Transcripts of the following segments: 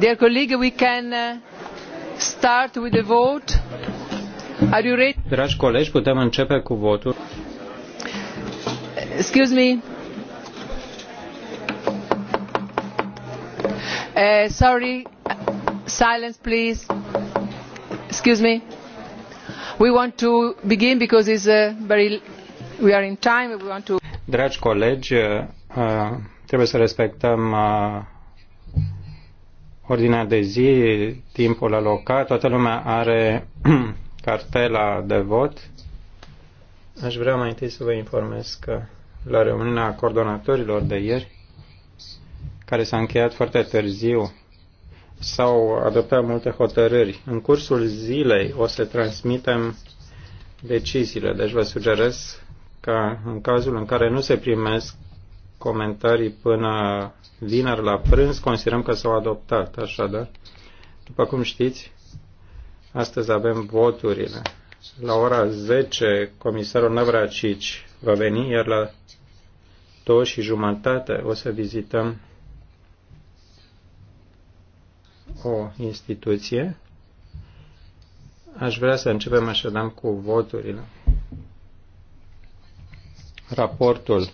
Dear colleague, we can uh, start with the vote. Are you ready? Dragi colegi, putem începe cu votul. Excuse me. Uh, sorry, silence please. Excuse me. We want to begin because it's a uh, very we are in time. We want to. Dragi colegi, uh, trebuie să respectăm uh, ordinea de zi, timpul alocat, toată lumea are cartela de vot. Aș vrea mai întâi să vă informez că la reuniunea coordonatorilor de ieri, care s-a încheiat foarte târziu, s-au adoptat multe hotărâri. În cursul zilei o să transmitem deciziile, deci vă sugerez ca în cazul în care nu se primesc comentarii până vineri la prânz, considerăm că s-au adoptat, așadar. După cum știți, astăzi avem voturile. La ora 10, comisarul Navracici va veni, iar la 2 și jumătate o să vizităm o instituție. Aș vrea să începem așadar cu voturile. Raportul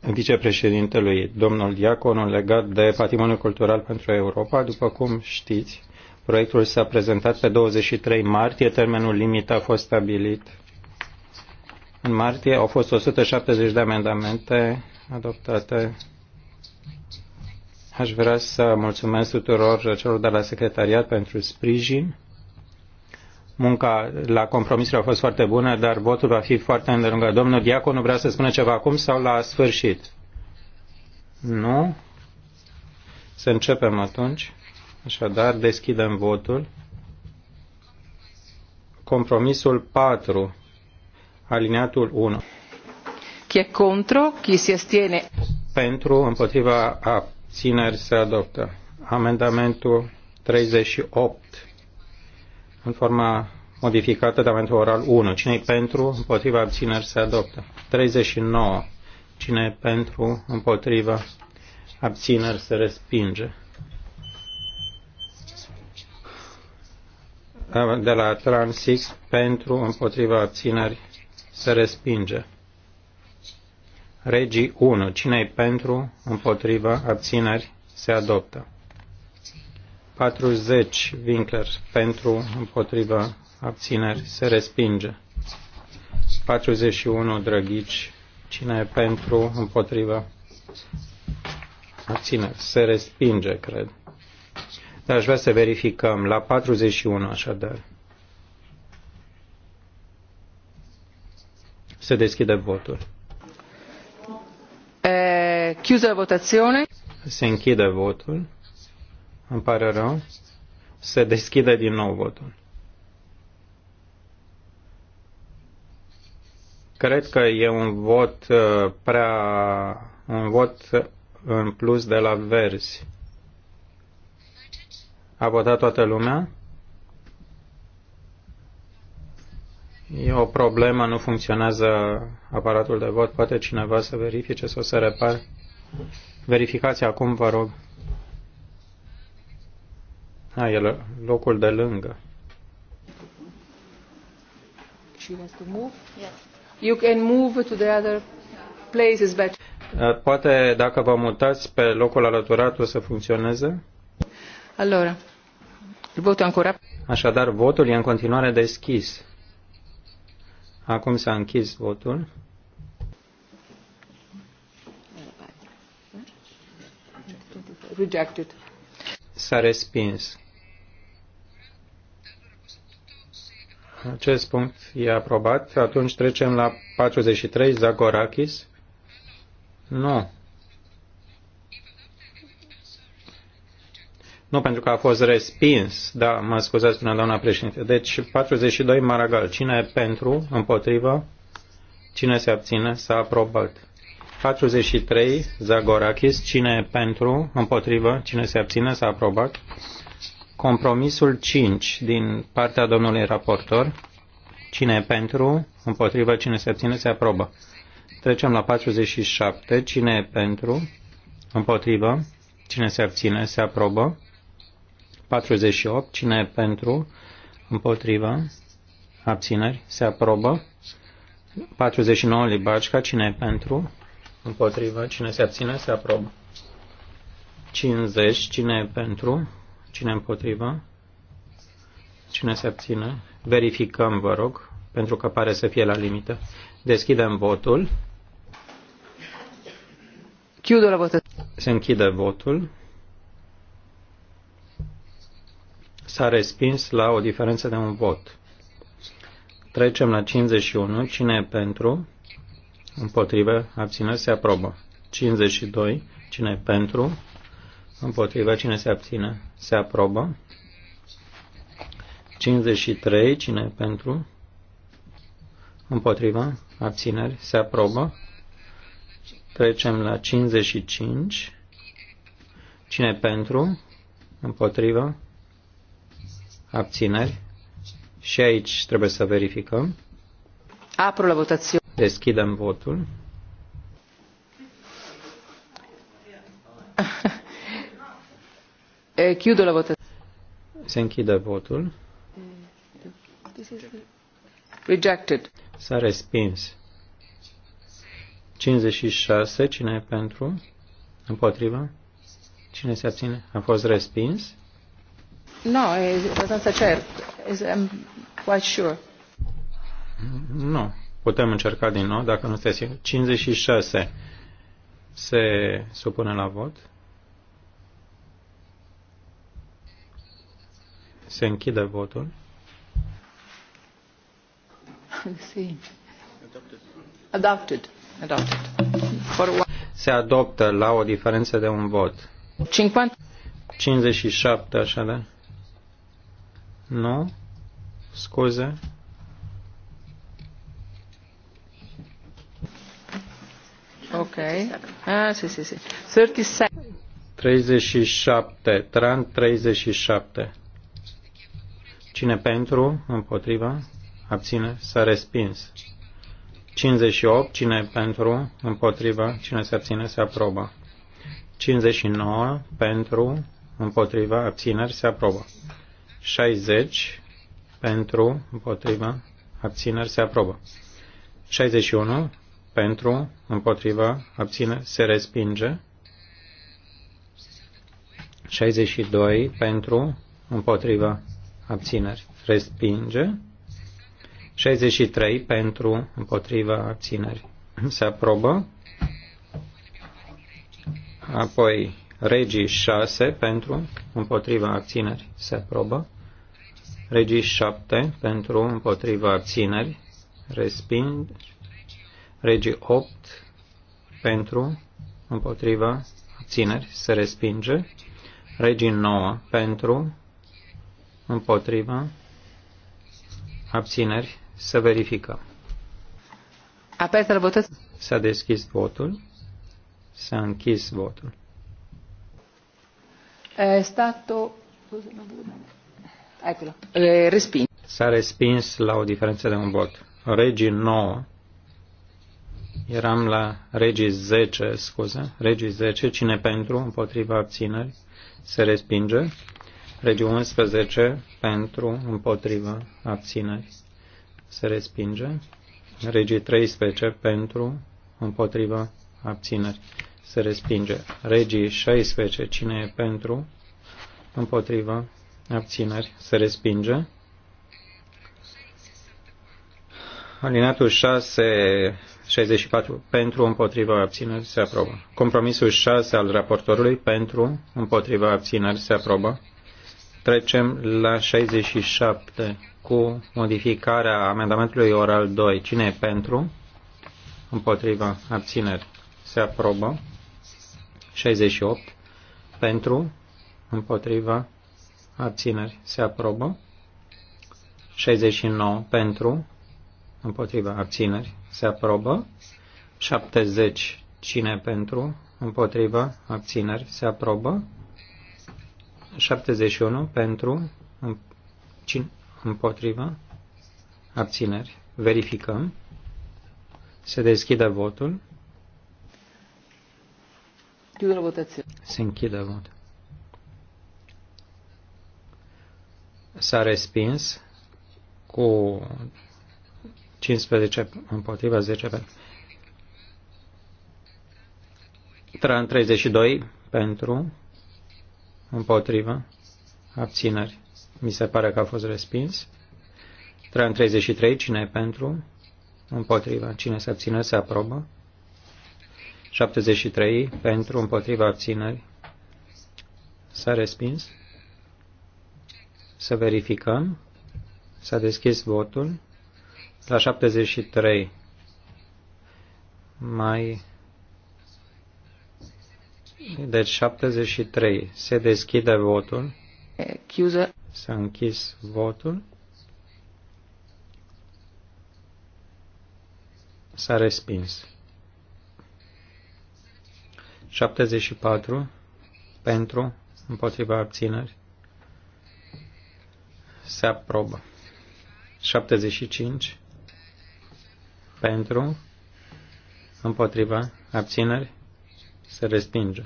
vicepreședintelui, domnul Diaconul, legat de patrimoniul cultural pentru Europa. După cum știți, proiectul s-a prezentat pe 23 martie, termenul limit a fost stabilit. În martie au fost 170 de amendamente adoptate. Aș vrea să mulțumesc tuturor celor de la secretariat pentru sprijin. Munca la compromisuri a fost foarte bună, dar votul va fi foarte îndelungat. Domnul Diaconu vrea să spună ceva acum sau la sfârșit? Nu? Să începem atunci. Așadar, deschidem votul. Compromisul 4, alineatul 1. Chi e contro, chi si astiene. Pentru, împotriva, abțineri se adoptă. Amendamentul 38, în forma modificată de amendamentul oral 1. cine pentru? Împotriva abțineri se adoptă. 39. cine pentru? Împotriva abțineri se respinge. De la Transix pentru împotriva abțineri se respinge. Regii 1. cine pentru? Împotriva abțineri se adoptă. 40 Winkler pentru împotriva abțineri, se respinge. 41 drăghici, cine e pentru, împotrivă? abțineri, se respinge, cred. Dar aș vrea să verificăm la 41 așadar. Se deschide votul. E, chiusă votațiune. Se închide votul. Îmi pare rău. Se deschide din nou votul. Cred că e un vot uh, prea un vot în plus de la verzi. A votat toată lumea? E o problemă, nu funcționează aparatul de vot. Poate cineva să verifice sau să repare. Verificați acum, vă rog. A, e locul de lângă. She has to move? Yes you can move to the other places better. Uh, poate dacă vă mutați pe locul alăturat o să funcționeze? Allora, votul ancora. Așadar, votul e în continuare deschis. Acum s-a închis votul. Rejected. S-a respins. Acest punct e aprobat. Atunci trecem la 43, Zagorakis. Nu. Nu, pentru că a fost respins. Da, mă scuzați, până doamna președinte. Deci, 42, Maragal. Cine e pentru, împotrivă? Cine se abține? S-a aprobat. 43, Zagorakis. Cine e pentru, împotrivă? Cine se abține? S-a aprobat. Compromisul 5 din partea domnului raportor. Cine e pentru? Împotrivă. Cine se abține? Se aprobă. Trecem la 47. Cine e pentru? Împotrivă. Cine se abține? Se aprobă. 48. Cine e pentru? Împotrivă. Abțineri. Se aprobă. 49. Libașca. Cine e pentru? Împotrivă. Cine se abține? Se aprobă. 50. Cine e pentru? Cine împotrivă? Cine se abține? Verificăm, vă rog, pentru că pare să fie la limită. Deschidem votul. Chiudă la votă. Se închide votul. S-a respins la o diferență de un vot. Trecem la 51. Cine e pentru? Împotrivă. abține, se aprobă. 52. Cine e pentru? Împotriva cine se abține? Se aprobă. 53. Cine pentru? Împotriva. Abțineri. Se aprobă. Trecem la 55. Cine pentru? Împotriva. Abțineri. Și aici trebuie să verificăm. Apro la votație. Deschidem votul. Chiudo la votazione. Se închide votul. Rejected. S-a respins. 56. Cine e pentru? Împotriva? Cine se abține? A fost respins? No, e abbastanza certo. I'm quite sure. Nu. Putem încerca din nou, dacă nu este sigur. 56 se supune la vot. Se închide votul. Adopted. Adopted. For Se adoptă la o diferență de un vot. 50. 57, așa da? Nu? Scuze? Ok. Ah, si, si, si. 37. 37. Tran 37. Cine pentru, împotriva, abține, s-a respins. 58. Cine pentru, împotriva, cine se abține, se aprobă. 59. Pentru, împotriva, abțineri, se aprobă. 60. Pentru, împotriva, abțineri, se aprobă. 61. Pentru, împotriva, abțineri, se respinge. 62. Pentru, împotriva, abțineri, respinge. 63 pentru, împotriva, abțineri, se aprobă. Apoi, regii 6 pentru, împotriva, abțineri, se aprobă. Regii 7 pentru, împotriva, abțineri, resping. Regii 8 pentru, împotriva, abțineri, se respinge. Regii 9 pentru, Împotrivă. Abțineri. Să verificăm. Apertă la votat. S-a deschis votul. S-a închis votul. È stato... Eccolo. Respins. S-a respins la o diferență de un vot. Regii 9. Eram la regii 10, scuze. Regii 10. Cine pentru? Împotriva abțineri. Se respinge. Regi 11 pentru, împotriva, abțineri. Se respinge. Regi 13 pentru, împotriva, abțineri. Se respinge. Regii 16, cine e pentru, împotriva, abțineri. Se respinge. Alinatul 6, 64 pentru, împotriva abțineri se aprobă. Compromisul 6 al raportorului pentru, împotriva abțineri se aprobă. Trecem la 67 cu modificarea amendamentului oral 2. Cine e pentru? Împotriva abțineri. Se aprobă. 68. Pentru. Împotriva abțineri. Se aprobă. 69. Pentru. Împotriva abțineri. Se aprobă. 70. Cine pentru? Împotriva abțineri. Se aprobă. 71 pentru, împotriva, abțineri. Verificăm. Se deschide votul. Se închide votul. S-a respins cu 15 împotriva 10 pentru. 32 pentru Împotrivă. Abțineri. Mi se pare că a fost respins. 333. Cine e pentru? împotrivă, Cine se abține se aprobă. 73. Pentru. împotrivă, abțineri. S-a respins. Să verificăm. S-a deschis votul. La 73. Mai deci 73. Se deschide votul. Chiuză. S-a închis votul. S-a respins. 74. Pentru, împotriva abțineri. Se aprobă. 75. Pentru, împotriva abțineri se respinge.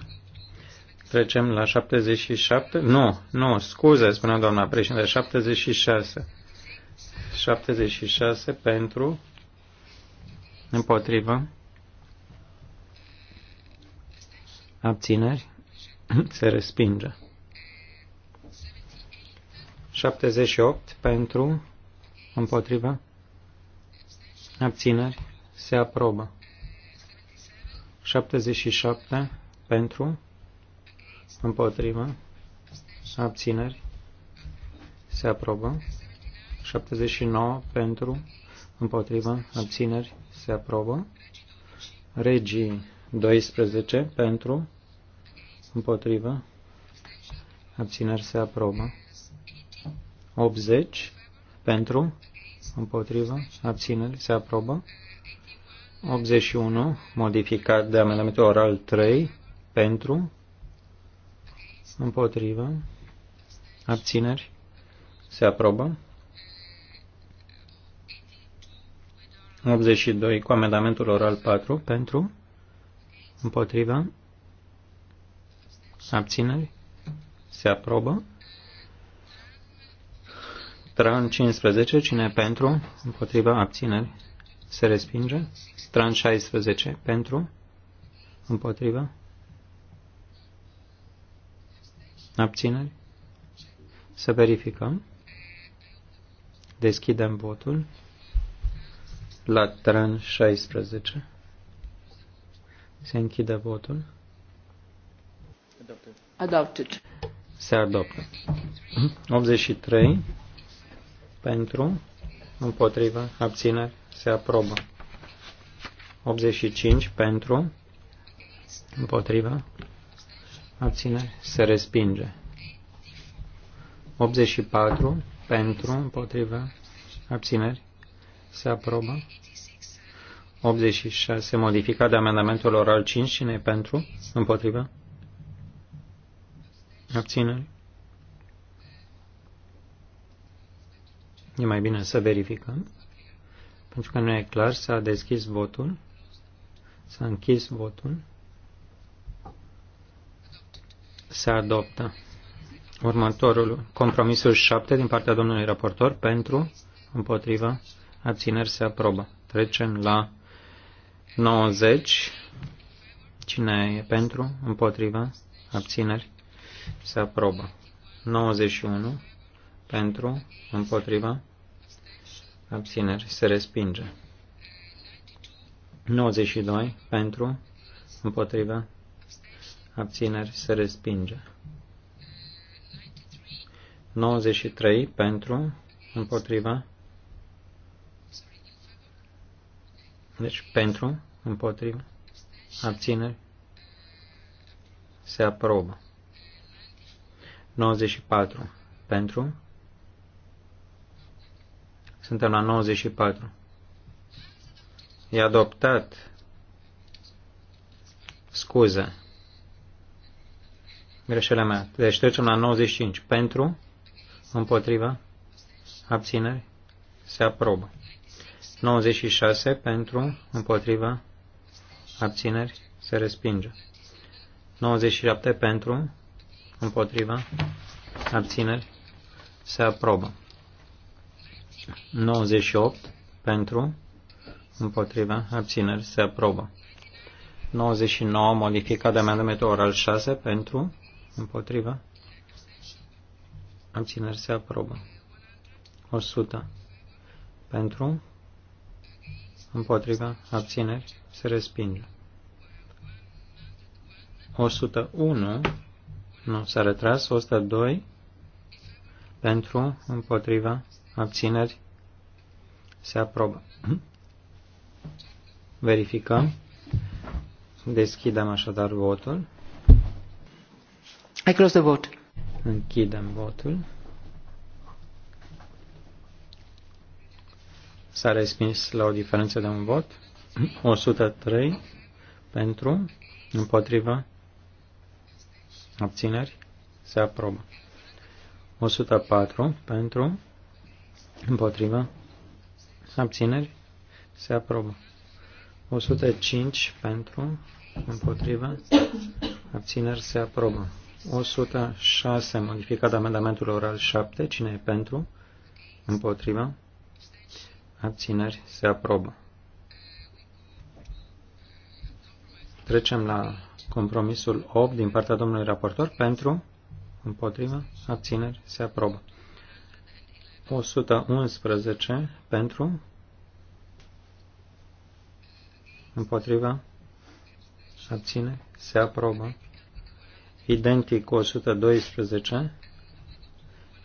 Trecem la 77. Nu, nu, scuze, spunea doamna președinte, 76. 76 pentru, împotrivă, abțineri, se respinge. 78 pentru, împotrivă, abțineri, se aprobă. 77 pentru, împotrivă, abțineri, se aprobă. 79 pentru, împotrivă, abțineri, se aprobă. Regii 12 pentru, împotrivă, abțineri, se aprobă. 80 pentru, împotrivă, abțineri, se aprobă. 81, modificat de amendamentul oral 3, pentru, împotrivă, abțineri, se aprobă. 82, cu amendamentul oral 4, pentru, împotrivă, abțineri, se aprobă. Tran 15, cine pentru, împotriva, abțineri, se respinge. Tran 16 pentru, împotrivă, abțineri. Să verificăm. Deschidem votul la tran 16. Se închide votul. Adopted. Se adoptă. 83 pentru, împotriva, abțineri se aprobă. 85 pentru, împotriva, abține, se respinge. 84 pentru, împotriva, abțineri, se aprobă. 86 modificat de amendamentul oral 5, cine e pentru, împotriva, abțineri. E mai bine să verificăm. Pentru că nu e clar, s-a deschis votul. S-a închis votul. Se adoptă. Următorul, compromisul 7 din partea domnului raportor pentru, împotriva, abțineri se aprobă. Trecem la 90. Cine e pentru, împotriva, abțineri se aprobă. 91 pentru, împotriva, abțineri, se respinge. 92 pentru, împotriva, abțineri, se respinge. 93 pentru, împotriva, deci pentru, împotriva, abțineri, se aprobă. 94 pentru, suntem la 94. E adoptat. Scuze. Greșeala mea. Deci trecem la 95. Pentru, împotriva, abțineri, se aprobă. 96 pentru, împotriva, abțineri, se respinge. 97 pentru, împotriva, abțineri, se aprobă. 98 pentru, împotriva, abțineri, se aprobă. 99 modificat de amendamentul oral 6 pentru, împotriva, abțineri, se aprobă. 100 pentru, împotriva, abțineri, se respinge. 101 nu s-a retras, 102 pentru, împotriva, abțineri, se aprobă. Mhm. Verificăm. Deschidem așadar votul. I close the vote. Închidem votul. S-a respins la o diferență de un vot. 103 mhm. pentru, împotriva, abțineri, se aprobă. 104 pentru, Împotriva. Abțineri. Se aprobă. 105 pentru. Împotriva. Abțineri. Se aprobă. 106. Modificat amendamentul oral 7. Cine e pentru? Împotriva. Abțineri. Se aprobă. Trecem la compromisul 8 din partea domnului raportor pentru, împotriva, abțineri, se aprobă. 111 pentru, împotriva, abține, se aprobă. Identic 112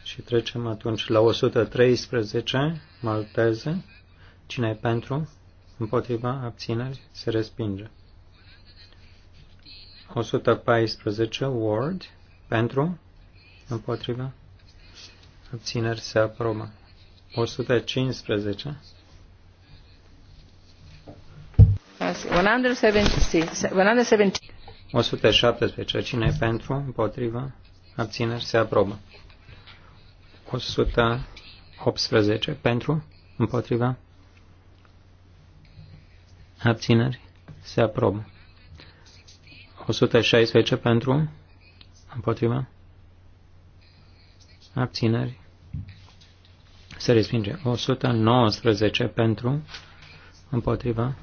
și trecem atunci la 113, malteze, cine e pentru, împotriva, abțineri, se respinge. 114, word, pentru, împotriva, Abțineri se aprobă. 115. 117. 117. Cine e pentru? Împotrivă? Abțineri se aprobă. 118. Pentru? Împotriva? Abțineri se aprobă. 116 pentru? Împotriva? abțineri, se respinge. 119 pentru, împotriva,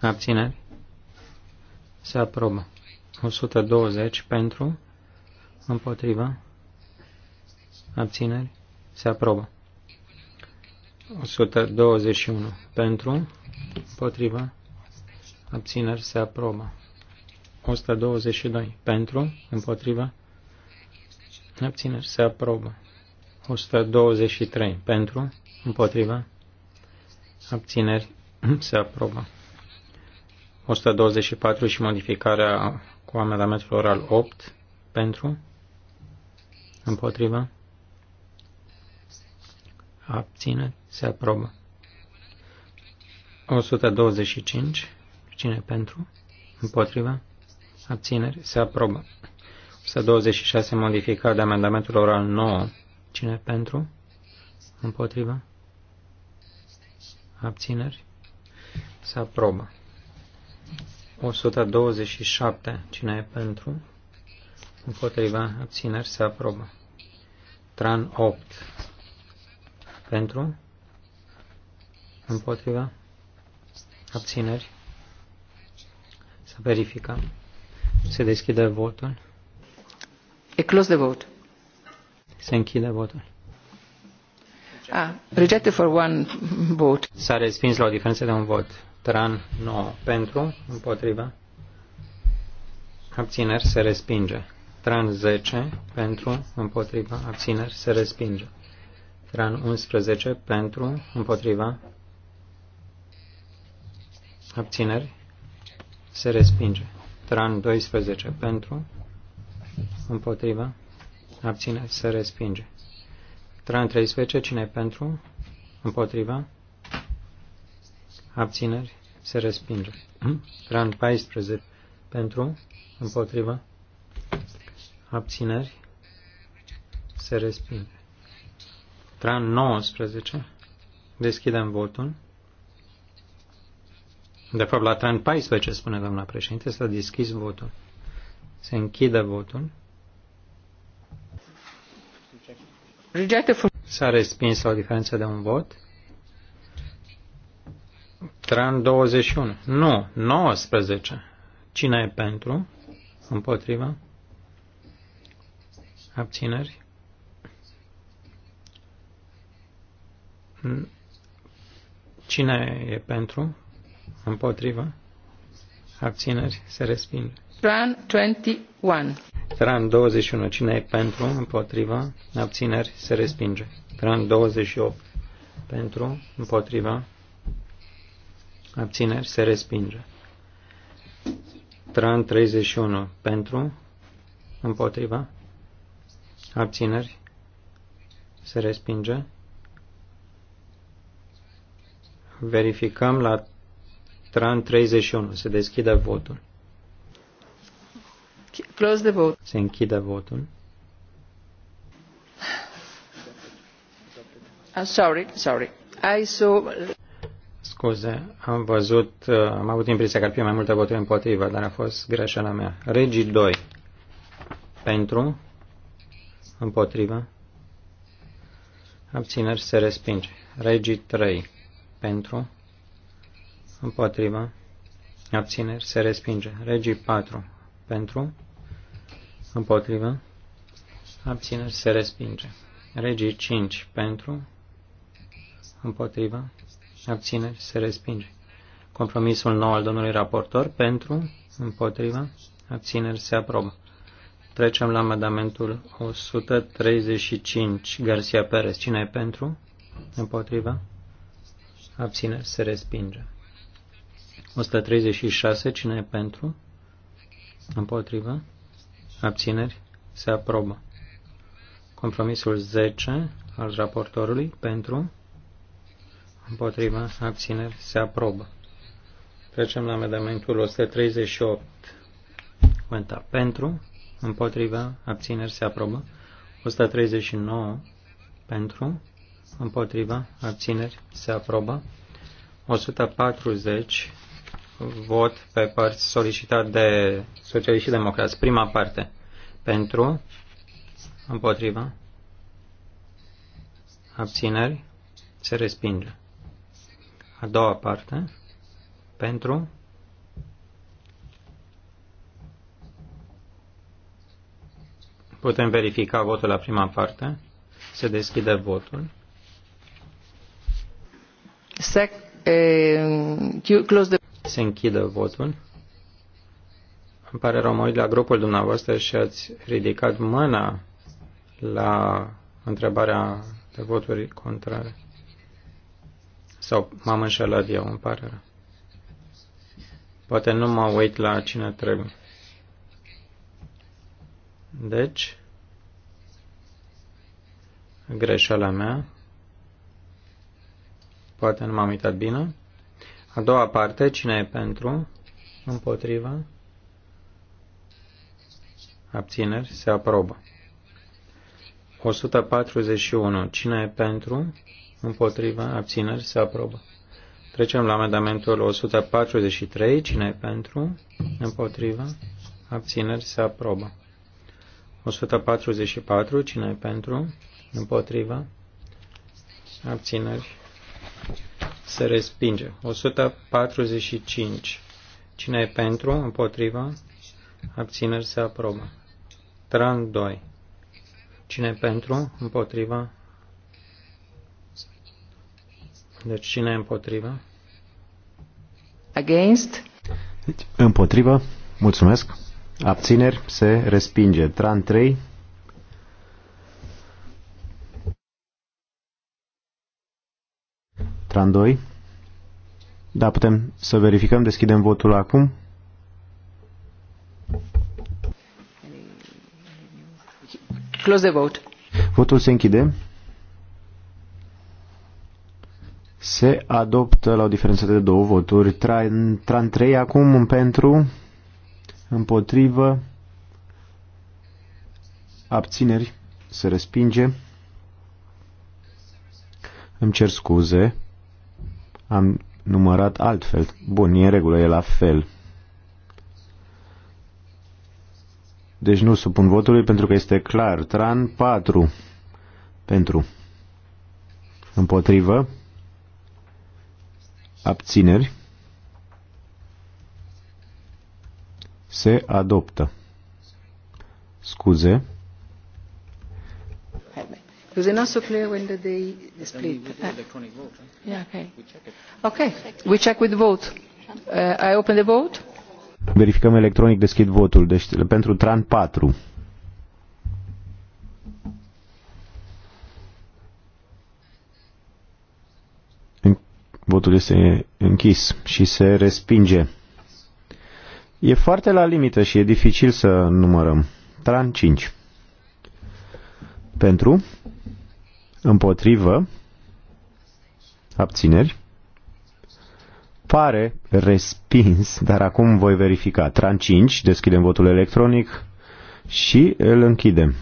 abțineri, se aprobă. 120 pentru, împotriva, abțineri, se aprobă. 121 pentru, împotriva, abțineri, se aprobă. 122 pentru, împotriva, abțineri, se aprobă. 123 pentru, împotriva, abțineri, se aprobă. 124 și modificarea cu amendamentul oral 8 pentru, împotriva, abțineri, se aprobă. 125, cine pentru, împotriva, abțineri, se aprobă. 126 modificat de amendamentul oral 9 Cine pentru? Împotriva? Abțineri? Se aprobă. 127. Cine e pentru? Împotriva? Abțineri? Se aprobă. Tran 8. Pentru? Împotriva? Abțineri? Să verificăm. Se deschide votul. E close the vote. Se închide votul. Ah, rejected for one vote. S-a respins la o diferență de un vot. Tran 9 pentru, împotriva. Abțineri se respinge. Tran 10 pentru, împotriva, abțineri se respinge. Tran 11 pentru, împotriva, abțineri se respinge. Tran 12 pentru, împotriva, abține, se respinge. Tran 13, cine pentru, împotriva, abțineri, se respinge. Tran 14, pentru, împotriva, abțineri, se respinge. Tran 19, deschidem votul. De fapt, la tran 14, spune doamna președinte, s-a deschis votul. Se închide votul. S-a respins la o diferență de un vot. Tran 21. Nu, 19. Cine e pentru? Împotriva? Abțineri? Cine e pentru? Împotriva? Abțineri? Se respinge. Tran 21. Tran 21. Cine e pentru, împotriva, abțineri, se respinge. Tran 28. Pentru, împotriva, abțineri, se respinge. Tran 31. Pentru, împotriva, abțineri, se respinge. Verificăm la Tran 31. Se deschide votul. Close the vote. Se închide votul. I'm ah, sorry, sorry. I saw... Scuze, am văzut, uh, am avut impresia că ar fi mai multe voturi împotrivă, dar a fost greșeala mea. Regii 2. Pentru. Împotrivă. Abțineri se respinge. Regii 3. Pentru. Împotrivă. Abțineri se respinge. Regii 4 pentru, împotrivă, abțineri se respinge. Regii 5 pentru, împotrivă, abțineri se respinge. Compromisul nou al domnului raportor pentru, împotrivă, abțineri se aprobă. Trecem la amendamentul 135, Garcia Perez. Cine e pentru? Împotrivă? Abțineri se respinge. 136, cine e pentru? Împotrivă. Abțineri. Se aprobă. Compromisul 10 al raportorului pentru. Împotrivă. Abțineri. Se aprobă. Trecem la amendamentul 138. Cuenta pentru. Împotrivă. Abțineri. Se aprobă. 139 pentru. Împotrivă. abțineri, se aprobă. 140 vot pe părți solicitat de socialiști și democrați. Prima parte. Pentru. Împotriva. Abțineri. Se respinge. A doua parte. Pentru. Putem verifica votul la prima parte. Se deschide votul. Sec, eh, close the se închidă votul. Îmi pare rău, mă uit la grupul dumneavoastră și ați ridicat mâna la întrebarea de voturi contrare. Sau m-am înșelat eu, îmi pare rău. Poate nu mă uit la cine trebuie. Deci, greșeala mea, poate nu m-am uitat bine. A doua parte, cine e pentru? Împotriva? Abțineri? Se aprobă. 141. Cine e pentru? Împotriva? Abțineri? Se aprobă. Trecem la amendamentul 143. Cine e pentru? Împotriva? Abțineri? Se aprobă. 144. Cine e pentru? Împotriva? Abțineri? se respinge. 145. Cine e pentru, împotriva, abțineri se aprobă. Tran 2. Cine e pentru, împotriva, deci cine e împotriva? Against. Deci, împotriva, mulțumesc. Abțineri se respinge. Tran 3. Tran 2. Da, putem să verificăm. Deschidem votul acum. Close the vote. Votul se închide. Se adoptă la o diferență de două voturi. tran 3 acum pentru, împotrivă, abțineri, se respinge. Îmi cer scuze. Am numărat altfel. Bun, e în regulă, e la fel. Deci nu supun votului pentru că este clar. Tran 4 pentru împotrivă abțineri se adoptă. Scuze. Was it not so clear when did they split? Then electronic vote. Huh? Yeah, okay. We check it. Okay, we check with the vote. Uh, I open the vote. Verificăm electronic, deschid votul. Deci pentru TRAN 4. Votul este închis și se respinge. E foarte la limită și e dificil să numărăm. TRAN 5. Pentru, împotrivă, abțineri. Pare respins, dar acum voi verifica. Tran 5, deschidem votul electronic și îl închidem.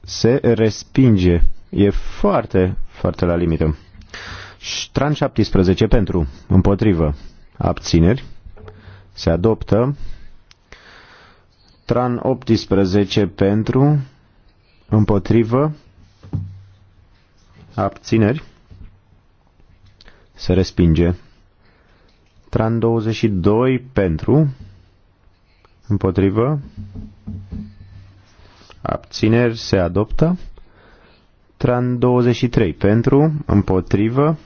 Se respinge. E foarte, foarte la limită. Tran 17 pentru, împotrivă, abțineri. Se adoptă Tran 18 pentru, împotrivă, abțineri, se respinge. Tran 22 pentru, împotrivă, abțineri, se adoptă. Tran 23 pentru, împotrivă,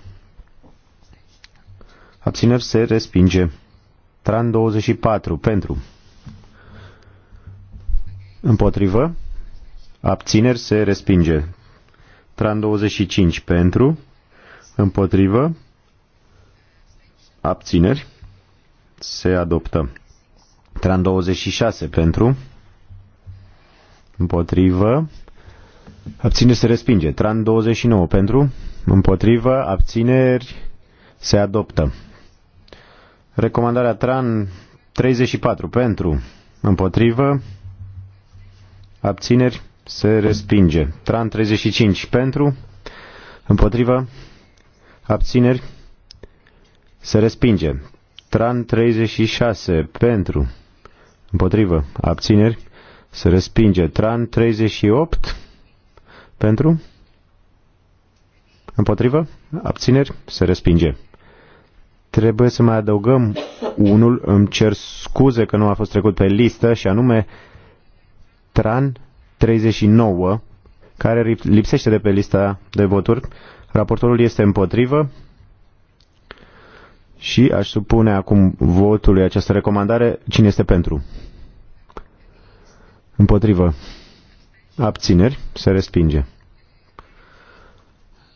abțineri, se respinge. Tran 24 pentru, Împotrivă. Abțineri se respinge. Tran 25 pentru. Împotrivă. Abțineri. Se adoptă. Tran 26 pentru. Împotrivă. Abțineri se respinge. Tran 29 pentru. Împotrivă. Abțineri se adoptă. Recomandarea Tran 34 pentru. Împotrivă abțineri, se respinge. Tran 35 pentru, împotriva, abțineri, se respinge. Tran 36 pentru, împotrivă, abțineri, se respinge. Tran 38 pentru, împotrivă, abțineri, se respinge. Trebuie să mai adăugăm unul, îmi cer scuze că nu a fost trecut pe listă, și anume TRAN 39, care lipsește de pe lista de voturi. Raportorul este împotrivă și aș supune acum votului această recomandare. Cine este pentru? Împotrivă. Abțineri. Se respinge.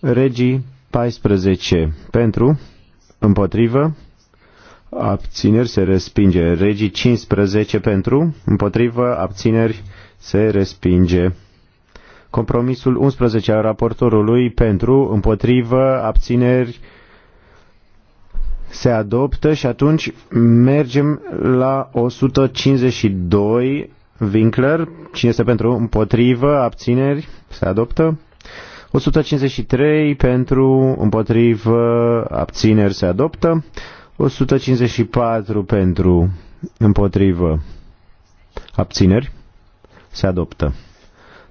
Regii 14 pentru, împotrivă, abțineri se respinge. Regii 15 pentru, împotrivă, abțineri se respinge. Compromisul 11 al raportorului pentru, împotrivă, abțineri se adoptă și atunci mergem la 152 Winkler. Cine este pentru? Împotrivă, abțineri se adoptă. 153 pentru, împotrivă, abțineri se adoptă. 154 pentru, împotrivă, abțineri, se adoptă.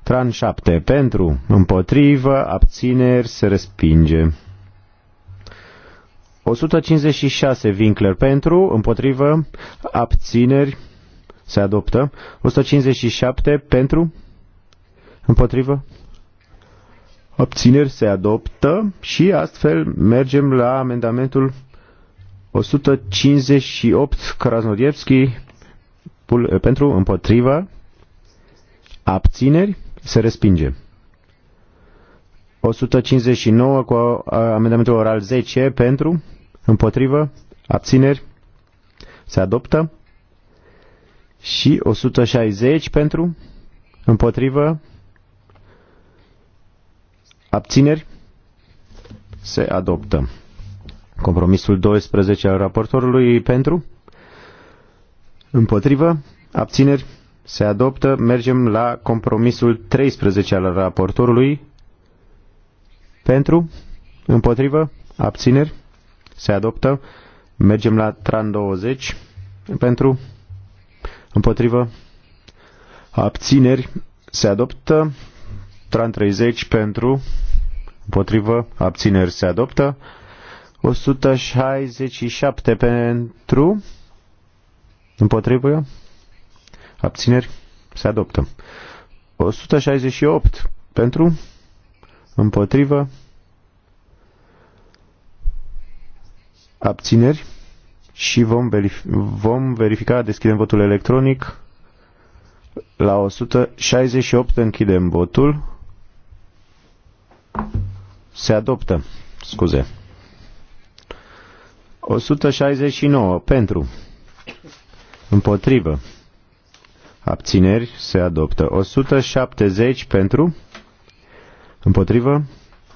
Tran 7 pentru, împotrivă, abțineri, se respinge. 156 Winkler pentru, împotrivă, abțineri, se adoptă. 157 pentru, împotrivă, abțineri, se adoptă. Și astfel mergem la amendamentul 158 Krasnodievski pentru, împotriva, abțineri, se respinge. 159 cu amendamentul oral 10 pentru, împotrivă, abțineri, se adoptă. Și 160 pentru, împotrivă, abțineri, se adoptă. Compromisul 12 al raportorului pentru? Împotrivă? Abțineri? Se adoptă. Mergem la compromisul 13 al raportorului pentru? Împotrivă? Abțineri? Se adoptă. Mergem la TRAN 20 pentru? Împotrivă? Abțineri? Se adoptă. TRAN 30 pentru? Împotrivă? Abțineri? Se adoptă. 167 pentru, împotrivă, abțineri, se adoptă. 168 pentru, împotrivă, abțineri și vom, verif vom verifica, deschidem votul electronic. La 168 închidem votul. Se adoptă. Scuze. 169 pentru. Împotrivă. Abțineri se adoptă. 170 pentru. Împotrivă.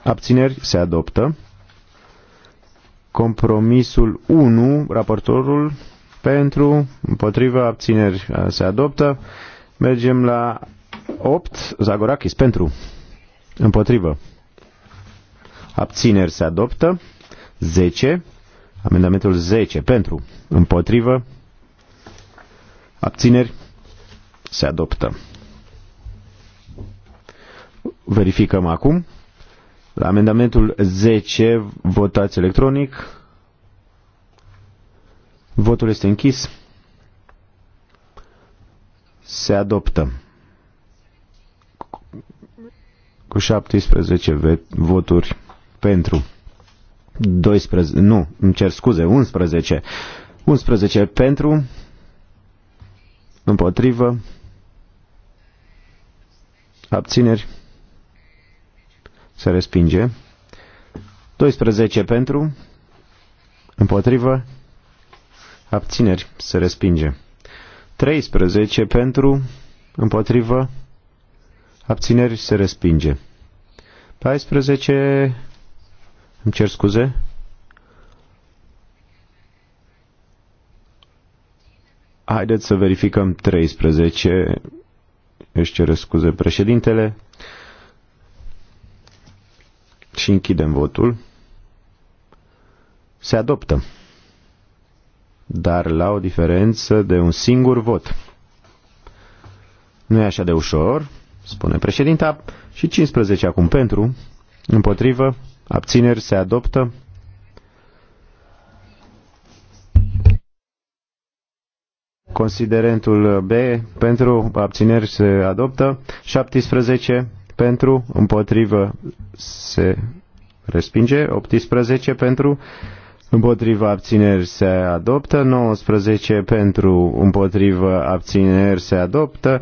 Abțineri se adoptă. Compromisul 1, raportorul pentru, împotrivă, abțineri se adoptă. Mergem la 8, Zagorakis pentru, împotrivă, abțineri se adoptă. 10 Amendamentul 10 pentru, împotrivă, abțineri, se adoptă. Verificăm acum. La amendamentul 10, votați electronic. Votul este închis. Se adoptă. Cu 17 voturi pentru. 12, nu, îmi cer scuze, 11. 11 pentru, împotrivă, abțineri, se respinge. 12 pentru, împotrivă, abțineri, se respinge. 13 pentru, împotrivă, abțineri, se respinge. 14 îmi cer scuze. Haideți să verificăm 13. Își cere scuze președintele. Și închidem votul. Se adoptă. Dar la o diferență de un singur vot. Nu e așa de ușor, spune președinta. Și 15 acum pentru, împotrivă, Abțineri se adoptă. Considerentul B pentru abțineri se adoptă. 17 pentru, împotrivă se respinge. 18 pentru, împotrivă abțineri se adoptă. 19 pentru, împotrivă abțineri se adoptă.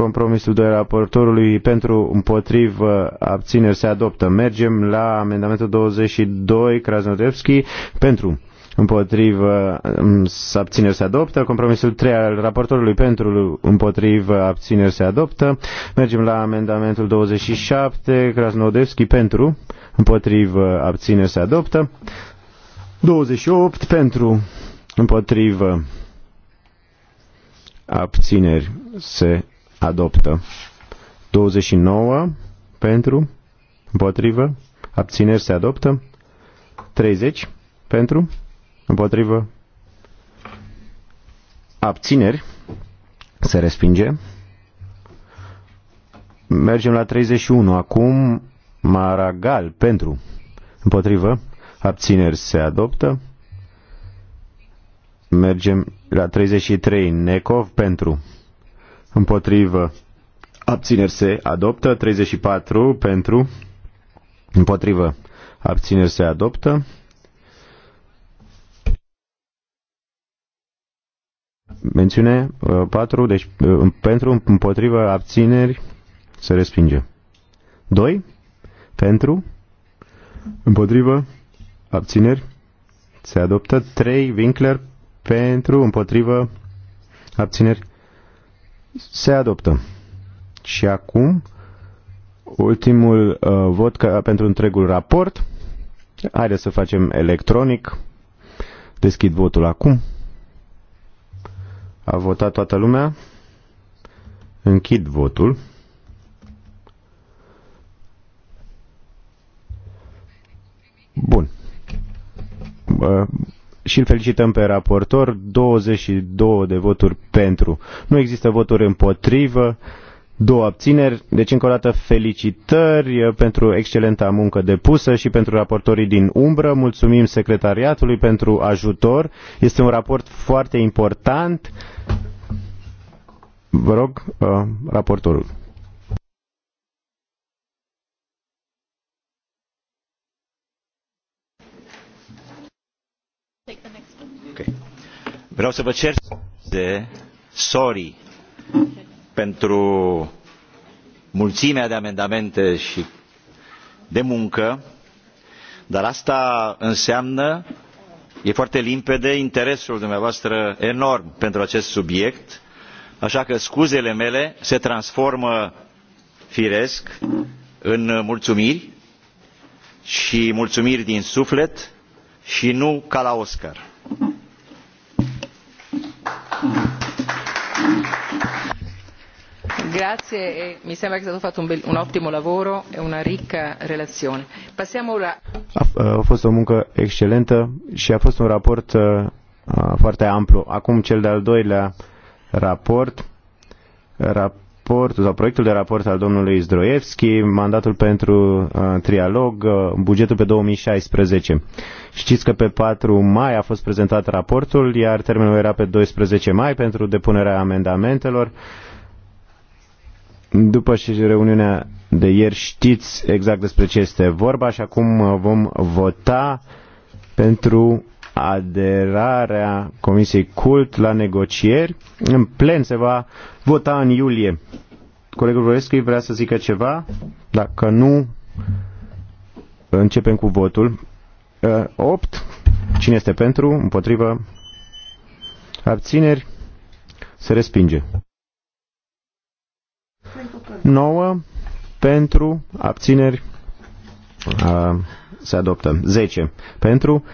Compromisul doi raportorului pentru împotrivă abțineri se adoptă. Mergem la amendamentul 22 Krasnodevski pentru împotrivă abțineri se adoptă. Compromisul 3 al raportorului pentru împotrivă abțineri se adoptă. Mergem la amendamentul 27 Krasnodevski mm, pentru împotrivă abțineri se adoptă. 28 pentru împotrivă abțineri se adoptă. 29 pentru, împotrivă, abțineri se adoptă. 30 pentru, împotrivă, abțineri se respinge. Mergem la 31. Acum Maragal pentru, împotrivă, abțineri se adoptă. Mergem la 33. Necov pentru, împotrivă, abțineri se adoptă, 34 pentru, împotrivă, abțineri se adoptă. Mențiune 4, uh, deci uh, pentru, împotrivă, abțineri se respinge. 2, pentru, împotrivă, abțineri se adoptă. 3, Winkler, pentru, împotrivă, abțineri se adoptă. Și acum, ultimul uh, vot ca, pentru întregul raport. Haideți să facem electronic. Deschid votul acum. A votat toată lumea. Închid votul. Bun. Uh, și îl felicităm pe raportor, 22 de voturi pentru. Nu există voturi împotrivă, două abțineri, deci încă o dată felicitări pentru excelenta muncă depusă și pentru raportorii din umbră. Mulțumim secretariatului pentru ajutor. Este un raport foarte important. Vă rog, uh, raportorul. Vreau să vă cer de sorry pentru mulțimea de amendamente și de muncă, dar asta înseamnă, e foarte limpede, interesul dumneavoastră enorm pentru acest subiect, așa că scuzele mele se transformă firesc în mulțumiri și mulțumiri din suflet și nu ca la Oscar Grazie, mi sembra che sia stato fatto un, bel, un ottimo lavoro e una ricca relazione. Passiamo ora. A, eh, a fost o muncă excelentă și a fost un raport eh, a, foarte amplu. Acum cel de-al doilea raport, raportul sau proiectul de raport al domnului Zdroievski, mandatul pentru a, eh, trialog, a, bugetul pe 2016. Știți că pe 4 mai a fost prezentat raportul, iar termenul era pe 12 mai pentru depunerea amendamentelor. A, după și reuniunea de ieri știți exact despre ce este vorba și acum uh, vom vota pentru aderarea Comisiei Cult la negocieri. În plen se va vota în iulie. Colegul Vorescu vrea să zică ceva? Dacă nu, începem cu votul. 8. Uh, Cine este pentru? Împotrivă? Abțineri? Se respinge. 9 pentru, abțineri, a, se adoptă. 10 pentru,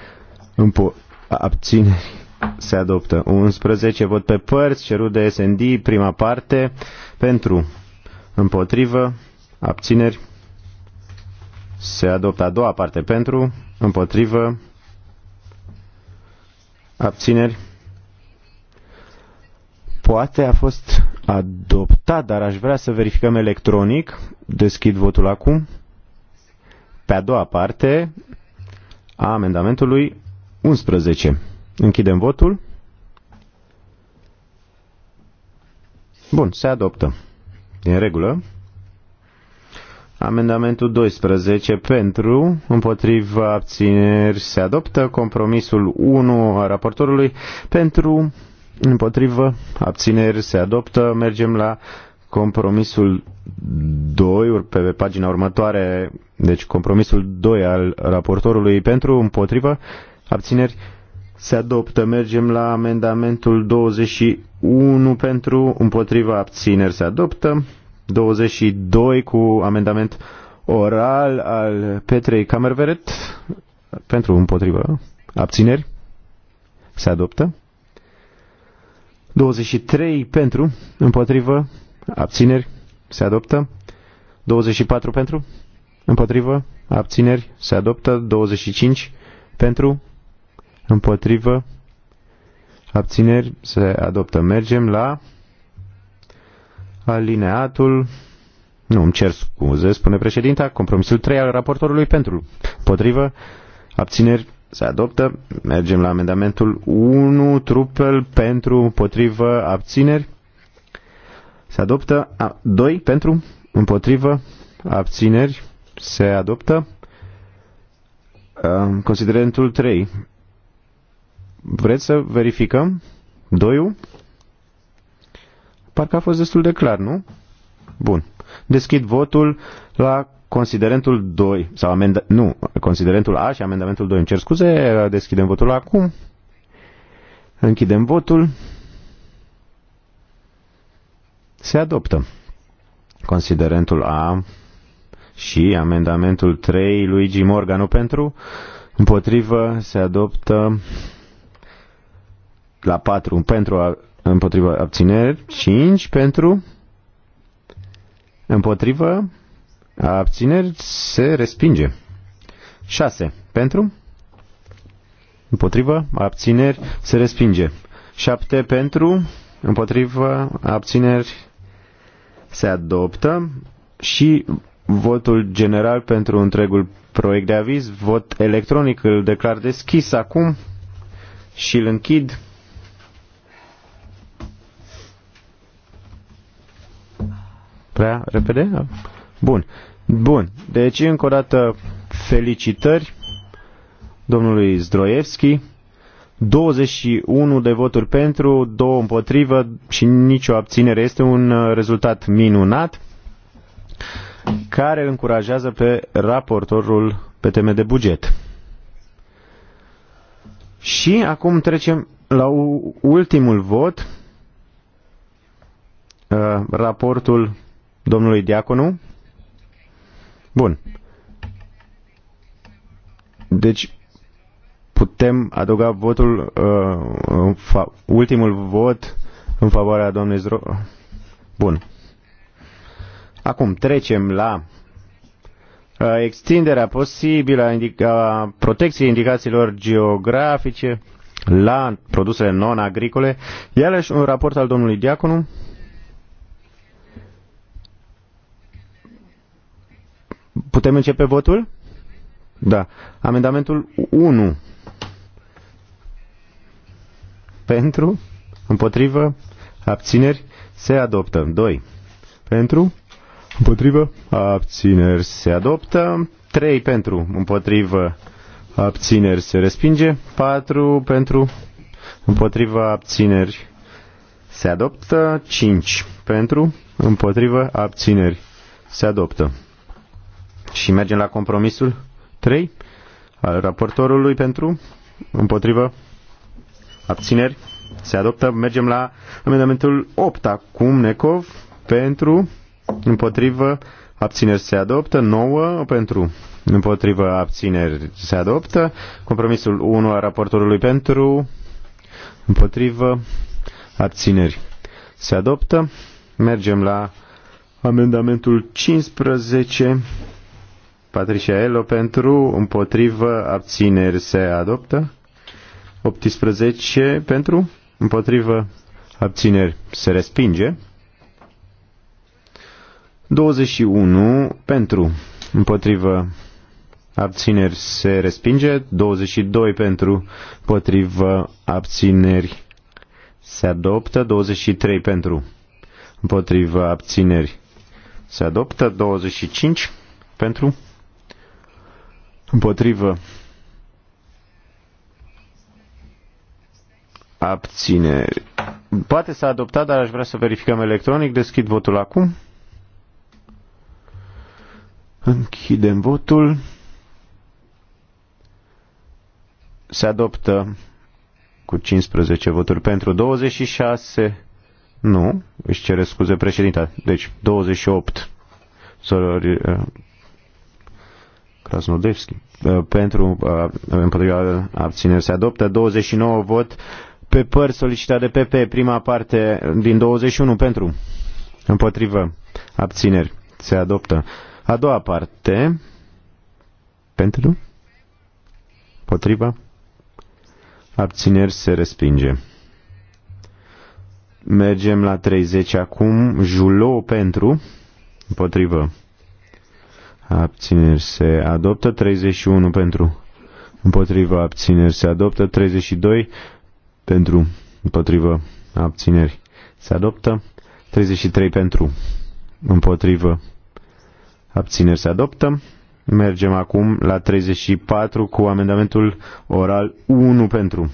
împu- abțineri, se adoptă. 11 vot pe părți, cerut de SND, prima parte, pentru, împotrivă, abțineri, se adoptă a doua parte pentru, împotrivă, abțineri. Poate a fost adoptat, dar aș vrea să verificăm electronic. Deschid votul acum. Pe a doua parte a amendamentului 11. Închidem votul. Bun, se adoptă. În regulă. Amendamentul 12 pentru, împotriva abțineri se adoptă, compromisul 1 a raportorului pentru, împotrivă, abțineri se adoptă. Mergem la compromisul 2, pe pagina următoare, deci compromisul 2 al raportorului pentru, împotrivă, abțineri se adoptă. Mergem la amendamentul 21 pentru, împotrivă, abțineri se adoptă. 22 cu amendament oral al Petrei Camerveret pentru împotrivă abțineri se adoptă. 23 pentru, împotrivă, abțineri, se adoptă. 24 pentru, împotrivă, abțineri, se adoptă. 25 pentru, împotrivă, abțineri, se adoptă. Mergem la alineatul, nu, îmi cer scuze, spune președinta, compromisul 3 al raportorului pentru, împotrivă, abțineri, se adoptă. Mergem la amendamentul 1, trupel, pentru, împotrivă, abțineri. Se adoptă. A, 2, pentru, împotrivă, abțineri. Se adoptă. A, considerentul 3. Vreți să verificăm? 2 Parcă a fost destul de clar, nu? Bun. Deschid votul la Considerentul 2, sau amenda, nu, considerentul A și amendamentul 2, îmi cer scuze, deschidem votul acum. Închidem votul. Se adoptă. Considerentul A și amendamentul 3 Luigi Morganu pentru împotrivă se adoptă la 4 pentru împotrivă abțineri, 5 pentru împotrivă Abțineri se respinge. 6. Pentru? Împotrivă? Abțineri se respinge. 7. Pentru? Împotrivă? Abțineri se adoptă. Și votul general pentru întregul proiect de aviz, vot electronic, îl declar deschis acum și îl închid. Prea repede? Bun. Bun. Deci, încă o dată, felicitări domnului Zdroievski. 21 de voturi pentru, 2 împotrivă și nicio abținere. Este un uh, rezultat minunat care îl încurajează pe raportorul pe teme de buget. Și acum trecem la ultimul vot, uh, raportul domnului Diaconu Bun. Deci putem adăuga votul, uh, ultimul vot în favoarea doamnei Zdro... Bun. Acum trecem la uh, extinderea posibilă a, indica- a protecției indicațiilor geografice la produsele non-agricole. Iarăși un raport al domnului Diaconu. Putem începe votul? Da. Amendamentul 1. Pentru, împotrivă, abțineri, se adoptă. 2. Pentru, împotrivă, abțineri, se adoptă. 3 pentru, împotrivă, abțineri, se respinge. 4 pentru, împotrivă, abțineri, se adoptă. 5 pentru, împotrivă, abțineri, se adoptă. Și mergem la compromisul 3 al raportorului pentru, împotrivă, abțineri. Se adoptă. Mergem la amendamentul 8 acum, Necov, pentru, împotrivă, abțineri se adoptă, 9 pentru, împotrivă, abțineri se adoptă, compromisul 1 al raportorului pentru, împotrivă, abțineri se adoptă. Mergem la amendamentul 15 Patricia Elo pentru, împotrivă, abțineri se adoptă. 18 pentru, împotrivă, abțineri se respinge. 21 pentru, împotrivă, abțineri se respinge. 22 pentru, împotrivă, abțineri se adoptă. 23 pentru, împotrivă, abțineri se adoptă. 25 pentru, Împotrivă. Abțineri. Poate s-a adoptat, dar aș vrea să verificăm electronic. Deschid votul acum. Închidem votul. Se adoptă cu 15 voturi pentru 26. Nu, își cere scuze președinta. Deci 28. Sorori, Krasnodevski. Ă, pentru ă, împotriva abțineri se adoptă 29 vot pe păr solicitat de PP, prima parte din 21 pentru împotrivă abțineri se adoptă. A doua parte pentru împotriva abțineri se respinge. Mergem la 30 acum, Julo pentru împotrivă abțineri se adoptă, 31 pentru, împotriva abțineri se adoptă, 32 pentru, împotriva abțineri se adoptă, 33 pentru, împotrivă abțineri se adoptă. Mergem acum la 34 cu amendamentul oral 1 pentru,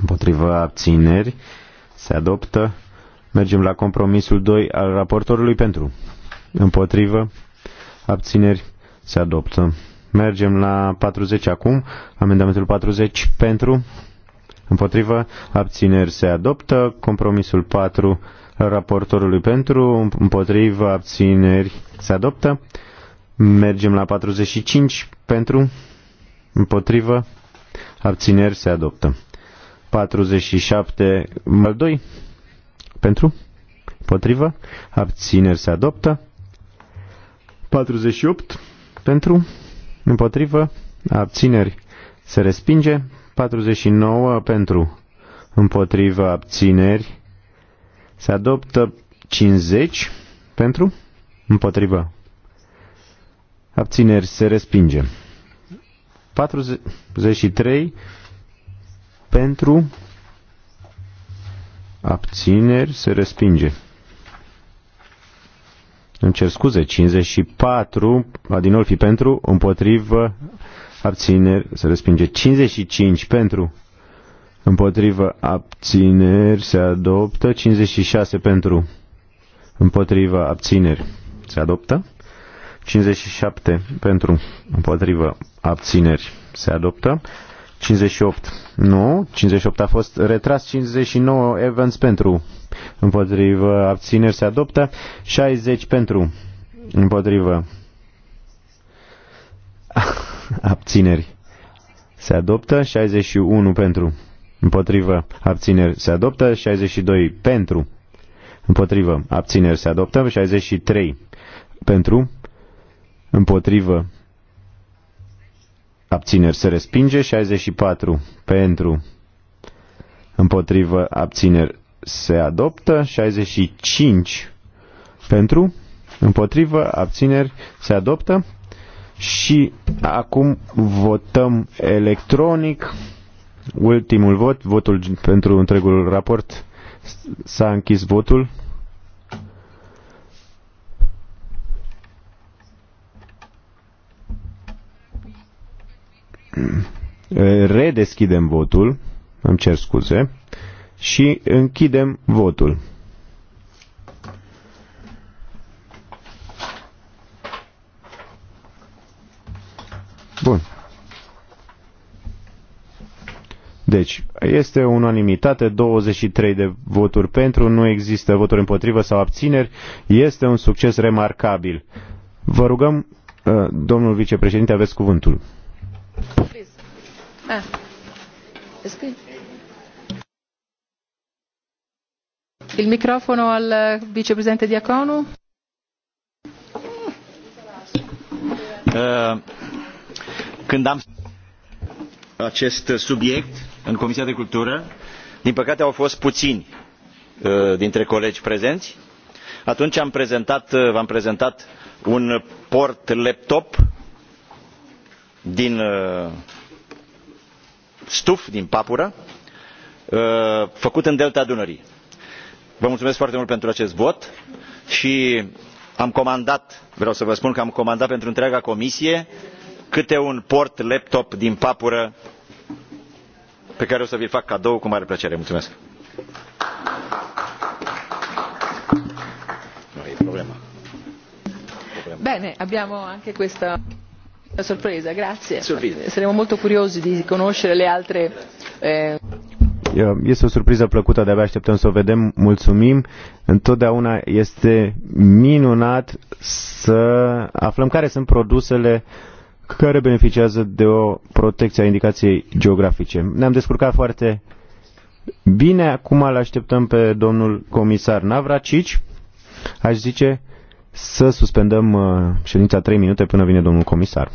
împotrivă abțineri se adoptă. Mergem la compromisul 2 al raportorului pentru, împotrivă abțineri, se adoptă. Mergem la 40 acum, amendamentul 40 pentru, împotrivă, abțineri, se adoptă. Compromisul 4 raportorului pentru, împotrivă, abțineri, se adoptă. Mergem la 45 pentru, împotrivă, abțineri, se adoptă. 47 al 2 pentru, împotrivă, abțineri, se adoptă. 48 pentru, împotrivă, abțineri se respinge. 49 pentru, împotrivă, abțineri se adoptă. 50 pentru, împotrivă, abțineri se respinge. 43 pentru, abțineri se respinge îmi cer scuze, 54, Adinolfi pentru, împotrivă, abțineri, se respinge, 55 pentru, împotrivă, abțineri, se adoptă, 56 pentru, împotrivă, abțineri, se adoptă, 57 pentru, împotrivă, abțineri, se adoptă, 58 nu, 58 a fost retras, 59 Evans pentru, împotrivă abțineri se adoptă, 60 pentru, împotrivă abțineri se adoptă, 61 pentru, împotrivă abțineri se adoptă, 62 pentru, împotrivă abțineri se adoptă, 63 pentru, împotrivă abțineri se respinge, 64 pentru, împotrivă, abțineri se adoptă, 65 pentru, împotrivă, abțineri se adoptă și acum votăm electronic. Ultimul vot, votul pentru întregul raport. S-a închis votul. Eh, redeschidem votul, îmi cer scuze, și închidem votul. Bun. Deci, este unanimitate, 23 de voturi pentru, nu există voturi împotrivă sau abțineri, este un succes remarcabil. Vă rugăm, eh, domnul vicepreședinte, aveți cuvântul. Ah. Il microfono al eh, vicepresidente Diaconu. Eh, când am acest subiect în Comisia de Cultură, din păcate au fost puțini eh, dintre colegi prezenți. Atunci am prezentat, v-am prezentat un port laptop din stuf din papură uh, făcut în delta Dunării. Vă mulțumesc foarte mult pentru acest vot și am comandat, vreau să vă spun că am comandat pentru întreaga comisie câte un port laptop din papură pe care o să vi-l fac cadou cu mare plăcere. Mulțumesc! Nu e problema. Bine, abbiamo anche questa... Sorpresa, grazie. Saremo molto curiosi di conoscere le altre... Eh, este o surpriză plăcută, de-abia așteptăm să o vedem, mulțumim. Întotdeauna este minunat să aflăm care sunt produsele care beneficiază de o protecție a indicației geografice. Ne-am descurcat foarte bine, acum îl așteptăm pe domnul comisar Navracici, aș zice să suspendăm uh, ședința 3 minute până vine domnul comisar.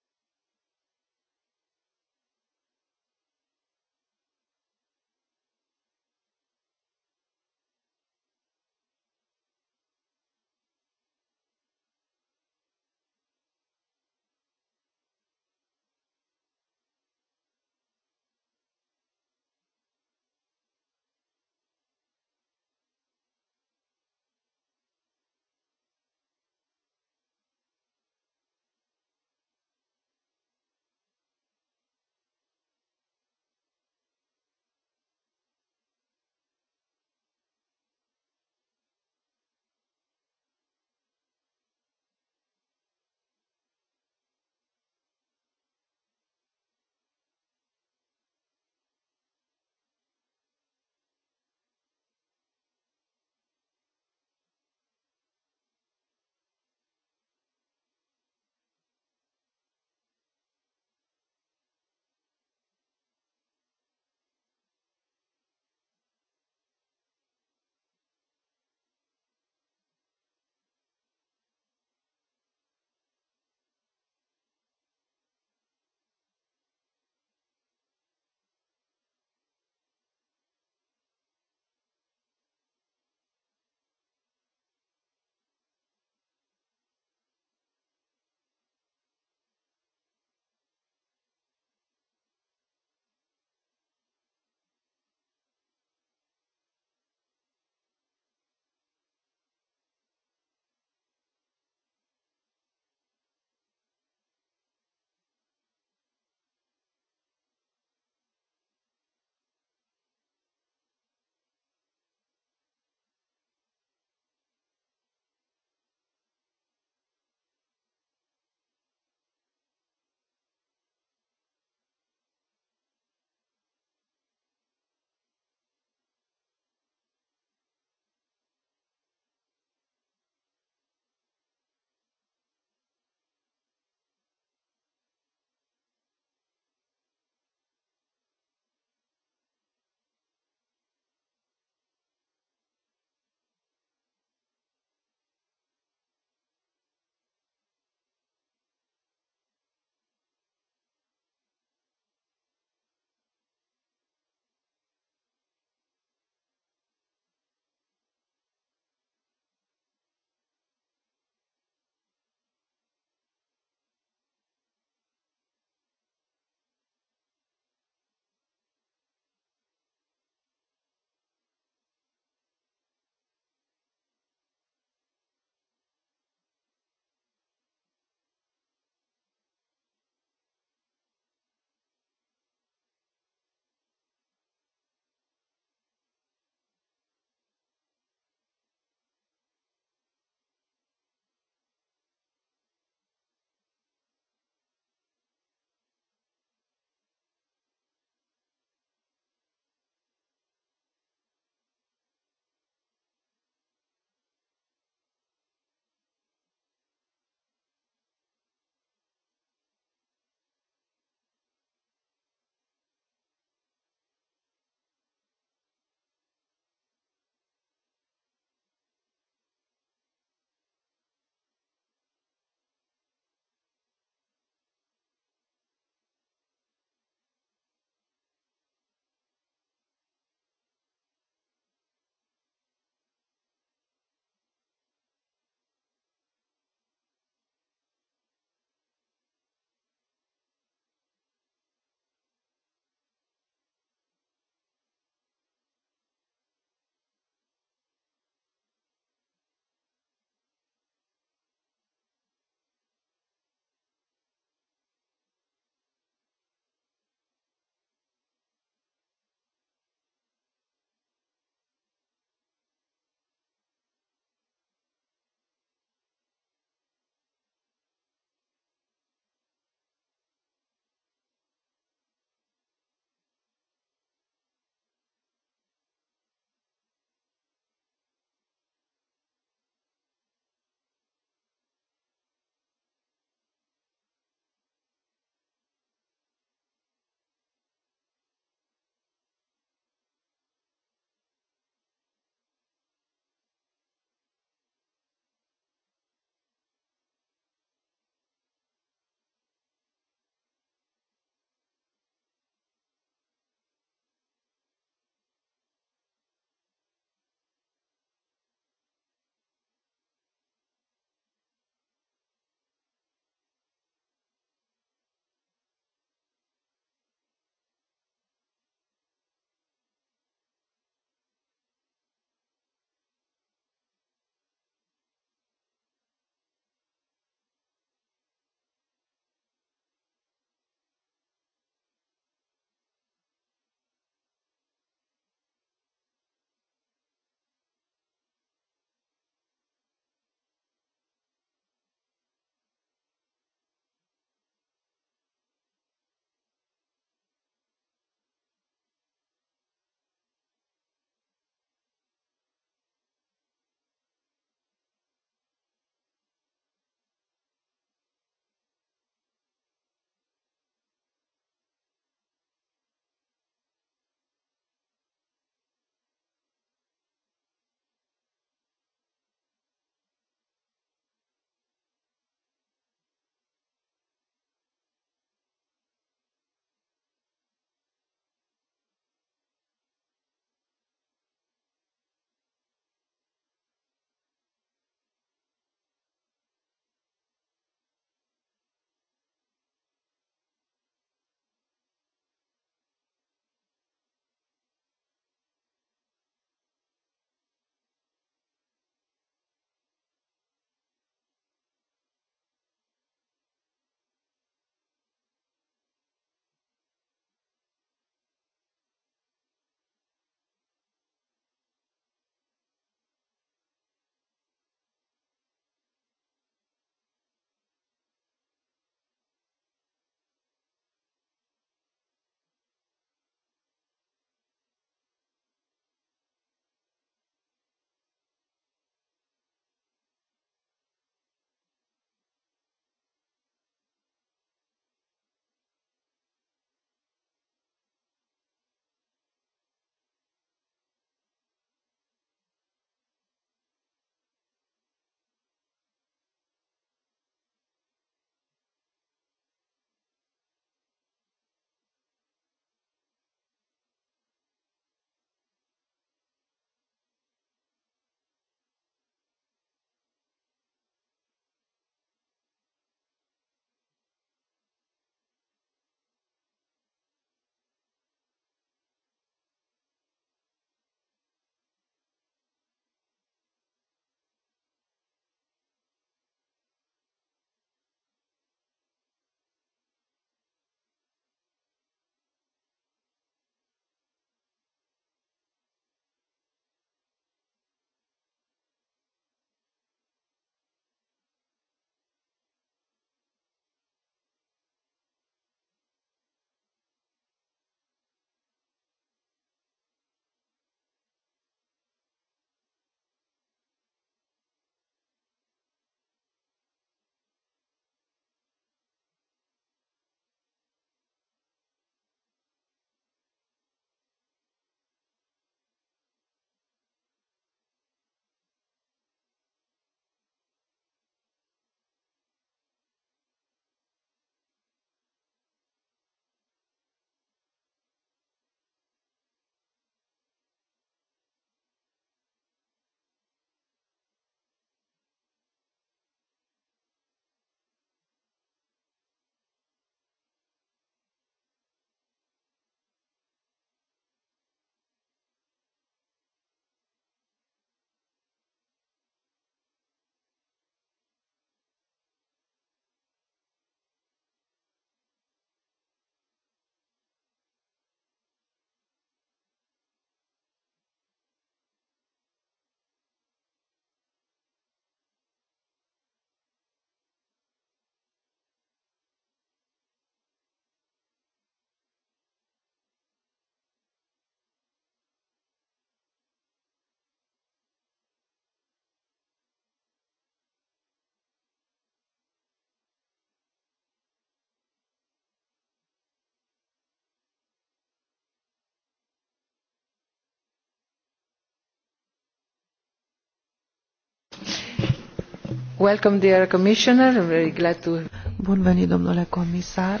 Welcome, dear Commissioner. I'm very glad to... Bun venit, domnule comisar.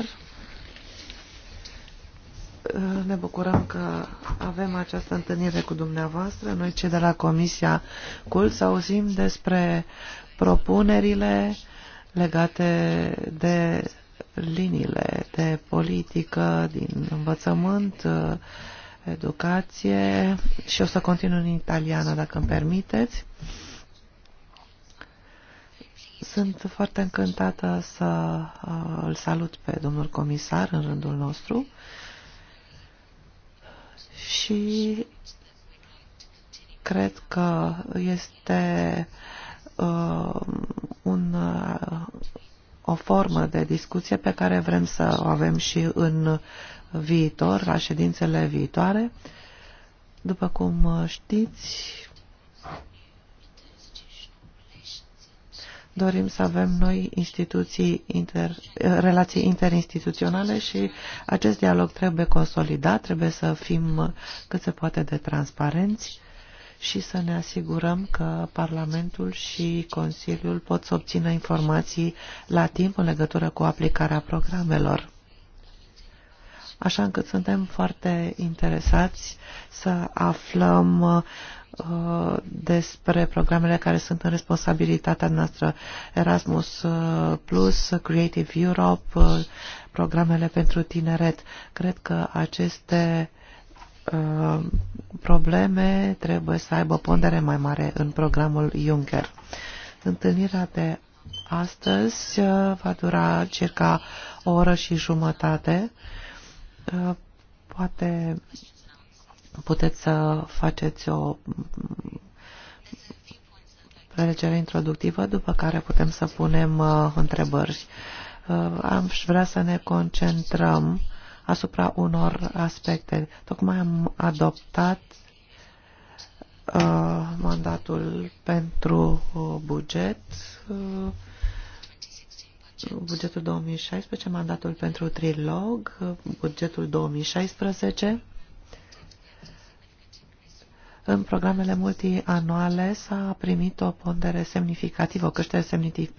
Ne bucurăm că avem această întâlnire cu dumneavoastră. Noi, cei de la Comisia CULT, să auzim despre propunerile legate de liniile de politică, din învățământ, educație și o să continui în italiană, dacă îmi permiteți. Sunt foarte încântată să uh, îl salut pe domnul comisar în rândul nostru și cred că este uh, un, uh, o formă de discuție pe care vrem să o avem și în viitor, la ședințele viitoare. După cum știți, dorim să avem noi instituții inter, relații interinstituționale și acest dialog trebuie consolidat, trebuie să fim cât se poate de transparenți și să ne asigurăm că Parlamentul și Consiliul pot să obțină informații la timp în legătură cu aplicarea programelor așa încât suntem foarte interesați să aflăm uh, despre programele care sunt în responsabilitatea noastră Erasmus uh, Plus, Creative Europe, uh, programele pentru tineret. Cred că aceste uh, probleme trebuie să aibă pondere mai mare în programul Juncker. Întâlnirea de astăzi uh, va dura circa o oră și jumătate. Uh, poate puteți să faceți o prelegere introductivă, după care putem să punem uh, întrebări. Uh, am și vrea să ne concentrăm asupra unor aspecte. Tocmai am adoptat mandatul pentru buget bugetul 2016, mandatul pentru trilog, bugetul 2016. În programele multianuale s-a primit o pondere semnificativă, o creștere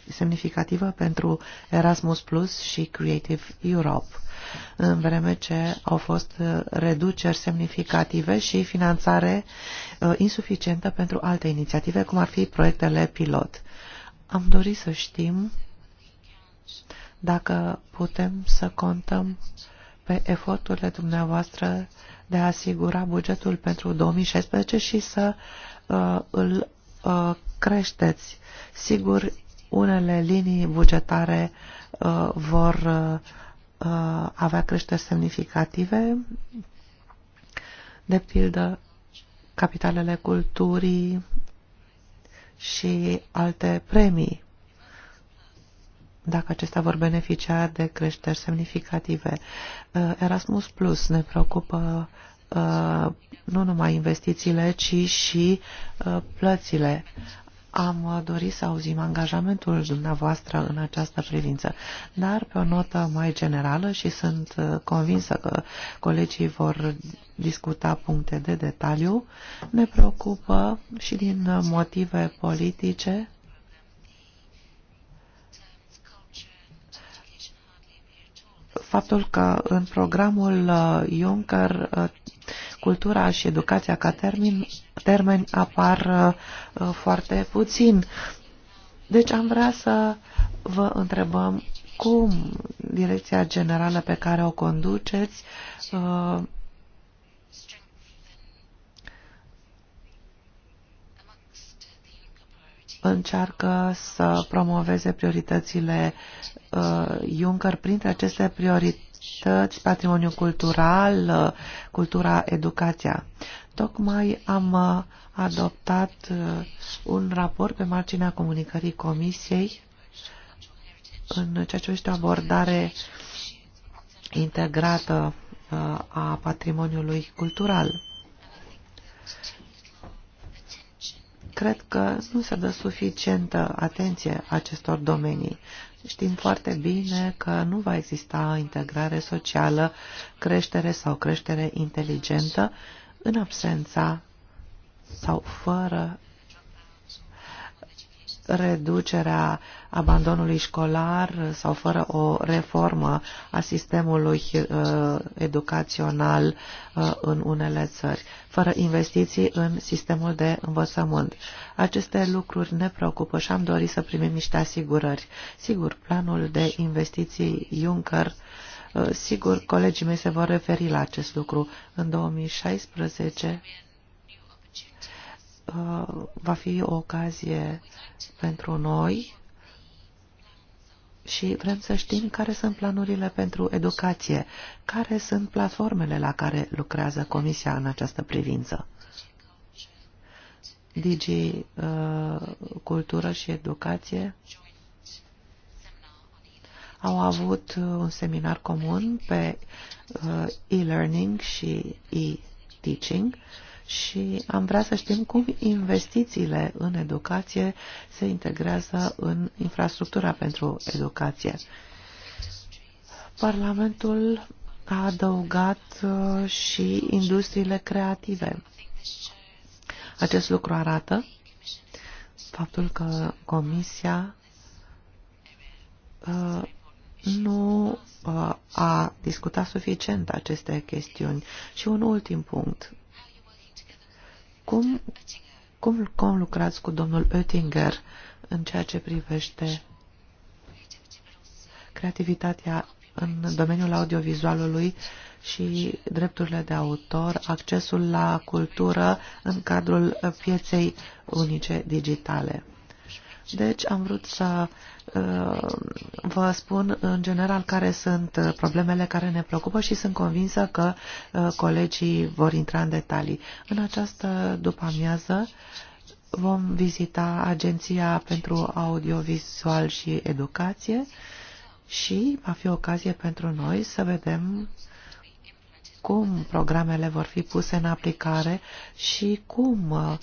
semnificativă pentru Erasmus Plus și Creative Europe, în vreme ce au fost uh, reduceri semnificative și finanțare uh, insuficientă pentru alte inițiative, cum ar fi proiectele pilot. Am dorit să știm dacă putem să contăm pe eforturile dumneavoastră de a asigura bugetul pentru 2016 și să uh, îl uh, creșteți. Sigur, unele linii bugetare uh, vor uh, uh avea creșteri semnificative, de pildă capitalele culturii și alte premii dacă acesta vor beneficia de creșteri semnificative. Uh, Erasmus Plus ne preocupă uh, nu numai investițiile, ci și uh, plățile. Am dorit să auzim angajamentul dumneavoastră în această privință, dar pe o notă mai generală și sunt convinsă că colegii vor discuta puncte de detaliu, ne preocupă și din motive politice faptul că în programul uh, Juncker uh, cultura și educația ca termen, termen apar uh, foarte puțin. Deci am vrea să vă întrebăm cum direcția generală pe care o conduceți încearcă să promoveze prioritățile uh, Juncker. Printre aceste priorități, patrimoniul cultural, uh, cultura, educația. Tocmai am uh, adoptat uh, un raport pe marginea comunicării Comisiei în ceea ce este o abordare integrată uh, a patrimoniului cultural cred că nu se dă suficientă atenție acestor domenii. Știm foarte bine că nu va exista integrare socială, creștere sau creștere inteligentă în absența sau fără reducerea abandonului școlar sau fără o reformă a sistemului uh, educațional uh, în unele țări, fără investiții în sistemul de învățământ. Aceste lucruri ne preocupă și am dorit să primim niște asigurări. Sigur, planul de investiții Juncker uh, Sigur, colegii mei se vor referi la acest lucru. În 2016 va fi o ocazie pentru noi și vrem să știm care sunt planurile pentru educație, care sunt platformele la care lucrează Comisia în această privință. Digi uh, Cultură și Educație au avut un seminar comun pe uh, e-learning și e-teaching și am vrea să știm cum investițiile în educație se integrează în infrastructura pentru educație. Parlamentul a adăugat uh, și industriile creative. Acest lucru arată faptul că Comisia uh, nu uh, a discutat suficient aceste chestiuni. Și un ultim punct cum, cum, cum lucrați cu domnul Oettinger în ceea ce privește creativitatea în domeniul audiovizualului și drepturile de autor, accesul la cultură în cadrul pieței unice digitale. Deci am vrut să uh, vă spun în general care sunt uh, problemele care ne preocupă și sunt convinsă că uh, colegii vor intra în detalii. În această după-amiază vom vizita Agenția pentru Audiovizual și Educație și va fi ocazie pentru noi să vedem uh, cum programele vor fi puse în aplicare și cum uh,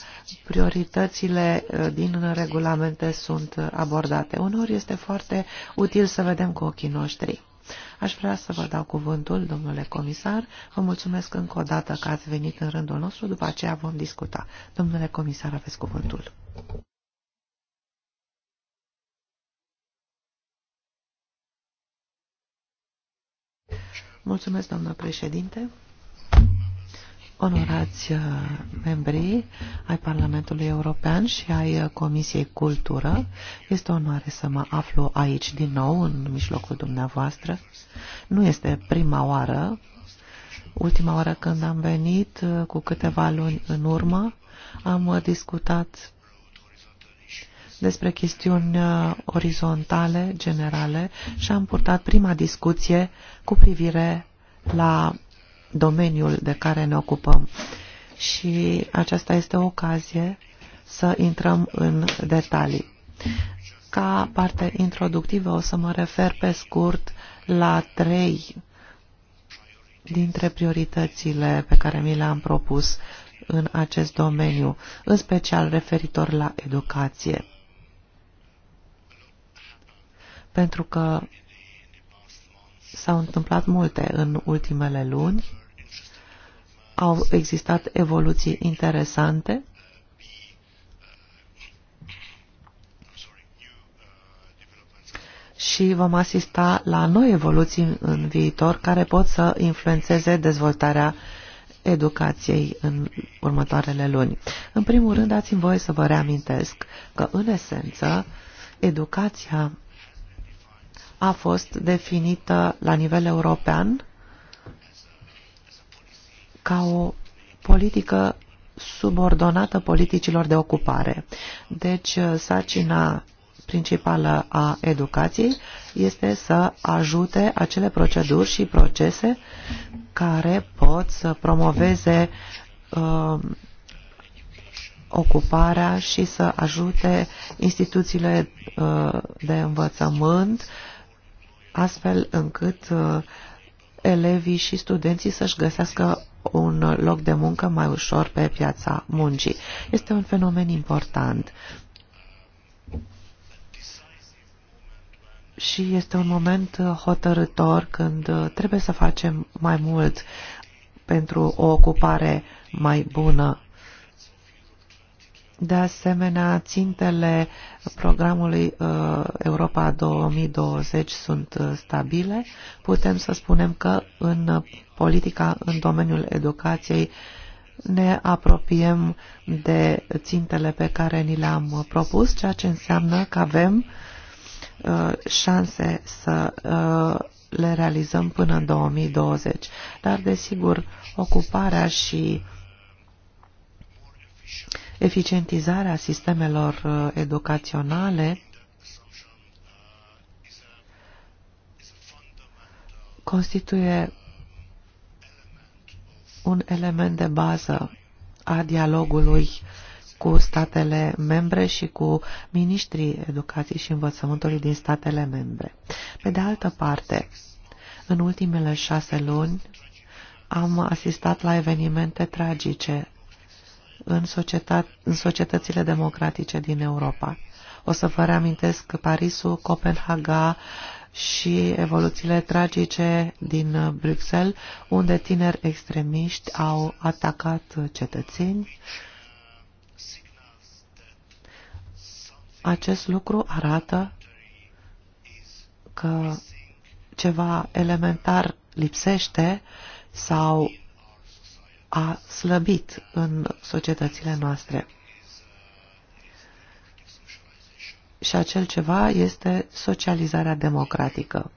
prioritățile uh, din regulamente sunt abordate. Unor este foarte util să vedem cu ochii noștri. Aș vrea să vă dau cuvântul, domnule comisar. Vă mulțumesc încă o dată că ați venit în rândul nostru, după aceea vom discuta. Domnule comisar, aveți cuvântul. Mulțumesc, doamnă președinte. Onorați uh, membrii ai Parlamentului European și ai uh, Comisiei Cultură, este o onoare să mă aflu aici din nou, în mijlocul dumneavoastră. Nu este prima oară, ultima oară când am venit, uh, cu câteva luni în urmă, am discutat despre chestiuni uh, orizontale, generale și am purtat prima discuție cu privire la domeniul de care ne ocupăm. Și aceasta este o ocazie să intrăm în detalii. Ca parte introductivă o să mă refer pe scurt la trei dintre prioritățile pe care mi le-am propus în acest domeniu, în special referitor la educație pentru că s-au întâmplat multe în ultimele luni, au existat evoluții interesante, și vom asista la noi evoluții în viitor care pot să influențeze dezvoltarea educației în următoarele luni. În primul rând, dați-mi voie să vă reamintesc că, în esență, educația a fost definită la nivel european ca o politică subordonată politicilor de ocupare. Deci, uh, sarcina principală a educației este să ajute acele proceduri și procese care pot să promoveze uh, ocuparea și să ajute instituțiile uh, de învățământ astfel încât uh, elevii și studenții să-și găsească un loc de muncă mai ușor pe piața muncii. Este un fenomen important. Și este un moment uh, hotărător când uh, trebuie să facem mai mult pentru o ocupare mai bună de asemenea, țintele programului uh, Europa 2020 sunt uh, stabile. Putem să spunem că în politica în domeniul educației ne apropiem de țintele pe care ni le-am propus, ceea ce înseamnă că avem uh, șanse să le realizăm până în 2020. Dar, desigur, ocuparea și eficientizarea sistemelor uh, educaționale constituie un element de bază a dialogului cu statele membre și cu ministrii educației și învățământului din statele membre. Pe de altă parte, în ultimele șase luni am asistat la evenimente tragice în, societat, în societățile democratice din Europa. O să vă reamintesc Parisul, Copenhaga și evoluțiile tragice din Bruxelles, unde tineri extremiști au atacat cetățeni. Acest lucru arată că ceva elementar lipsește sau a slăbit în societățile noastre. Și acel ceva este socializarea democratică.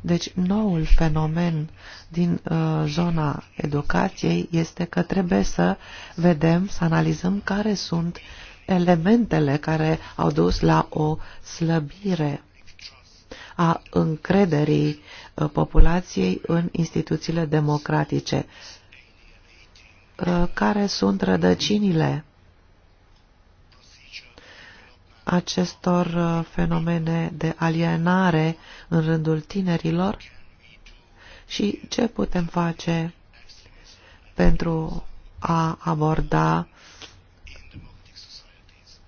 Deci, noul fenomen din uh, zona educației este că trebuie să vedem, să analizăm care sunt elementele care au dus la o slăbire a încrederii uh, populației în instituțiile democratice Uh, care sunt rădăcinile acestor uh, fenomene de alienare în rândul tinerilor și ce putem face pentru a aborda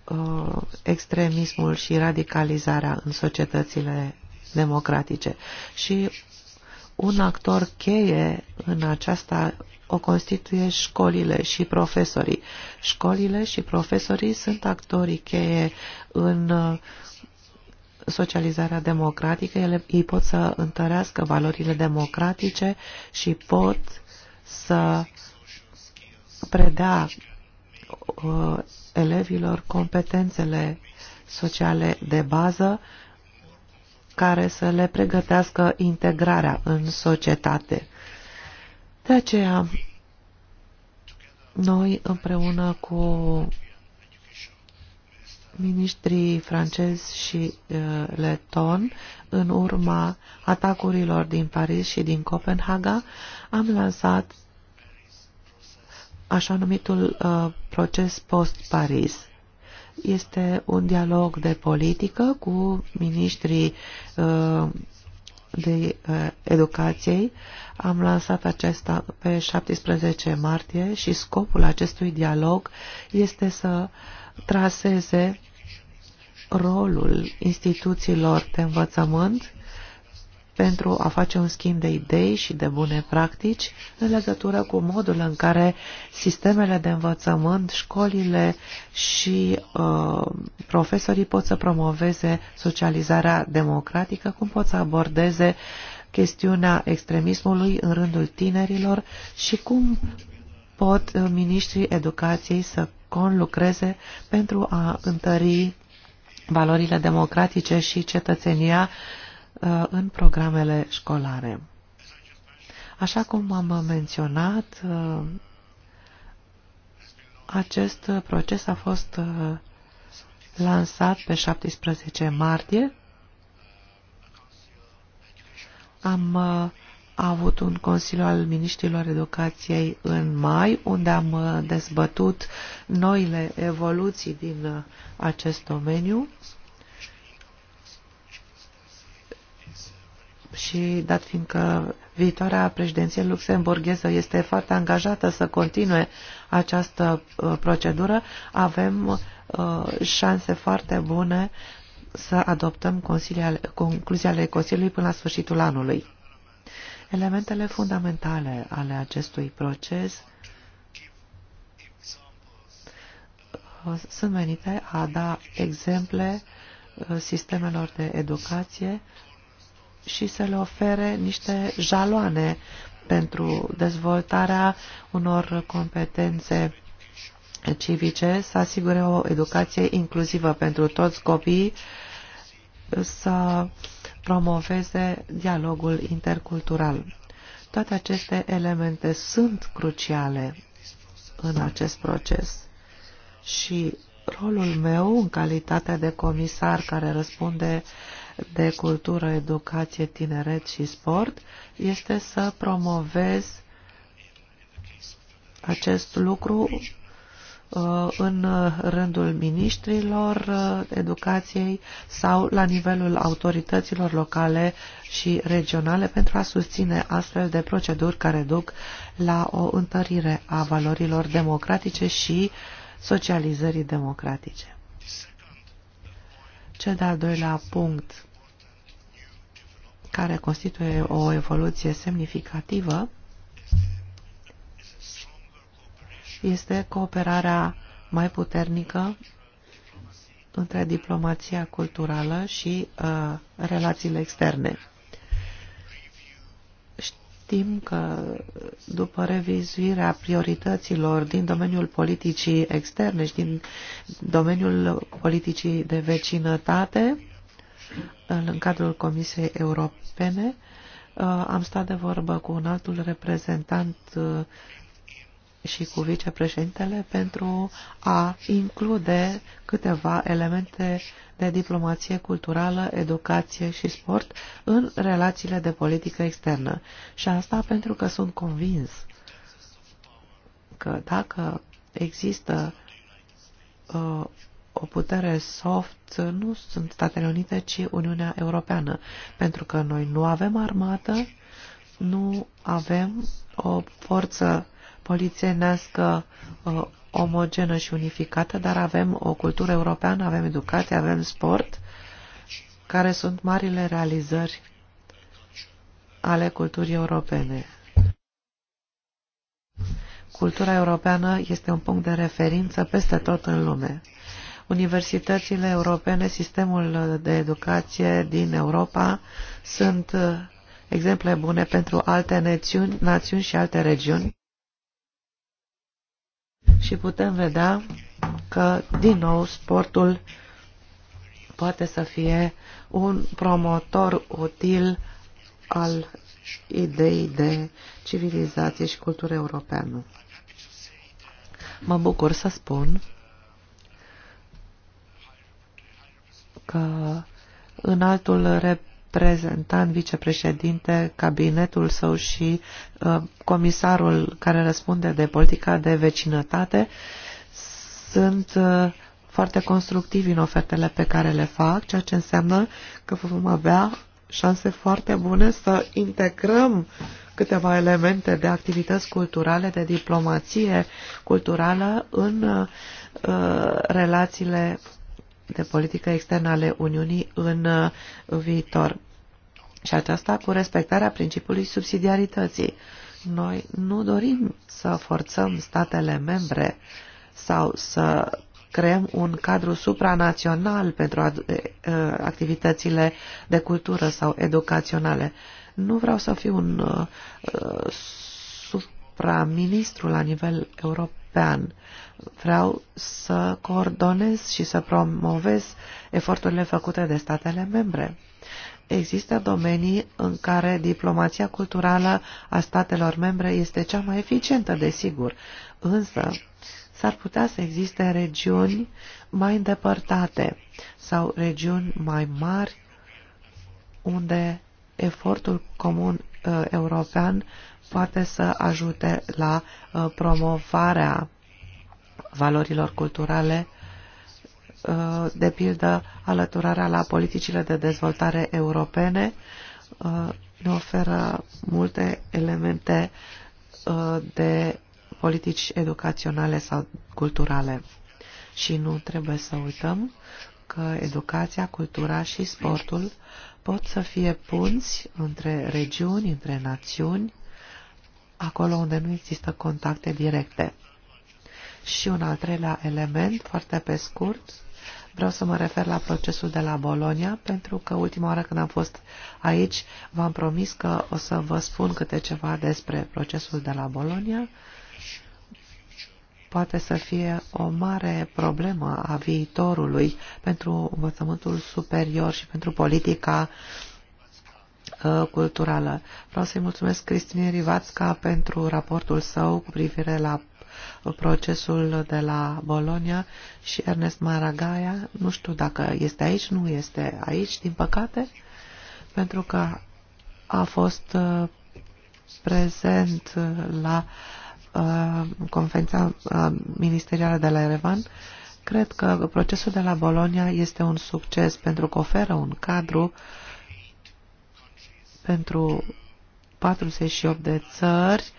uh, extremismul și radicalizarea în societățile democratice. Și un actor cheie în aceasta o constituie școlile și profesorii. Școlile și profesorii sunt actorii cheie în uh, socializarea democratică. Ele, ei pot să întărească valorile democratice și pot să predea uh, elevilor competențele sociale de bază uh, care să le pregătească integrarea în societate. De aceea, noi împreună cu ministrii francezi și uh, leton, în urma atacurilor din Paris și din Copenhaga, am lansat așa numitul uh, proces post-Paris. Este un dialog de politică cu ministrii uh, de uh, educației. Am lansat acesta pe 17 martie și scopul acestui dialog este să traseze rolul instituțiilor de învățământ pentru a face un schimb de idei și de bune practici în legătură cu modul în care sistemele de învățământ, școlile și uh, profesorii pot să promoveze socializarea democratică, cum pot să abordeze chestiunea extremismului în rândul tinerilor și cum pot uh, ministrii educației să conlucreze pentru a întări valorile democratice și cetățenia uh, Uh, în programele școlare. Așa cum am menționat, uh, acest proces a fost uh, lansat pe 17 martie. Am avut un consiliu al ministrilor educației în mai, unde am dezbătut noile evoluții din acest domeniu. și dat fiindcă viitoarea președinție luxemburgheză este foarte angajată să continue această uh, procedură, avem uh, șanse foarte bune să adoptăm concluziile Consiliului până la sfârșitul anului. Elementele fundamentale ale acestui proces uh, sunt menite a da exemple sistemelor de educație și să le ofere niște jaloane pentru dezvoltarea unor competențe civice, să asigure o educație inclusivă pentru toți copiii, să promoveze dialogul intercultural. Toate aceste elemente sunt cruciale în acest proces și rolul meu în calitatea de comisar care răspunde uh, de cultură, educație, tineret și sport este să promovez acest lucru uh, în rândul miniștrilor uh, educației sau la nivelul autorităților locale și regionale pentru a susține astfel de proceduri care duc la o întărire a valorilor democratice și socializării democratice. Cel de-al doilea punct care constituie o evoluție semnificativă este cooperarea mai puternică între diplomația culturală și uh, relațiile externe. Știm că după revizuirea priorităților din domeniul politicii externe și din domeniul politicii de vecinătate, în cadrul Comisiei Europene, uh, am stat de vorbă cu un altul reprezentant uh, și cu vicepreședintele pentru a include câteva elemente de diplomație culturală, educație și sport în relațiile de politică externă. Și asta pentru că sunt convins că dacă există uh, o putere soft nu sunt Statele Unite, ci Uniunea Europeană, pentru că noi nu avem armată, nu avem o forță polițienească uh, omogenă și unificată, dar avem o cultură europeană, avem educație, avem sport, care sunt marile realizări ale culturii europene. Cultura europeană este un punct de referință peste tot în lume. Universitățile europene, sistemul de educație din Europa sunt uh, exemple bune pentru alte națiuni, națiuni și alte regiuni și putem vedea că, din nou, sportul poate să fie un promotor util al ideii de civilizație și cultură europeană. Mă bucur să spun că în altul rep reprezentant, vicepreședinte, cabinetul său și uh, comisarul care răspunde de politica de vecinătate sunt uh, foarte constructivi în ofertele pe care le fac, ceea ce înseamnă că vom avea șanse foarte bune să integrăm câteva elemente de activități culturale, de diplomație culturală în uh, relațiile de politică externă ale Uniunii în uh, viitor. Și aceasta cu respectarea principiului subsidiarității. Noi nu dorim să forțăm statele membre sau să creăm un cadru supranațional pentru activitățile de cultură sau educaționale. Nu vreau să fiu un uh, uh supraministru la nivel european vreau să coordonez și să promovez eforturile făcute de statele membre. Există domenii în care diplomația culturală a statelor membre este cea mai eficientă, desigur, însă s-ar putea să existe regiuni mai îndepărtate sau regiuni mai mari unde efortul comun uh, european poate să ajute la uh, promovarea valorilor culturale, uh, de pildă alăturarea la politicile de dezvoltare europene, uh, ne oferă multe elemente uh, de politici educaționale sau culturale. Și nu trebuie să uităm că educația, cultura și sportul pot să fie punți între regiuni, între națiuni, acolo unde nu există contacte directe. Și un al treilea element, foarte pe scurt, vreau să mă refer la procesul de la Bolonia, pentru că ultima oară când am fost aici, v-am promis că o să vă spun câte ceva despre procesul de la Bolonia. Poate să fie o mare problemă a viitorului pentru învățământul superior și pentru politica ă, culturală. Vreau să-i mulțumesc Cristinei Rivațca pentru raportul său cu privire la procesul de la Bologna și Ernest Maragaia, nu știu dacă este aici, nu este aici, din păcate, pentru că a fost uh, prezent uh, la uh, conferința ministerială de la Erevan. Cred că procesul de la Bologna este un succes pentru că oferă un cadru pentru 48 de țări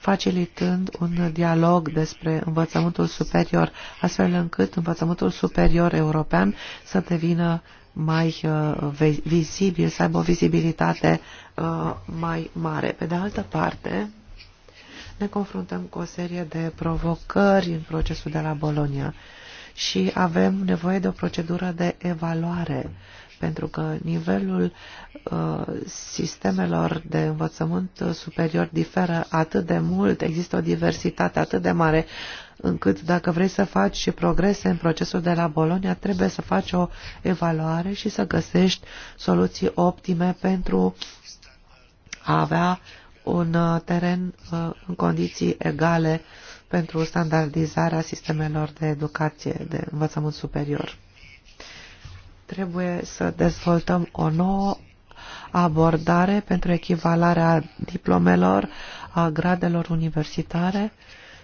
facilitând un dialog despre învățământul superior, astfel încât învățământul superior european să devină mai uh, vizibil, să aibă o vizibilitate uh, mai mare. Pe de altă parte, ne confruntăm cu o serie de provocări în procesul de la Bolonia și avem nevoie de o procedură de evaluare pentru că nivelul uh, sistemelor de învățământ superior diferă atât de mult, există o diversitate atât de mare, încât dacă vrei să faci și progrese în procesul de la Bolonia, trebuie să faci o evaluare și să găsești soluții optime pentru a avea un uh, teren uh, în condiții egale pentru standardizarea sistemelor de educație, de învățământ superior. Trebuie să dezvoltăm o nouă abordare pentru echivalarea diplomelor, a gradelor universitare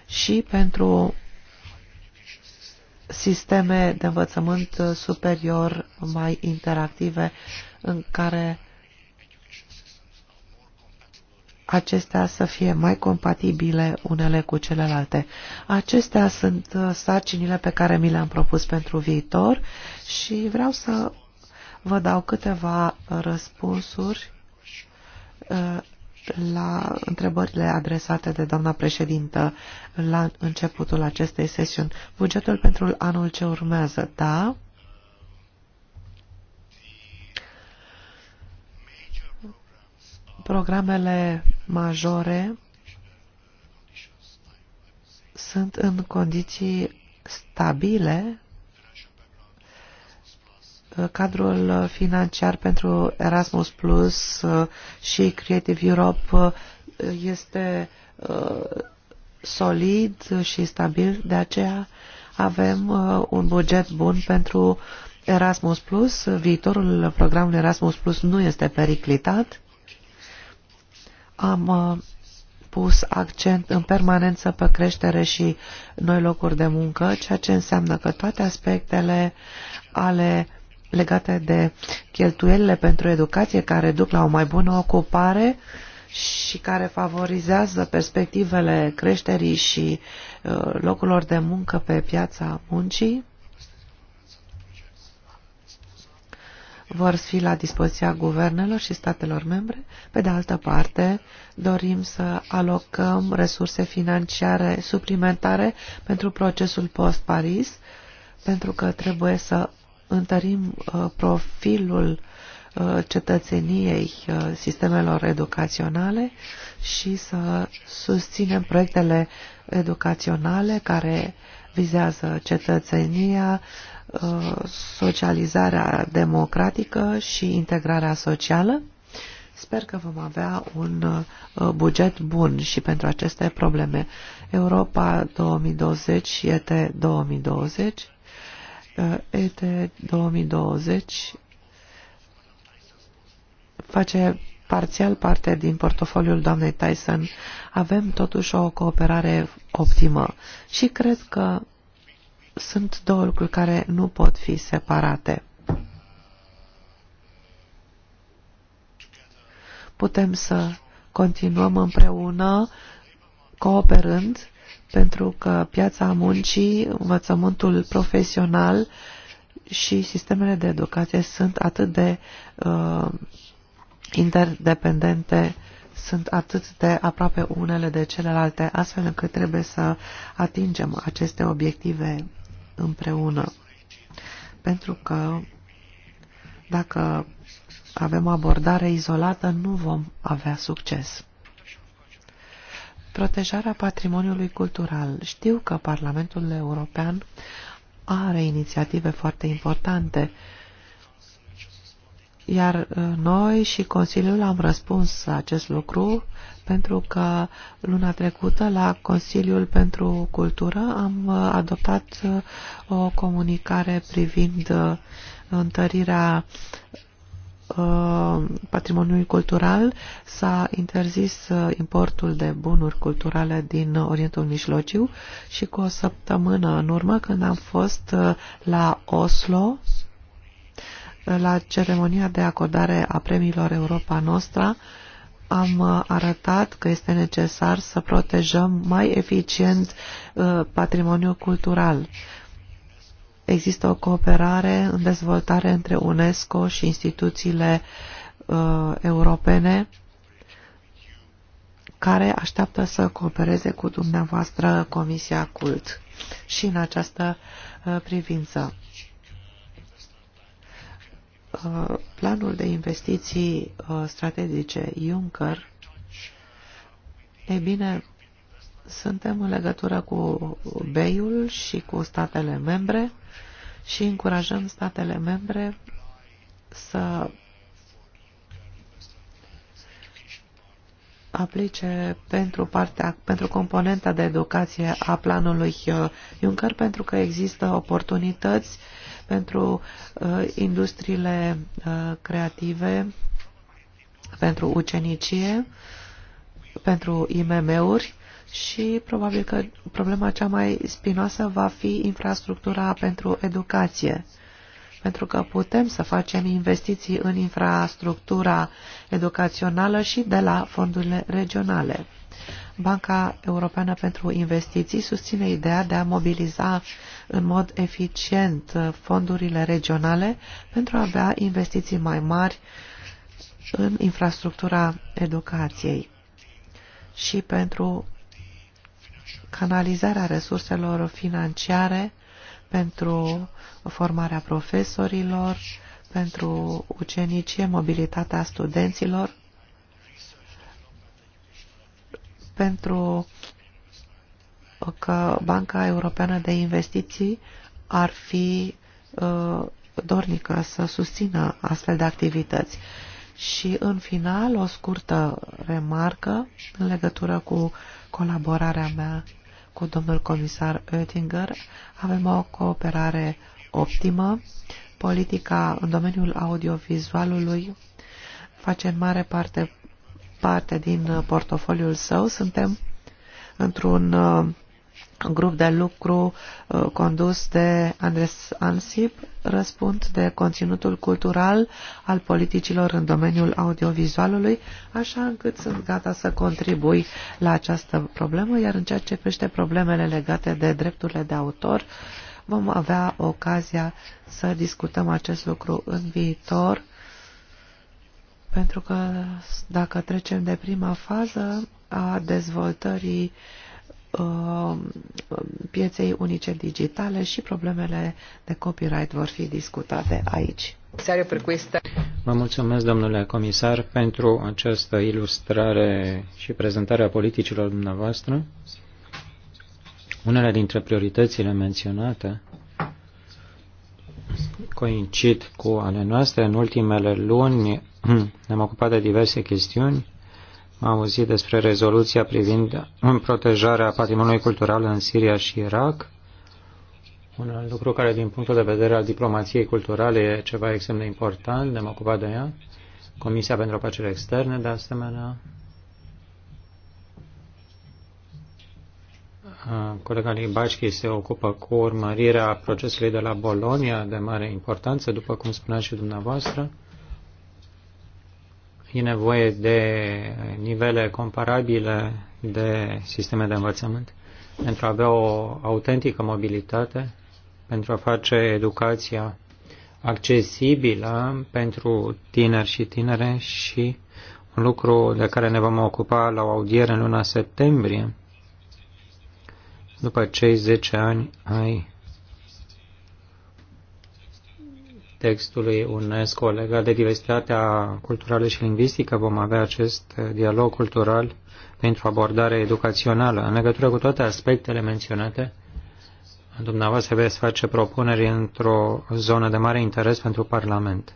și pentru sisteme de învățământ superior mai interactive în care acestea să fie mai compatibile unele cu celelalte. Acestea sunt uh, sarcinile pe care mi le-am propus pentru viitor și vreau să vă dau câteva răspunsuri uh, la întrebările adresate de doamna președintă la începutul acestei sesiuni. Bugetul pentru anul ce urmează, da, Programele majore sunt în condiții stabile. Cadrul financiar pentru Erasmus Plus uh, și Creative Europe uh, este uh, solid și stabil, de aceea avem un buget bun pentru Erasmus Plus. Viitorul programului Erasmus Plus nu este periclitat am uh, pus accent în permanență pe creștere și noi locuri de muncă, ceea ce înseamnă că toate aspectele ale legate de cheltuielile pentru educație care duc la o mai bună ocupare și care favorizează perspectivele creșterii și uh, locurilor de muncă pe piața muncii, vor fi la dispoziția guvernelor și statelor membre. Pe de altă parte, dorim să alocăm resurse financiare suplimentare pentru procesul post-Paris, pentru că trebuie să întărim uh, profilul uh, cetățeniei uh, sistemelor educaționale și să susținem proiectele educaționale care vizează cetățenia, Uh, socializarea democratică și integrarea socială. Sper că vom avea un uh, buget bun și pentru aceste probleme. Europa 2020 este 2020. ET 2020 face parțial parte din portofoliul doamnei Tyson. Avem totuși o cooperare optimă și cred că sunt două lucruri care nu pot fi separate. Putem să continuăm împreună, cooperând, pentru că piața muncii, învățământul profesional și sistemele de educație sunt atât de uh, interdependente sunt atât de aproape unele de celelalte, astfel încât trebuie să atingem aceste obiective împreună. Pentru că dacă avem abordare izolată, nu vom avea succes. Protejarea patrimoniului cultural. Știu că Parlamentul European are inițiative foarte importante iar uh, noi și Consiliul am răspuns acest lucru pentru că luna trecută la Consiliul pentru Cultură am uh, adoptat uh, o comunicare privind întărirea patrimoniului cultural s-a interzis importul de bunuri culturale din Orientul Mijlociu și cu o săptămână în urmă când am fost la Oslo la ceremonia de acordare a premiilor Europa Nostra, am arătat că este necesar să protejăm mai eficient uh, patrimoniul cultural. Există o cooperare în dezvoltare între UNESCO și instituțiile uh, europene care așteaptă să coopereze cu dumneavoastră Comisia CULT și în această uh, privință. Uh, planul de investiții uh, strategice Juncker, e bine, suntem în legătură cu BEI-ul și cu statele membre și încurajăm statele membre să aplice pentru, partea, pentru componenta de educație a planului uh, Juncker, pentru că există oportunități uh, pentru uh, industriile uh, creative, pentru ucenicie, pentru IMM-uri și probabil că problema cea mai spinoasă va fi infrastructura pentru educație. Pentru că putem să facem investiții în infrastructura educațională și de la fondurile regionale. Banca Europeană pentru Investiții susține ideea de a mobiliza în mod eficient uh, fondurile regionale pentru a avea investiții mai mari în infrastructura educației și pentru canalizarea resurselor financiare pentru formarea profesorilor, pentru ucenicie, mobilitatea studenților pentru că Banca Europeană de Investiții ar fi uh, dornică să susțină astfel de activități. Și în final, o scurtă remarcă în legătură cu colaborarea mea cu domnul comisar Oettinger. Avem o cooperare optimă. Politica în domeniul audiovizualului face în mare parte parte din uh, portofoliul său. Suntem într-un uh, grup de lucru uh, condus de Andres Ansip, răspund de conținutul cultural al politicilor în domeniul audiovizualului, așa încât sunt gata să contribui la această problemă, iar în ceea ce crește problemele legate de drepturile de autor, vom avea ocazia să discutăm acest lucru în viitor pentru că dacă trecem de prima fază a dezvoltării uh, pieței unice digitale și problemele de copyright vor fi discutate aici. Vă mulțumesc, domnule comisar, pentru această ilustrare și prezentare a politicilor dumneavoastră. Unele dintre prioritățile menționate coincid cu ale noastre. În ultimele luni ne-am ocupat de diverse chestiuni. Am auzit despre rezoluția privind protejarea patrimoniului cultural în Siria și Irak. Un lucru care, din punctul de vedere al diplomației culturale, e ceva extrem de important. Ne-am ocupat de ea. Comisia pentru Apacere Externe, de asemenea. colega Libașchi se ocupă cu urmărirea procesului de la Bolonia de mare importanță, după cum spunea și dumneavoastră. E nevoie de nivele comparabile de sisteme de învățământ pentru a avea o autentică mobilitate, pentru a face educația accesibilă pentru tineri și tinere și un lucru de care ne vom ocupa la o audiere în luna septembrie, după cei 10 ani ai textului UNESCO legat de diversitatea culturală și lingvistică, vom avea acest dialog cultural pentru abordare educațională. În legătură cu toate aspectele menționate, dumneavoastră veți face propuneri într-o zonă de mare interes pentru Parlament.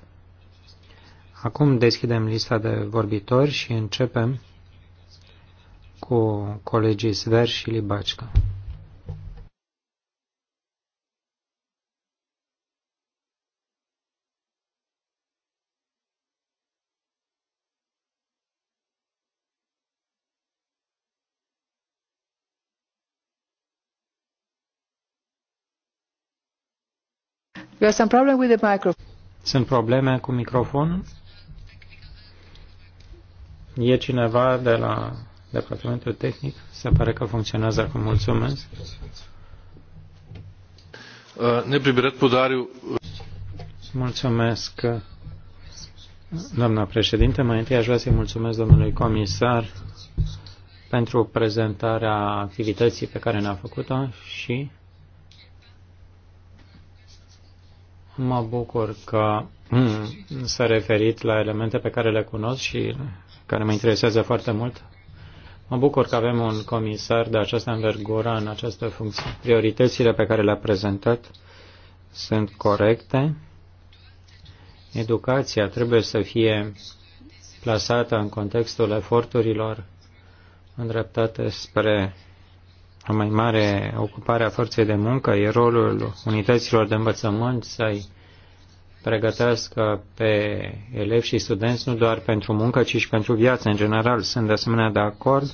Acum deschidem lista de vorbitori și începem cu colegii Sver și Libacica. You have some problem with the microphone. Sunt probleme cu microfonul? E cineva de la departamentul tehnic? Se pare că funcționează acum. Mulțumesc. Uh, Nepribirat podariu. Mulțumesc, doamna președinte. Mai întâi aș vrea să-i mulțumesc domnului comisar pentru prezentarea activității pe care ne-a făcut-o și Mă bucur că s-a referit la elemente pe care le cunosc și care mă interesează foarte mult. Mă bucur că avem un comisar de această învergură în această funcție. Prioritățile pe care le-a prezentat sunt corecte. Educația trebuie să fie plasată în contextul eforturilor îndreptate spre o mai mare ocupare a forței de muncă, e rolul unităților de învățământ să-i pregătească pe elevi și studenți nu doar pentru muncă, ci și pentru viață în general. Sunt de asemenea de acord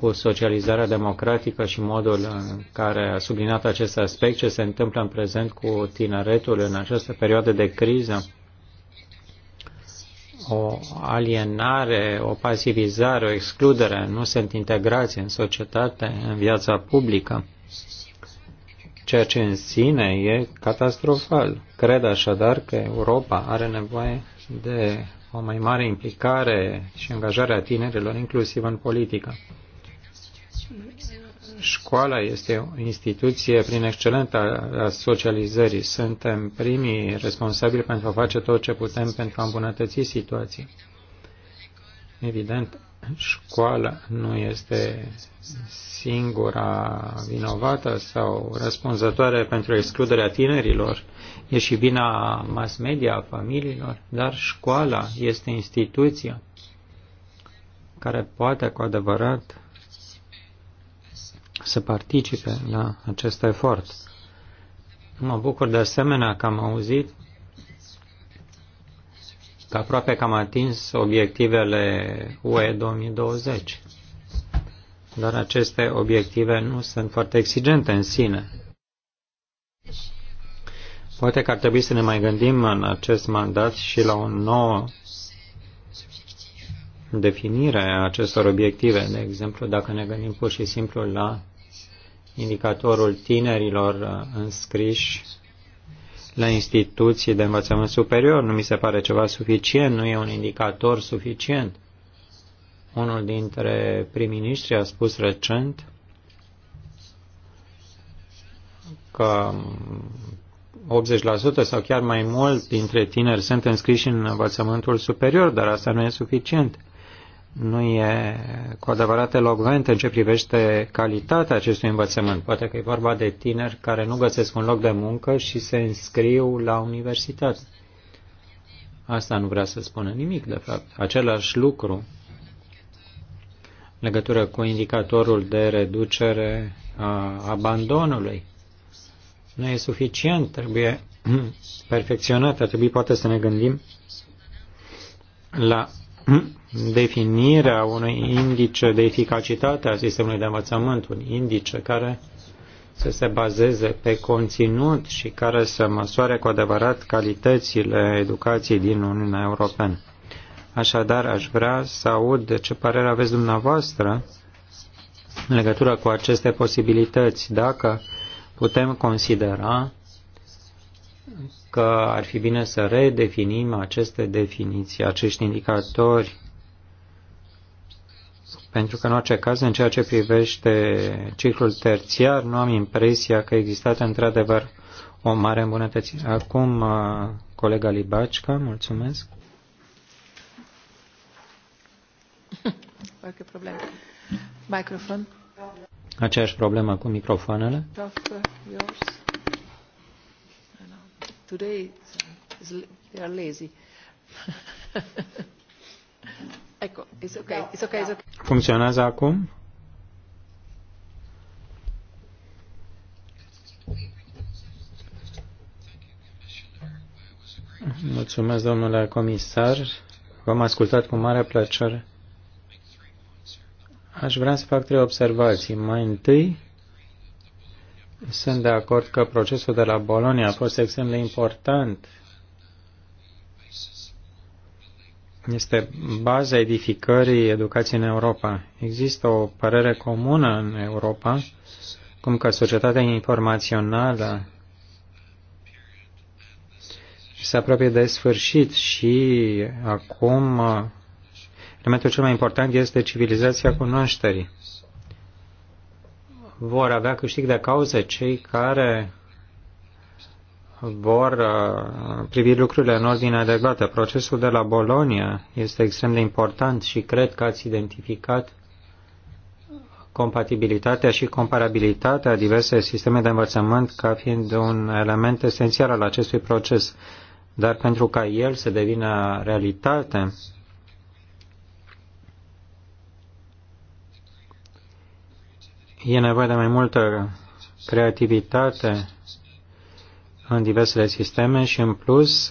cu socializarea democratică și modul în care a sublinat acest aspect, ce se întâmplă în prezent cu tineretul în această perioadă de criză o alienare, o pasivizare, o excludere, nu sunt integrați în societate, în viața publică, ceea ce în sine e catastrofal. Cred așadar că Europa are nevoie de o mai mare implicare și angajare a tinerilor, inclusiv în politică. Școala este o instituție prin excelentă a socializării. Suntem primii responsabili pentru a face tot ce putem pentru a îmbunătăți situații. Evident, școala nu este singura vinovată sau răspunzătoare pentru excluderea tinerilor. E și vina mass media, a familiilor, dar școala este instituția care poate cu adevărat să participe la acest efort. Mă bucur de asemenea că am auzit că aproape că am atins obiectivele UE 2020. Dar aceste obiective nu sunt foarte exigente în sine. Poate că ar trebui să ne mai gândim în acest mandat și la o nouă definirea acestor obiective. De exemplu, dacă ne gândim pur și simplu la indicatorul tinerilor uh, înscriși la instituții de învățământ superior, nu mi se pare ceva suficient, nu e un indicator suficient. Unul dintre prim-ministri a spus recent că 80% sau chiar mai mult dintre tineri sunt înscriși în învățământul superior, dar asta nu e suficient nu e cu adevărat elogvent în ce privește calitatea acestui învățământ. Poate că e vorba de tineri care nu găsesc un loc de muncă și se înscriu la universitate. Asta nu vrea să spună nimic, de fapt. Același lucru legătură cu indicatorul de reducere a abandonului. Nu e suficient, trebuie perfecționat, trebuie poate să ne gândim la definirea unui indice de eficacitate a sistemului de învățământ, un indice care să se bazeze pe conținut și care să măsoare cu adevărat calitățile educației din Uniunea Europeană. Așadar, aș vrea să aud ce părere aveți dumneavoastră în legătură cu aceste posibilități, dacă putem considera că ar fi bine să redefinim aceste definiții, acești indicatori, pentru că în orice caz, în ceea ce privește ciclul terțiar, nu am impresia că există într-adevăr o mare îmbunătățire. Acum, uh, colega Libacica, mulțumesc. Orice problemă. Microfon. Aceeași problemă cu microfoanele. Yours today they are lazy. ecco, it's okay, it's okay, it's okay. Funcționează acum? Mulțumesc, domnule comisar. V-am ascultat cu mare plăcere. Aș vrea să fac trei observații. Mai întâi, sunt de acord că procesul de la Bolonia a fost extrem de important. Este baza edificării educației în Europa. Există o părere comună în Europa, cum că societatea informațională se apropie de sfârșit și acum elementul cel mai important este civilizația cunoașterii vor avea câștig de cauză cei care vor uh, privi lucrurile în ordine adecvată. Procesul de la Bolonia este extrem de important și cred că ați identificat compatibilitatea și comparabilitatea a diverse sisteme de învățământ ca fiind un element esențial al acestui proces. Dar pentru ca el să devină realitate, E nevoie de mai multă creativitate în diversele sisteme și, în plus,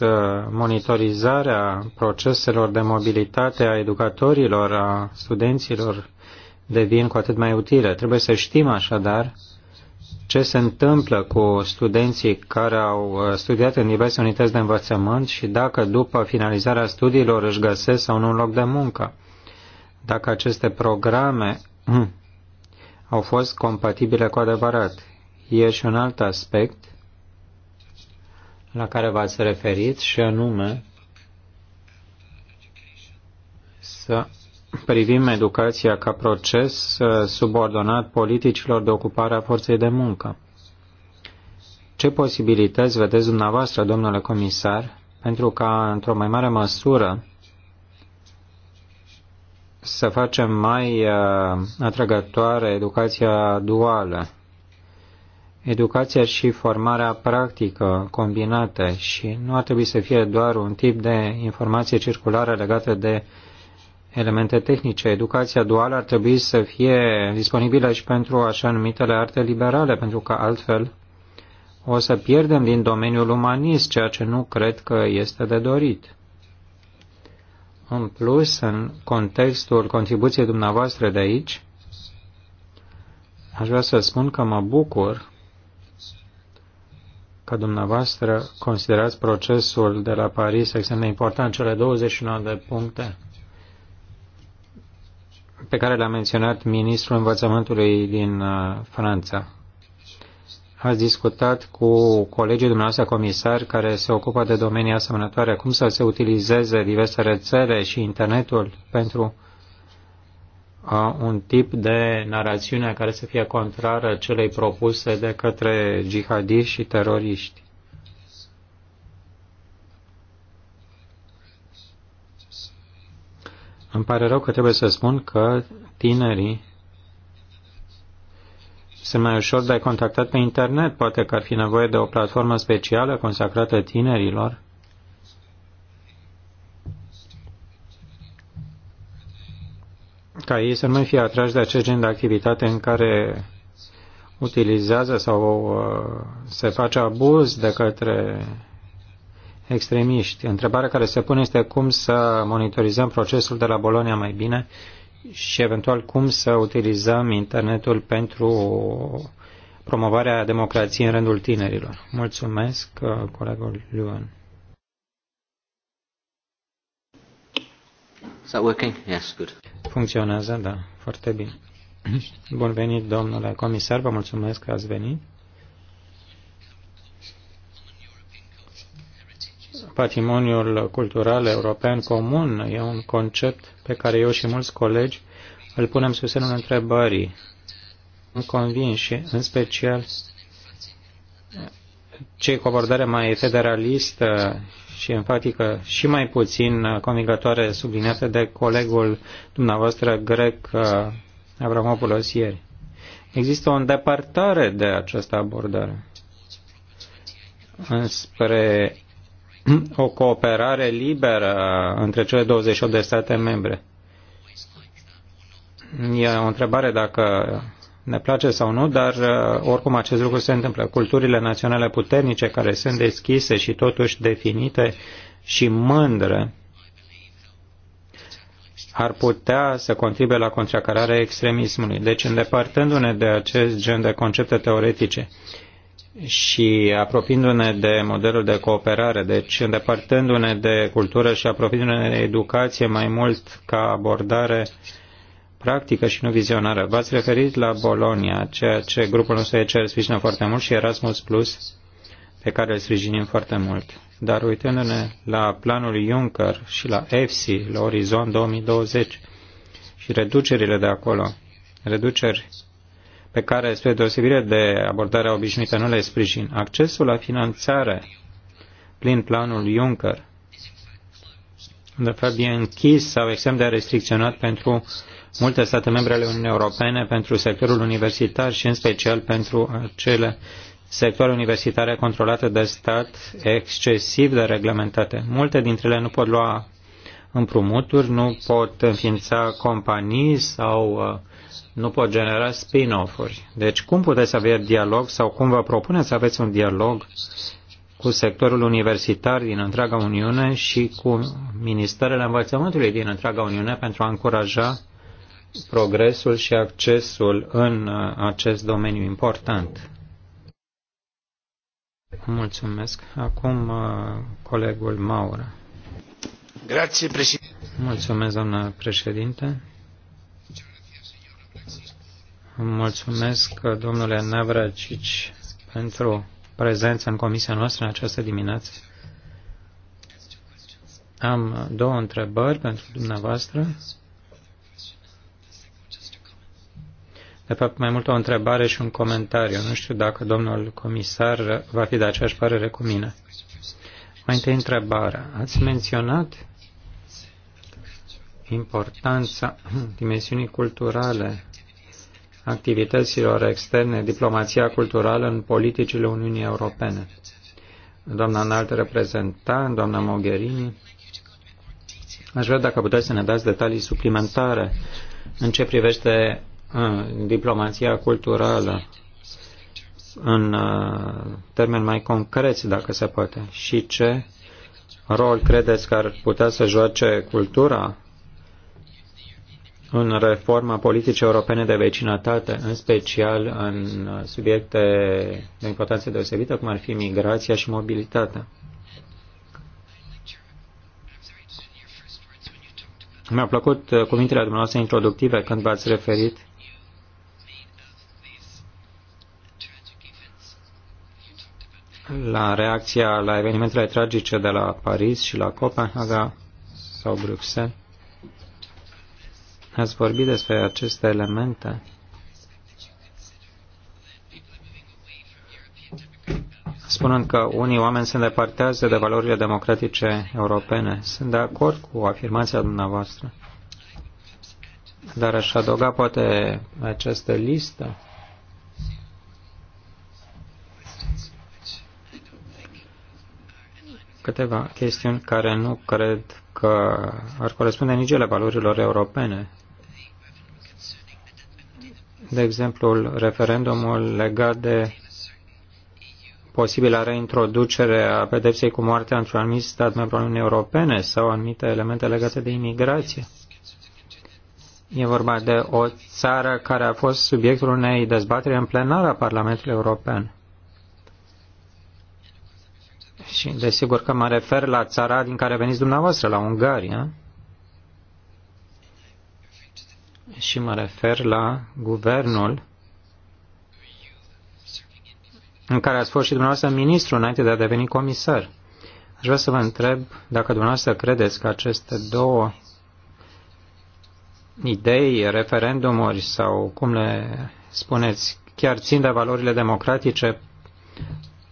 monitorizarea proceselor de mobilitate a educatorilor, a studenților, devin cu atât mai utile. Trebuie să știm așadar ce se întâmplă cu studenții care au uh, studiat în diverse unități de învățământ și dacă după finalizarea studiilor își găsesc sau nu un loc de muncă. Dacă aceste programe au fost compatibile cu adevărat. E și un alt aspect la care v-ați referit și anume să privim educația ca proces uh, subordonat politicilor de ocupare a forței de muncă. Ce posibilități vedeți dumneavoastră, domnule comisar, pentru ca, într-o mai mare măsură, să facem mai uh, atrăgătoare educația duală, educația și formarea practică combinate și nu ar trebui să fie doar un tip de informație circulară legată de elemente tehnice. Educația duală ar trebui să fie disponibilă și pentru așa numitele arte liberale, pentru că altfel o să pierdem din domeniul umanist, ceea ce nu cred că este de dorit. În plus, în contextul contribuției dumneavoastră de aici, aș vrea să spun că mă bucur că dumneavoastră considerați procesul de la Paris extrem de important, cele 29 de puncte pe care le-a menționat ministrul învățământului din uh, Franța ați discutat cu colegii dumneavoastră comisari care se ocupă de domenii asemănătoare, cum să se utilizeze diverse rețele și internetul pentru un tip de narațiune care să fie contrară celei propuse de către jihadiști și teroriști. Îmi pare rău că trebuie să spun că tinerii sunt mai ușor de contactat pe internet. Poate că ar fi nevoie de o platformă specială consacrată tinerilor. Ca ei să nu mai fie atrași de acest gen de activitate în care utilizează sau uh, se face abuz de către extremiști. Întrebarea care se pune este cum să monitorizăm procesul de la Bolonia mai bine și eventual cum să utilizăm internetul pentru promovarea democrației în rândul tinerilor. Mulțumesc, uh, colegul Luan. Is that working? Yes, good. Funcționează, da, foarte bine. Bun venit, domnule comisar, vă mulțumesc că ați venit. patrimoniul cultural european comun e un concept pe care eu și mulți colegi îl punem sub semnul întrebării. Sunt convins și, în special, cei cu abordare mai federalistă și enfatică și mai puțin convingătoare subliniată de colegul dumneavoastră grec uh, Abramopoulos ieri. Există o îndepărtare de această abordare înspre o cooperare liberă între cele 28 de state membre. E o întrebare dacă ne place sau nu, dar uh, oricum acest lucru se întâmplă. Culturile naționale puternice care sunt deschise și totuși definite și mândre ar putea să contribuie la contracararea extremismului. Deci, îndepărtându-ne de acest gen de concepte teoretice, și apropiindu-ne de modelul de cooperare, deci îndepărtându-ne de cultură și apropiindu-ne de educație mai mult ca abordare practică și nu vizionară. V-ați referit la Bolonia, ceea ce grupul nostru ECR sprijină foarte mult și Erasmus Plus, pe care îl sprijinim foarte mult. Dar uitându-ne la planul Juncker și la EFSI, la Orizont 2020 și reducerile de acolo, reduceri pe care, spre deosebire de abordarea obișnuită, nu le sprijin. Accesul la finanțare prin planul Juncker, de fapt, e închis sau extrem de restricționat pentru multe state membre ale Uniunii Europene, pentru sectorul universitar și în special pentru cele sectoare universitare controlate de stat excesiv de reglementate. Multe dintre ele nu pot lua împrumuturi, nu pot înființa companii sau uh, nu pot genera spin-off-uri. Deci cum puteți să avea dialog sau cum vă propuneți să aveți un dialog cu sectorul universitar din întreaga Uniune și cu ministerele învățământului din întreaga Uniune pentru a încuraja progresul și accesul în uh, acest domeniu important. Mulțumesc. Acum uh, colegul Maura. Grazie, președinte. Mulțumesc, doamnă președinte. Mulțumesc, domnule Navracici, pentru prezența în comisia noastră în această dimineață. Am două întrebări pentru dumneavoastră. De fapt, mai mult o întrebare și un comentariu. Nu știu dacă domnul comisar va fi de aceeași părere cu mine. Mai întâi întrebarea. Ați menționat importanța dimensiunii culturale activităților externe, diplomația culturală în politicile Uniunii Europene. Doamna înalt reprezentant, doamna Mogherini, aș vrea dacă puteți să ne dați detalii suplimentare în ce privește uh, diplomația culturală în uh, termeni mai concreți, dacă se poate, și ce rol credeți că ar putea să joace cultura în reforma politicii europene de vecinătate, în special în subiecte de importanță deosebită, cum ar fi migrația și mobilitatea. Mi-au plăcut cuvintele dumneavoastră introductive când v-ați referit la reacția la evenimentele tragice de la Paris și la Copenhaga sau Bruxelles. Ați vorbit despre aceste elemente. spunând că unii oameni se îndepărtează de valorile democratice europene. Sunt de acord cu afirmația dumneavoastră. Dar aș adăuga poate această listă câteva chestiuni care nu cred că ar corespunde nici ele valorilor europene de exemplu referendumul legat de posibilă reintroducere a pedepsei cu moartea într-un anumit stat membru al Uniunii Europene sau anumite elemente legate de imigrație. E vorba de o țară care a fost subiectul unei dezbateri în plenară a Parlamentului European. Și desigur că mă refer la țara din care veniți dumneavoastră, la Ungaria. și mă refer la guvernul în care ați fost și dumneavoastră ministru înainte de a deveni comisar. Aș vrea să vă întreb dacă dumneavoastră credeți că aceste două idei, referendumuri sau cum le spuneți, chiar țin de valorile democratice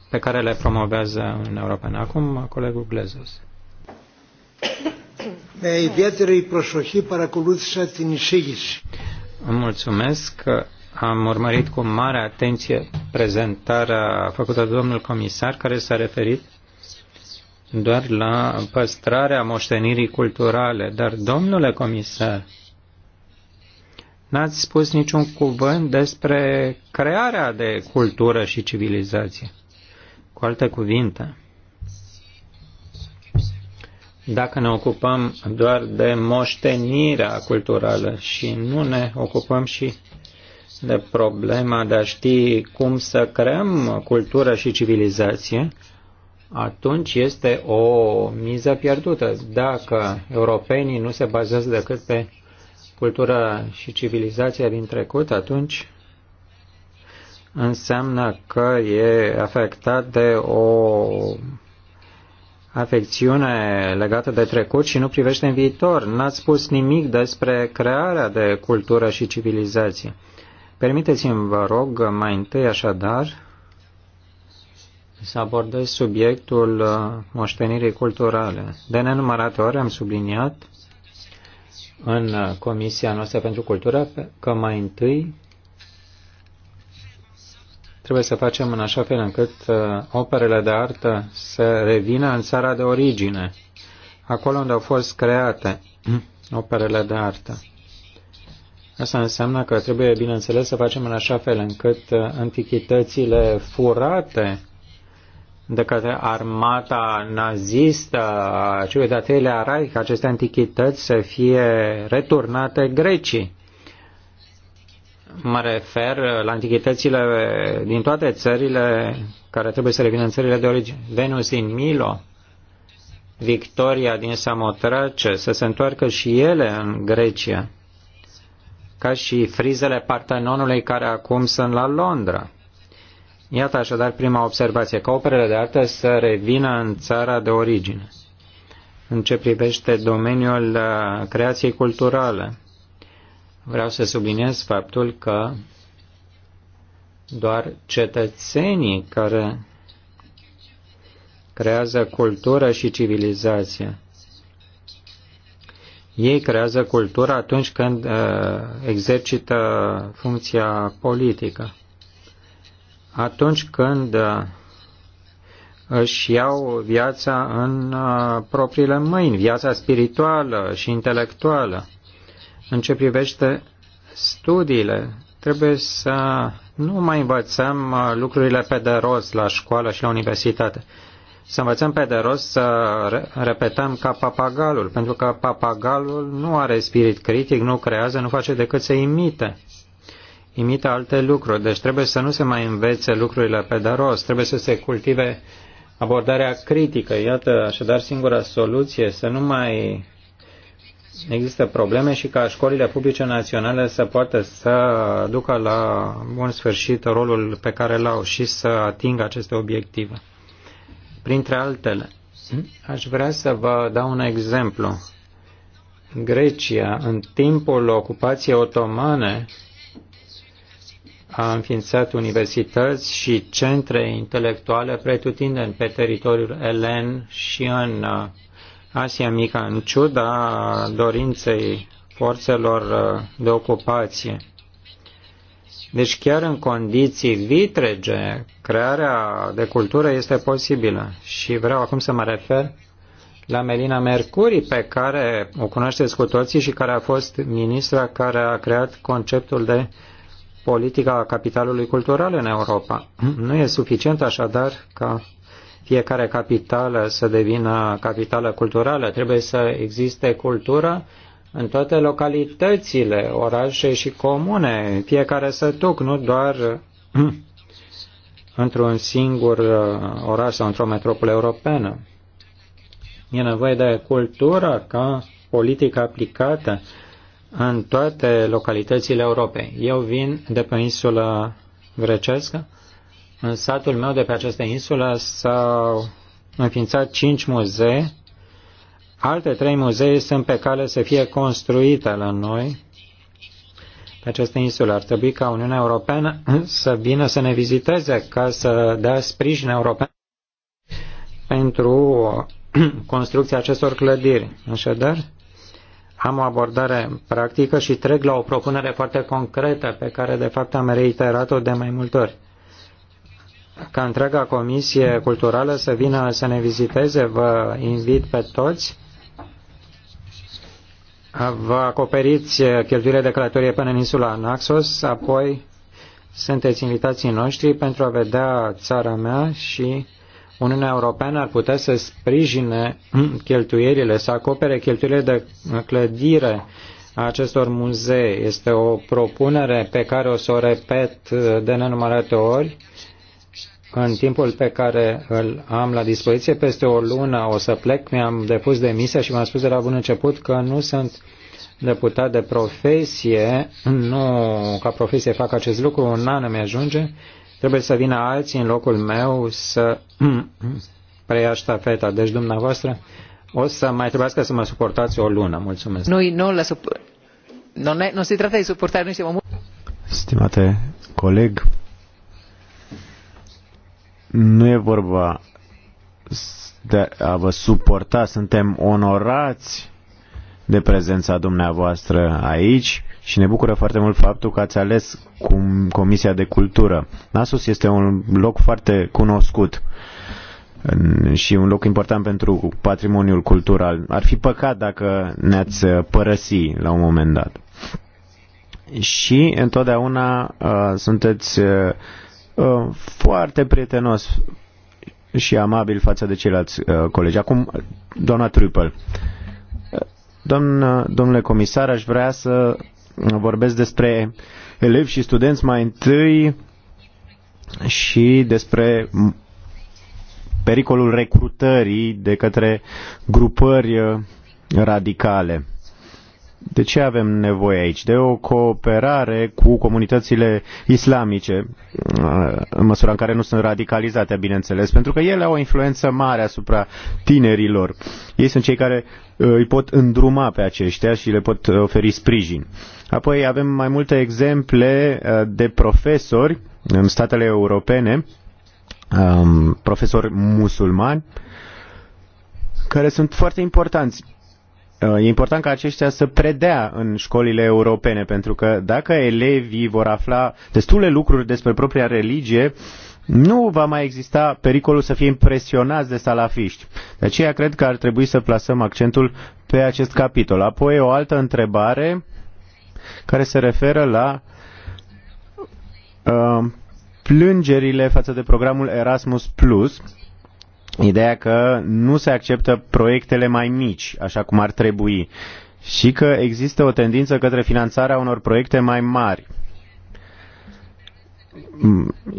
pe care le promovează în Europa Acum, colegul Glezos. Με ιδιαίτερη προσοχή παρακολούθησα την εισήγηση. Mulțumesc. Am urmărit cu mare atenție prezentarea făcută de domnul comisar care s-a referit doar la păstrarea moștenirii culturale. Dar, domnule comisar, n-ați spus niciun cuvânt despre crearea de cultură și civilizație. Cu alte cuvinte, dacă ne ocupăm doar de moștenirea culturală și nu ne ocupăm și de problema de a ști cum să creăm cultură și civilizație, atunci este o miză pierdută. Dacă europenii nu se bazează decât pe cultura și civilizația din trecut, atunci înseamnă că e afectat de o afecțiune legată de trecut și nu privește în viitor. N-ați spus nimic despre crearea de cultură și civilizație. Permiteți-mi, vă rog, mai întâi așadar să abordez subiectul uh, moștenirii culturale. De nenumărate ori am subliniat în uh, Comisia noastră pentru Cultură că mai întâi Trebuie să facem în așa fel încât uh, operele de artă să revină în țara de origine, acolo unde au fost create operele de artă. Asta înseamnă că trebuie, bineînțeles, să facem în așa fel încât uh, antichitățile furate de către armata nazistă a celui de-a treilea Reich, aceste antichități să fie returnate Grecii. Mă refer la antichitățile din toate țările care trebuie să revină în țările de origine. Venus din Milo, Victoria din Samotrace, să se întoarcă și ele în Grecia, ca și frizele Partenonului care acum sunt la Londra. Iată așadar prima observație, că operele de artă să revină în țara de origine. În ce privește domeniul uh, creației culturale, Vreau să subliniez faptul că doar cetățenii care creează cultură și civilizație. Ei creează cultura atunci când uh, exercită funcția politică. Atunci când uh, își iau viața în uh, propriile mâini, viața spirituală și intelectuală. În ce privește studiile, trebuie să nu mai învățăm uh, lucrurile pe de rost la școală și la universitate. Să învățăm pe de rost să repetăm ca papagalul, pentru că papagalul nu are spirit critic, nu creează, nu face decât să imite. Imite alte lucruri, deci trebuie să nu se mai învețe lucrurile pe de rost, trebuie să se cultive abordarea critică. Iată, așadar, singura soluție, să nu mai există probleme și ca școlile publice naționale să poată să ducă la bun sfârșit rolul pe care l-au și să atingă aceste obiective. Printre altele, aș vrea să vă dau un exemplu. Grecia, în timpul ocupației otomane, a înființat universități și centre intelectuale pretutindeni pe teritoriul elen și în uh, Asia Mică, în ciuda dorinței forțelor uh, de ocupație. Deci chiar în condiții vitrege, crearea de cultură este posibilă. Și vreau acum să mă refer la Melina Mercuri, pe care o cunoașteți cu toții și care a fost ministra care a creat conceptul de politica capitalului cultural în Europa. Nu e suficient așadar ca fiecare capitală să devină capitală culturală. Trebuie să existe cultură în toate localitățile, orașe și comune, fiecare sătuc, nu doar într-un singur uh, oraș sau într-o metropolă europeană. E nevoie de cultură ca politică aplicată în toate localitățile Europei. Eu vin de pe insula grecească, în satul meu de pe această insulă s-au înființat cinci muzee, alte trei muzee sunt pe cale să fie construite la noi, pe această insulă. Ar trebui ca Uniunea Europeană să vină să ne viziteze ca să dea sprijin european pentru construcția acestor clădiri. Așadar, am o abordare practică și trec la o propunere foarte concretă pe care de fapt am reiterat-o de mai multe ori ca întreaga comisie culturală să vină să ne viziteze. Vă invit pe toți. Vă acoperiți cheltuielile de călătorie până în insula Naxos, apoi sunteți invitații noștri pentru a vedea țara mea și Uniunea Europeană ar putea să sprijine cheltuielile, să acopere cheltuielile de clădire a acestor muzee. Este o propunere pe care o să o repet de nenumărate ori în timpul pe care îl am la dispoziție, peste o lună o să plec, mi-am depus demisia și mi-am spus de la bun început că nu sunt deputat de profesie, nu ca profesie fac acest lucru, un an îmi ajunge, trebuie să vină alții în locul meu să preia ștafeta. Deci dumneavoastră o să mai trebuiască să mă suportați o lună. Mulțumesc. Noi nu la sup- nu nu se si de suportare, nu este mult. Stimate coleg, nu e vorba de a vă suporta, suntem onorați de prezența dumneavoastră aici și ne bucură foarte mult faptul că ați ales cum Comisia de Cultură. Nasus este un loc foarte cunoscut și un loc important pentru patrimoniul cultural. Ar fi păcat dacă ne-ați părăsi la un moment dat. Și întotdeauna uh, sunteți uh, Uh, foarte prietenos și amabil față de ceilalți uh, colegi. Acum, doamna Trupel. Uh, Domn, domnule comisar, aș vrea să vorbesc despre elevi și studenți mai întâi și despre pericolul recrutării de către grupări radicale. De ce avem nevoie aici? De o cooperare cu comunitățile islamice, în măsura în care nu sunt radicalizate, bineînțeles, pentru că ele au o influență mare asupra tinerilor. Ei sunt cei care uh, îi pot îndruma pe aceștia și le pot oferi sprijin. Apoi avem mai multe exemple uh, de profesori în statele europene, um, profesori musulmani, care sunt foarte importanți Uh, e important ca aceștia să predea în școlile europene, pentru că dacă elevii vor afla destule lucruri despre propria religie, nu va mai exista pericolul să fie impresionați de salafiști. De aceea cred că ar trebui să plasăm accentul pe acest capitol. Apoi o altă întrebare care se referă la uh, plângerile față de programul Erasmus Plus ideea că nu se acceptă proiectele mai mici, așa cum ar trebui, și că există o tendință către finanțarea unor proiecte mai mari.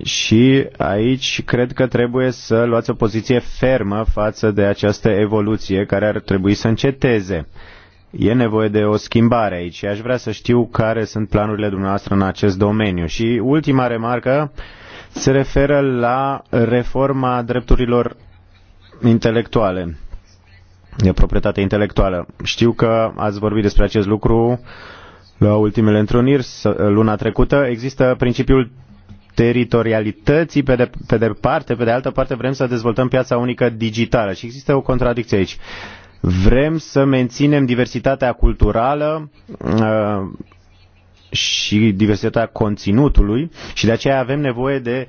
Și aici cred că trebuie să luați o poziție fermă față de această evoluție care ar trebui să înceteze. E nevoie de o schimbare aici. Aș vrea să știu care sunt planurile dumneavoastră în acest domeniu. Și ultima remarcă se referă la reforma drepturilor intelectuale, de proprietate intelectuală. Știu că ați vorbit despre acest lucru la ultimele întruniri, luna trecută. Există principiul teritorialității pe de, pe de parte, pe de altă parte vrem să dezvoltăm piața unică digitală și există o contradicție aici. Vrem să menținem diversitatea culturală uh, și diversitatea conținutului și de aceea avem nevoie de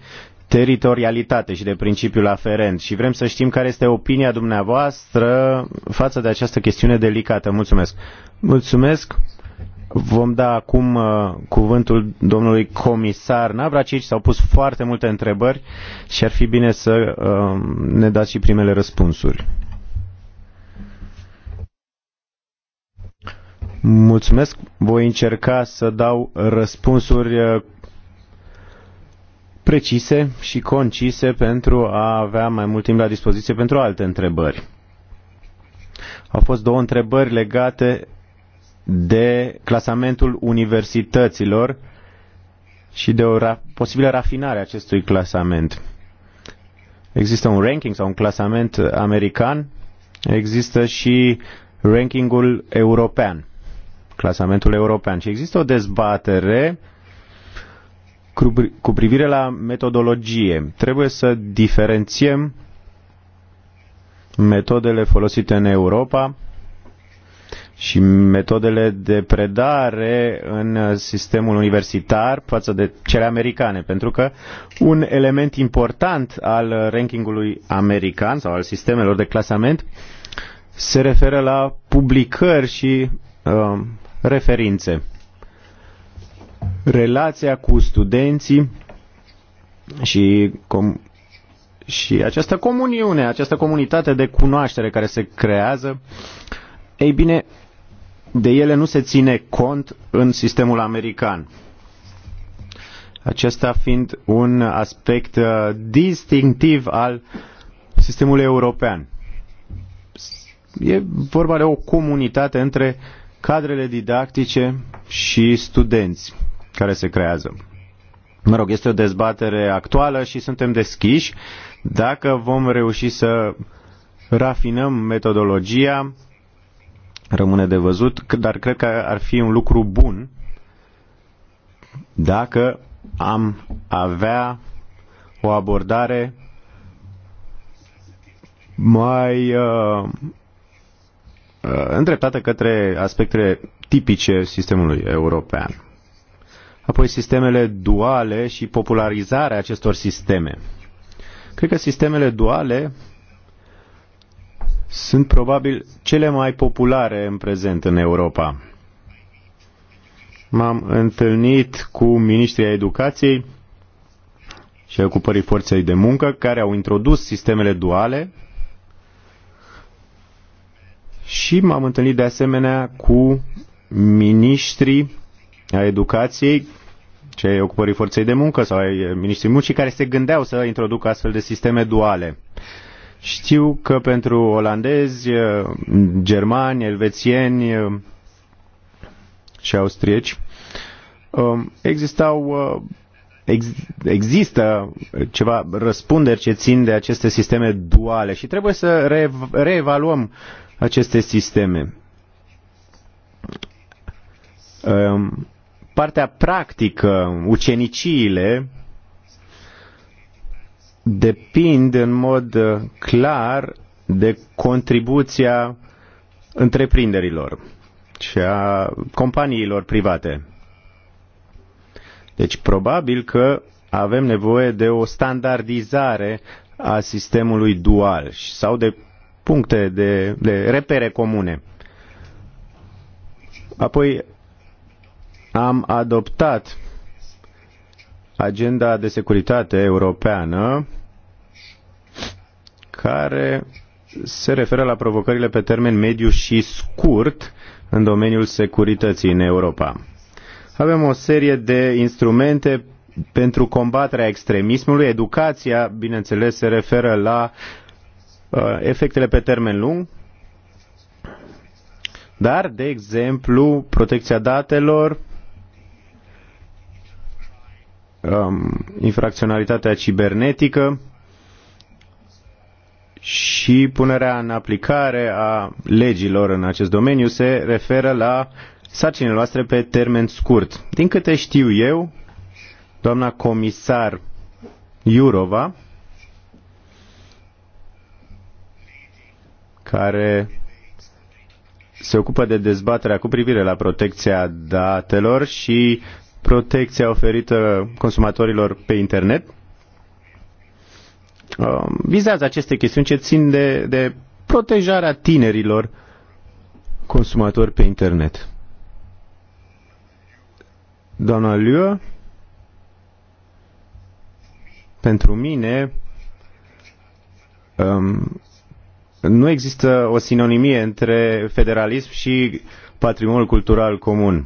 teritorialitate și de principiul aferent și vrem să știm care este opinia dumneavoastră față de această chestiune delicată. Mulțumesc. Mulțumesc. Vom da acum uh, cuvântul domnului comisar Navracici. S-au pus foarte multe întrebări și ar fi bine să uh, ne dați și primele răspunsuri. Mulțumesc. Voi încerca să dau răspunsuri uh, precise și concise pentru a avea mai mult timp la dispoziție pentru alte întrebări. Au fost două întrebări legate de clasamentul universităților și de o ra- posibilă rafinare a acestui clasament. Există un ranking sau un clasament american, există și rankingul european, clasamentul european. Și există o dezbatere cu privire la metodologie, trebuie să diferențiem metodele folosite în Europa și metodele de predare în sistemul universitar față de cele americane, pentru că un element important al rankingului american sau al sistemelor de clasament se referă la publicări și uh, referințe relația cu studenții și, com- și această comuniune, această comunitate de cunoaștere care se creează, ei bine, de ele nu se ține cont în sistemul american. Acesta fiind un aspect uh, distinctiv al sistemului european. E vorba de o comunitate între cadrele didactice și studenți care se creează. Mă rog, este o dezbatere actuală și suntem deschiși dacă vom reuși să rafinăm metodologia, rămâne de văzut, dar cred că ar fi un lucru bun dacă am avea o abordare mai uh, uh îndreptată către aspectele tipice sistemului european apoi sistemele duale și popularizarea acestor sisteme. Cred că sistemele duale sunt probabil cele mai populare în prezent în Europa. M-am întâlnit cu ministrii educației și ocupării forței de muncă care au introdus sistemele duale și m-am întâlnit de asemenea cu ministrii a educației, cei ocupării forței de muncă sau ai ministrii muncii care se gândeau să introducă astfel de sisteme duale. Știu că pentru olandezi, germani, elvețieni și austrieci um, existau uh, ex, există ceva răspunderi ce țin de aceste sisteme duale și trebuie să re, reevaluăm aceste sisteme. Um, partea practică, uceniciile, depind în mod uh, clar de contribuția întreprinderilor și a companiilor private. Deci probabil că avem nevoie de o standardizare a sistemului dual sau de puncte de, de repere comune. Apoi am adoptat agenda de securitate europeană care se referă la provocările pe termen mediu și scurt în domeniul securității în Europa. Avem o serie de instrumente pentru combaterea extremismului. Educația, bineînțeles, se referă la uh, efectele pe termen lung, dar, de exemplu, protecția datelor, um, infracționalitatea cibernetică și punerea în aplicare a legilor în acest domeniu se referă la sarcinile noastre pe termen scurt. Din câte știu eu, doamna comisar Iurova, care se ocupă de dezbaterea cu privire la protecția datelor și protecția oferită consumatorilor pe internet. Um, vizează aceste chestiuni ce țin de, de protejarea tinerilor consumatori pe internet. Doamna Liu, pentru mine um, nu există o sinonimie între federalism și patrimoniul cultural comun.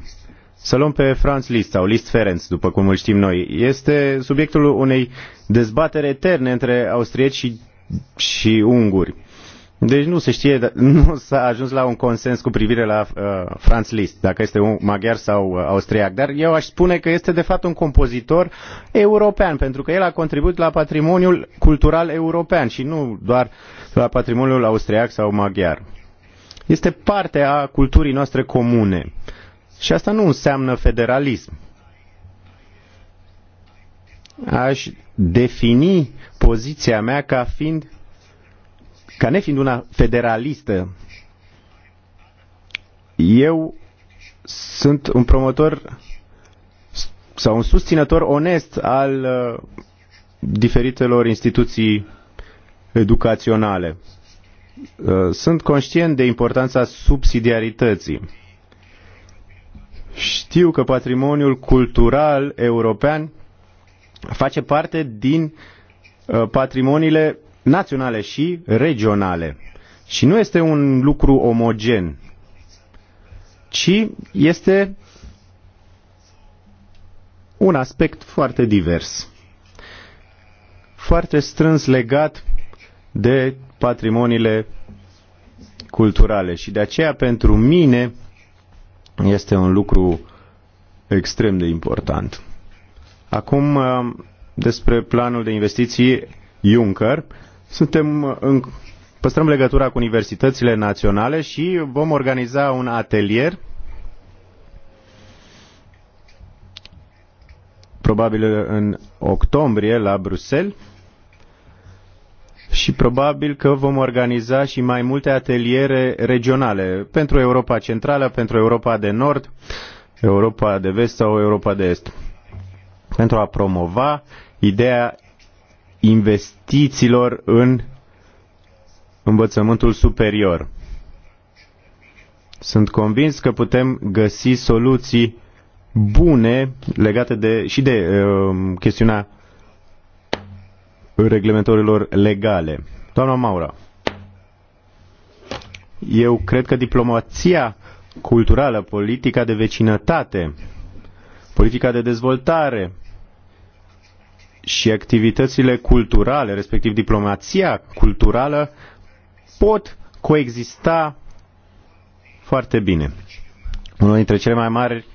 Să luăm pe Franz Liszt sau Liszt Ferenc, după cum îl știm noi. Este subiectul unei dezbatere eterne între austrieci și, și unguri. Deci nu se știe, nu s-a ajuns la un consens cu privire la uh, Franz Liszt, dacă este un maghiar sau uh, austriac, dar eu aș spune că este de fapt un compozitor european, pentru că el a contribuit la patrimoniul cultural european și nu doar la patrimoniul austriac sau maghiar. Este parte a culturii noastre comune. Și asta nu înseamnă federalism. Aș defini poziția mea ca fiind ca nefiind una federalistă. Eu sunt un promotor sau un susținător onest al uh, diferitelor instituții educaționale. Uh, sunt conștient de importanța subsidiarității știu că patrimoniul cultural european face parte din uh, patrimoniile naționale și regionale. Și nu este un lucru omogen, ci este un aspect foarte divers, foarte strâns legat de patrimoniile culturale. Și de aceea, pentru mine, este un lucru extrem de important. Acum, uh, despre planul de investiții Juncker, suntem uh, în, păstrăm legătura cu universitățile naționale și vom organiza un atelier probabil în octombrie la Bruxelles și probabil că vom organiza și mai multe ateliere regionale pentru Europa Centrală, pentru Europa de Nord, Europa de Vest sau Europa de Est, pentru a promova ideea investițiilor în învățământul superior. Sunt convins că putem găsi soluții bune legate de, și de uh, chestiunea reglementărilor legale. Doamna Maura, eu cred că diplomația culturală, politica de vecinătate, politica de dezvoltare și activitățile culturale, respectiv diplomația culturală, pot coexista foarte bine. Unul dintre cele mai mari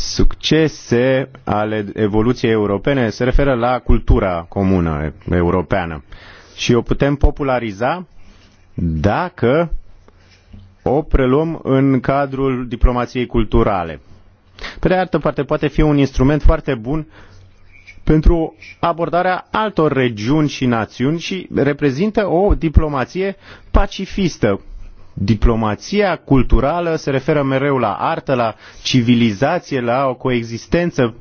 succese ale evoluției europene se referă la cultura comună europeană. Și o putem populariza dacă o preluăm în cadrul diplomației culturale. Pe de altă parte, poate fi un instrument foarte bun pentru abordarea altor regiuni și națiuni și reprezintă o diplomație pacifistă, Diplomația culturală se referă mereu la artă, la civilizație, la o coexistență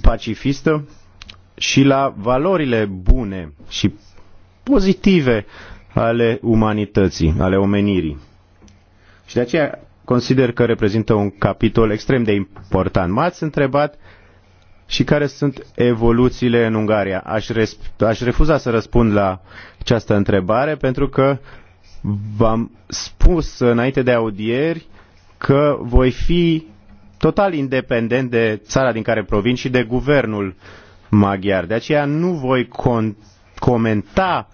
pacifistă și la valorile bune și pozitive ale umanității, ale omenirii. Și de aceea consider că reprezintă un capitol extrem de important. M-ați întrebat și care sunt evoluțiile în Ungaria. Aș, aș refuza să răspund la această întrebare pentru că V-am spus înainte de audieri că voi fi total independent de țara din care provin și de guvernul maghiar. De aceea nu voi comenta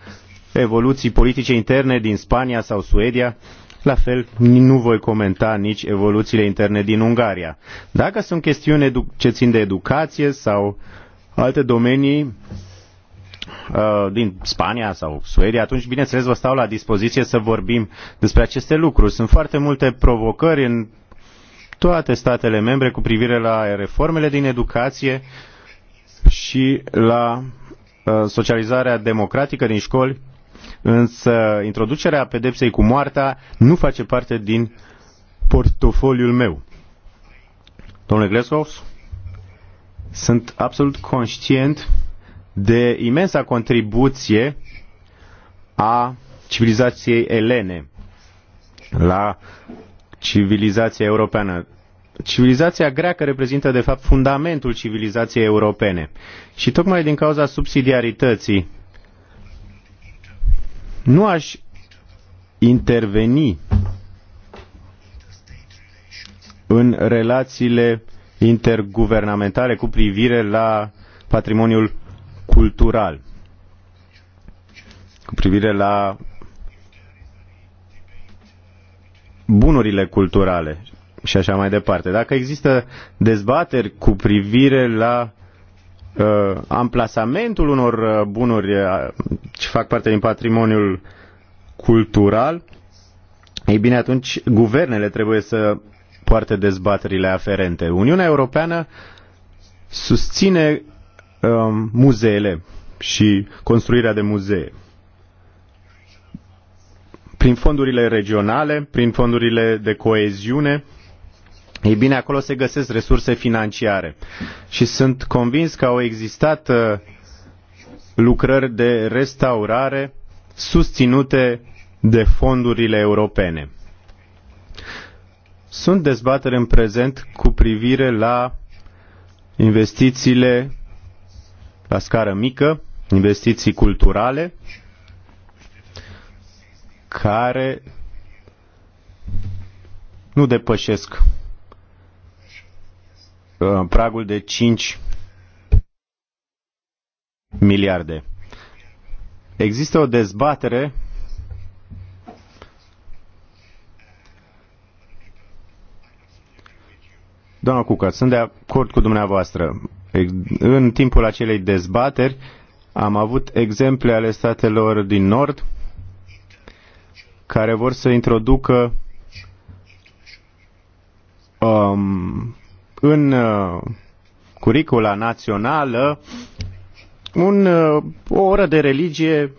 evoluții politice interne din Spania sau Suedia. La fel, nu voi comenta nici evoluțiile interne din Ungaria. Dacă sunt chestiuni ce țin de educație sau alte domenii Uh, din Spania sau Suedia, atunci bineînțeles vă stau la dispoziție să vorbim despre aceste lucruri. Sunt foarte multe provocări în toate statele membre cu privire la reformele din educație și la uh, socializarea democratică din școli, însă introducerea pedepsei cu moartea nu face parte din portofoliul meu. Domnule Glescov, sunt absolut conștient de imensa contribuție a civilizației elene la civilizația europeană. Civilizația greacă reprezintă, de fapt, fundamentul civilizației europene. Și tocmai din cauza subsidiarității, nu aș interveni în relațiile interguvernamentale cu privire la patrimoniul cultural cu privire la bunurile culturale și așa mai departe. Dacă există dezbateri cu privire la uh, amplasamentul unor uh, bunuri uh, ce fac parte din patrimoniul cultural, ei bine, atunci guvernele trebuie să poarte dezbaterile aferente. Uniunea Europeană susține Um, muzeele și construirea de muzee. Prin fondurile regionale, prin fondurile de coeziune, ei bine, acolo se găsesc resurse financiare. Și sunt convins că au existat uh, lucrări de restaurare susținute de fondurile europene. Sunt dezbateri în prezent cu privire la investițiile la scară mică, investiții culturale, care nu depășesc uh, pragul de 5 miliarde. Există o dezbatere Doamna Cucat sunt de acord cu dumneavoastră. În timpul acelei dezbateri am avut exemple ale statelor din Nord care vor să introducă um, în uh, curicula națională un, uh, o oră de religie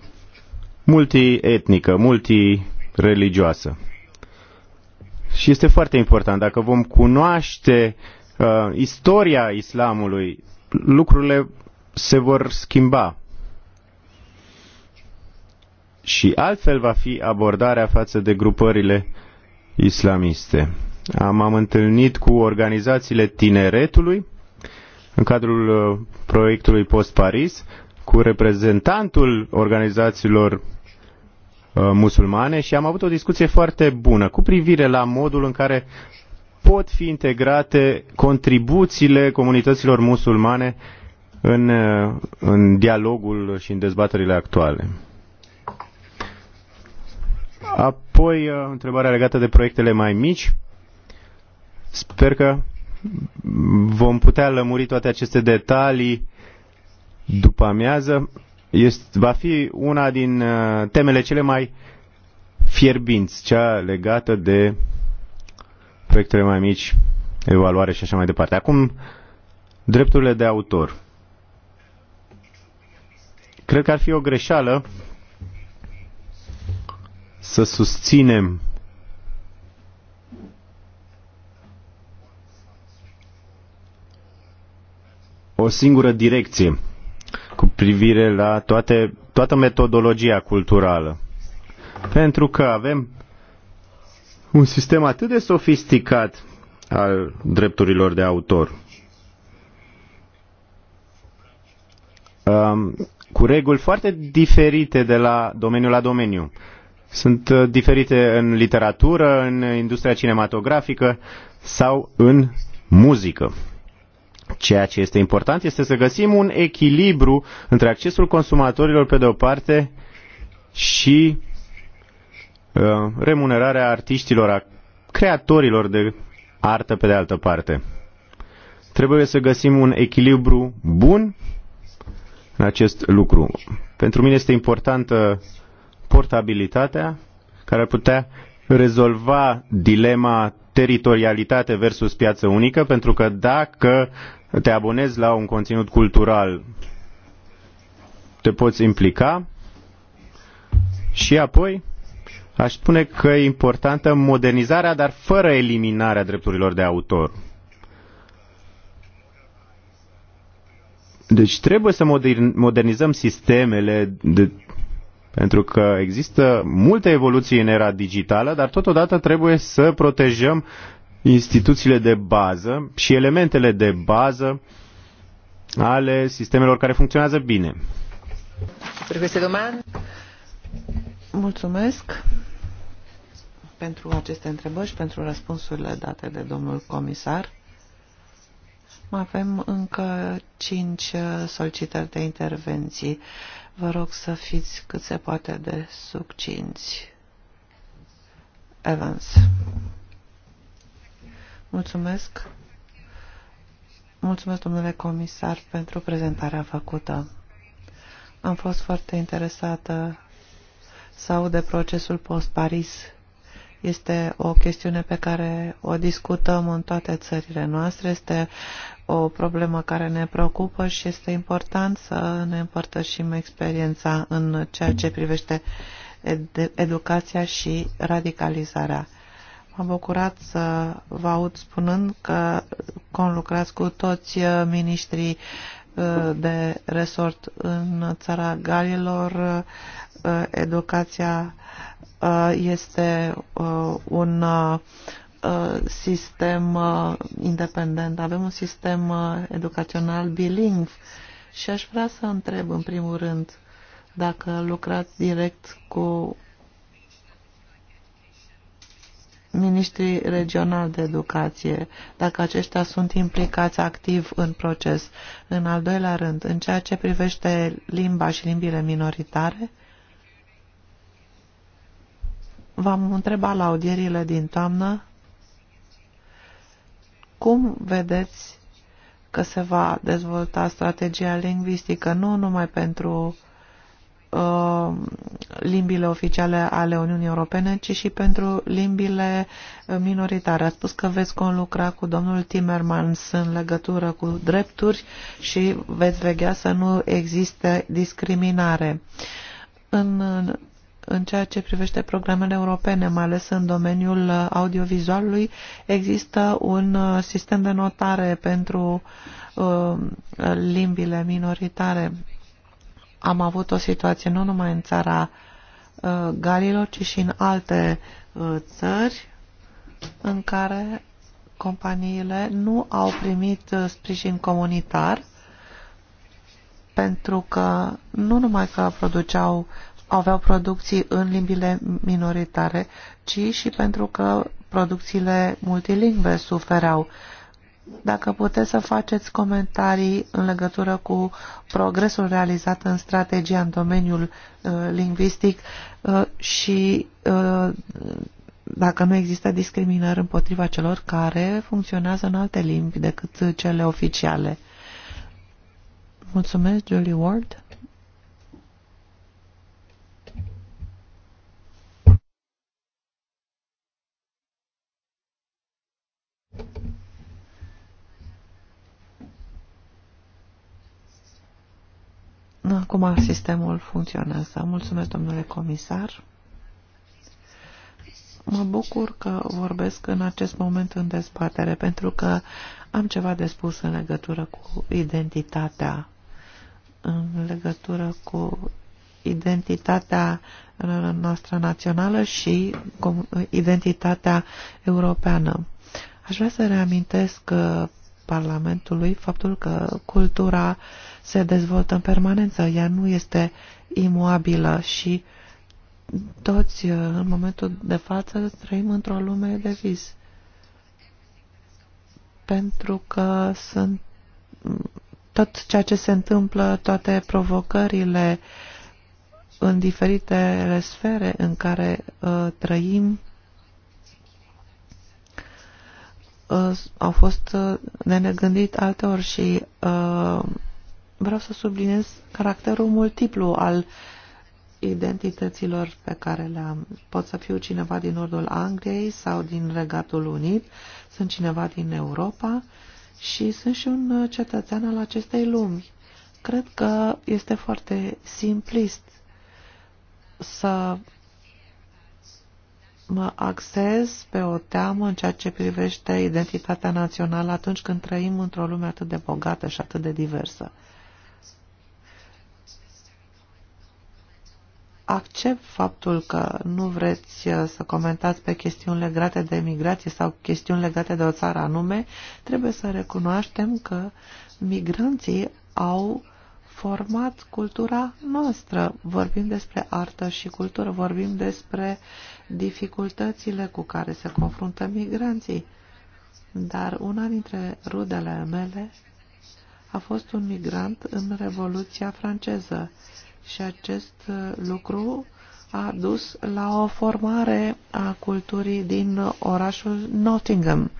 multietnică, multireligioasă. Și este foarte important. Dacă vom cunoaște uh, uh, istoria islamului, lucrurile se vor schimba. Și altfel va fi abordarea față de grupările islamiste. Am, am întâlnit cu organizațiile tineretului în cadrul uh, proiectului Post-Paris, cu reprezentantul organizațiilor uh, musulmane și am avut o discuție foarte bună cu privire la modul în care pot fi integrate contribuțiile comunităților musulmane în, uh, în dialogul și în dezbaterile actuale. Apoi, uh, întrebarea legată de proiectele mai mici. Sper că vom putea lămuri toate aceste detalii după amiază. Este, va fi una din uh, temele cele mai fierbinți, cea legată de proiectele mai mici, evaluare și așa mai departe. Acum, drepturile de autor. Cred că ar fi o greșeală să susținem o singură direcție cu privire la toate, toată metodologia culturală. Pentru că avem un sistem atât de sofisticat al drepturilor de autor. Um, cu reguli foarte diferite de la domeniu la domeniu. Sunt uh, diferite în literatură, în industria cinematografică sau în muzică. Ceea ce este important este să găsim un echilibru între accesul consumatorilor pe de o parte și Uh, remunerarea artiștilor, a creatorilor de artă pe de altă parte. Trebuie să găsim un echilibru bun în acest lucru. Pentru mine este importantă portabilitatea care ar putea rezolva dilema teritorialitate versus piață unică, pentru că dacă te abonezi la un conținut cultural, te poți implica și apoi Aș spune că e importantă modernizarea, dar fără eliminarea drepturilor de autor. Deci trebuie să modernizăm sistemele de, pentru că există multe evoluții în era digitală, dar totodată trebuie să protejăm instituțiile de bază și elementele de bază ale sistemelor care funcționează bine. Mulțumesc pentru aceste întrebări și pentru răspunsurile date de domnul comisar. Mai avem încă cinci solicitări de intervenții. Vă rog să fiți cât se poate de succinți. Evans. Mulțumesc. Mulțumesc, domnule comisar, pentru prezentarea făcută. Am fost foarte interesată sau de procesul post-Paris este o chestiune pe care o discutăm în toate țările noastre, este o problemă care ne preocupă și este important să ne împărtășim experiența în ceea ce privește ed educația și radicalizarea. M-am bucurat să vă aud spunând că conlucrați cu toți uh, miniștrii Uh, de resort în țara Galilor. Uh, educația uh, este un sistem independent, avem un sistem educațional bilingv și aș vrea să întreb în primul rând dacă lucrați direct cu ministrii regionali de educație, dacă aceștia sunt implicați activ în proces. În al doilea rând, în ceea ce privește limba și limbile minoritare, v-am întrebat la audierile din toamnă cum vedeți că se va dezvolta strategia lingvistică nu numai pentru uh, Uh, limbile oficiale ale Uniunii Europene, ci și pentru limbile uh, minoritare. A spus că veți conlucra cu domnul Timmermans în legătură cu drepturi și veți vegea să nu existe discriminare. În, în ceea ce privește programele europene, mai ales în domeniul uh, audiovizualului, există un sistem de notare pentru uh, limbile minoritare am avut o situație nu numai în țara uh, Galilor, ci și în alte uh, țări în care companiile nu au primit uh, sprijin comunitar pentru că nu numai că produceau, aveau producții în limbile minoritare, ci și pentru că producțiile multilingve sufereau dacă puteți să faceți comentarii în legătură cu progresul realizat în strategia în domeniul uh, lingvistic uh, și uh, dacă nu există discriminări împotriva celor care funcționează în alte limbi decât cele oficiale. Mulțumesc, Julie Ward. Acum sistemul funcționează. Mulțumesc, domnule comisar. Mă bucur că vorbesc în acest moment în dezbatere, pentru că am ceva de spus în legătură cu identitatea, în legătură cu identitatea noastră națională și identitatea europeană. Aș vrea să reamintesc uh, Parlamentului faptul că cultura se dezvoltă în permanență, ea nu este imuabilă și toți, uh, în momentul de față, trăim într-o lume de vis. Pentru că sunt tot ceea ce se întâmplă, toate provocările în diferitele sfere în care uh, trăim, Uh, au fost uh, de negândit alteori și uh, vreau să subliniez caracterul multiplu al identităților pe care le am. Pot să fiu cineva din nordul Angliei sau din Regatul Unit, sunt cineva din Europa și sunt și un cetățean al acestei lumi. Cred că este foarte simplist să mă axez pe o teamă în ceea ce privește identitatea națională atunci când trăim într-o lume atât de bogată și atât de diversă. accept faptul că nu vreți uh, să comentați pe chestiuni legate de migrație sau chestiuni legate de o țară anume, trebuie să recunoaștem că migranții au format cultura noastră. Vorbim despre artă și cultură, vorbim despre dificultățile cu care se confruntă migranții. Dar una dintre rudele mele a fost un migrant în Revoluția franceză și acest lucru a dus la o formare a culturii din orașul Nottingham.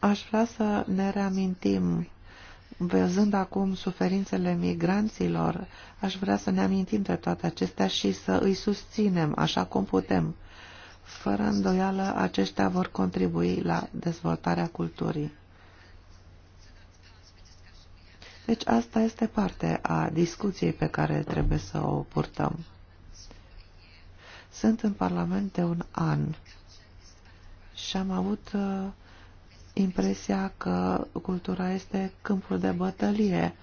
Aș vrea să ne reamintim, văzând acum suferințele migranților, aș vrea să ne amintim de toate acestea și să îi susținem așa cum putem. Fără îndoială, aceștia vor contribui la dezvoltarea culturii. Deci asta este parte a discuției pe care trebuie să o purtăm. Sunt în Parlament de un an și am avut uh, impresia că cultura este câmpul de bătălie.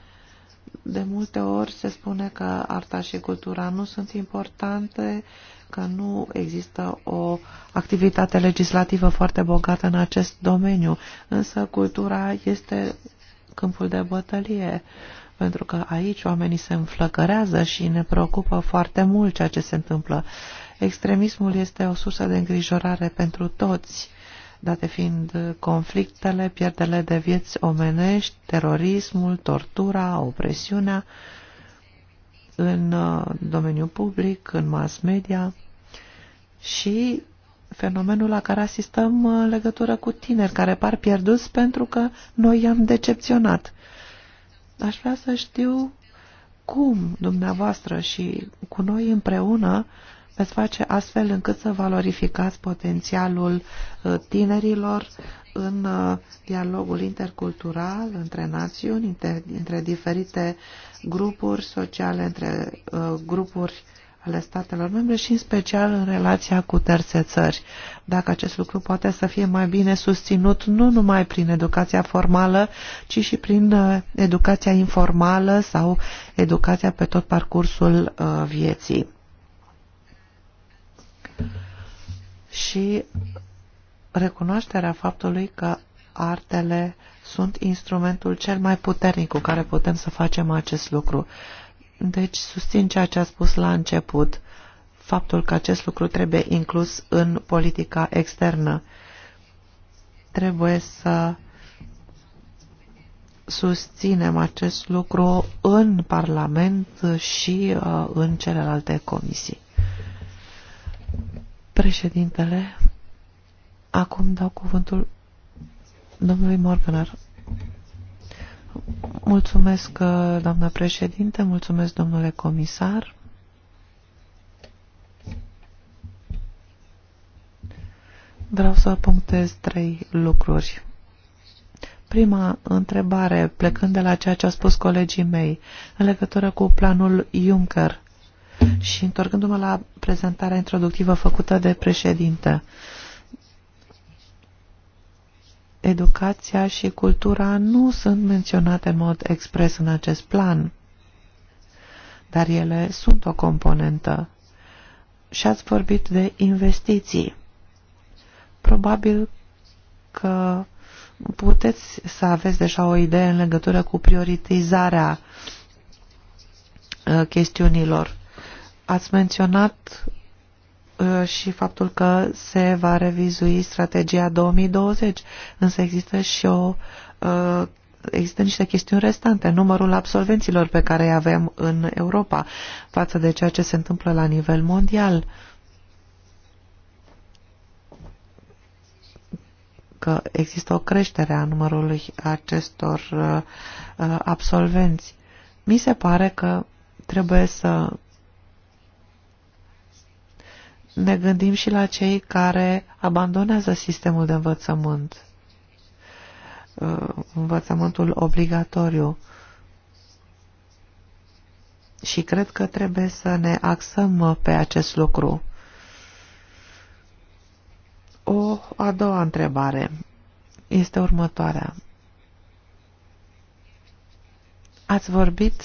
De multe ori se spune că arta și cultura nu sunt importante, că nu există o activitate legislativă foarte bogată în acest domeniu, însă cultura este câmpul de bătălie, pentru că aici oamenii se înflăcărează și ne preocupă foarte mult ceea ce se întâmplă. Extremismul este o sursă de îngrijorare pentru toți date fiind conflictele, pierderile de vieți omenești, terorismul, tortura, opresiunea în uh, domeniul public, în mass media și fenomenul la care asistăm uh, în legătură cu tineri care par pierduți pentru că noi i-am decepționat. Aș vrea să știu cum dumneavoastră și cu noi împreună veți face astfel încât să valorificați potențialul uh, tinerilor în uh, dialogul intercultural între națiuni, între, între diferite grupuri sociale, între uh, grupuri ale statelor membre și în special în relația cu terțe țări. Dacă acest lucru poate să fie mai bine susținut nu numai prin educația formală, ci și prin educația informală sau educația pe tot parcursul vieții. și recunoașterea faptului că artele sunt instrumentul cel mai puternic cu care putem să facem acest lucru. Deci susțin ceea ce a spus la început, faptul că acest lucru trebuie inclus în politica externă. Trebuie să susținem acest lucru în Parlament și uh, în celelalte comisii. Președintele, acum dau cuvântul domnului Morganar. Mulțumesc, uh, doamna președinte, mulțumesc, domnule comisar. Vreau să punctez trei lucruri. Prima întrebare, plecând de la ceea ce au spus colegii mei, în legătură cu planul Juncker și întorcându-mă la prezentarea introductivă făcută de președinte, educația și cultura nu sunt menționate în mod expres în acest plan, dar ele sunt o componentă. Și ați vorbit de investiții. Probabil că puteți să aveți deja o idee în legătură cu prioritizarea uh, chestiunilor. Ați menționat uh, și faptul că se va revizui strategia 2020, însă există și o uh, există niște chestiuni restante, numărul absolvenților pe care îi avem în Europa față de ceea ce se întâmplă la nivel mondial. Că există o creștere a numărului acestor uh, absolvenți. Mi se pare că trebuie să ne gândim și la cei care abandonează sistemul de învățământ, uh, învățământul obligatoriu. Și cred că trebuie să ne axăm pe acest lucru. O a doua întrebare este următoarea. Ați vorbit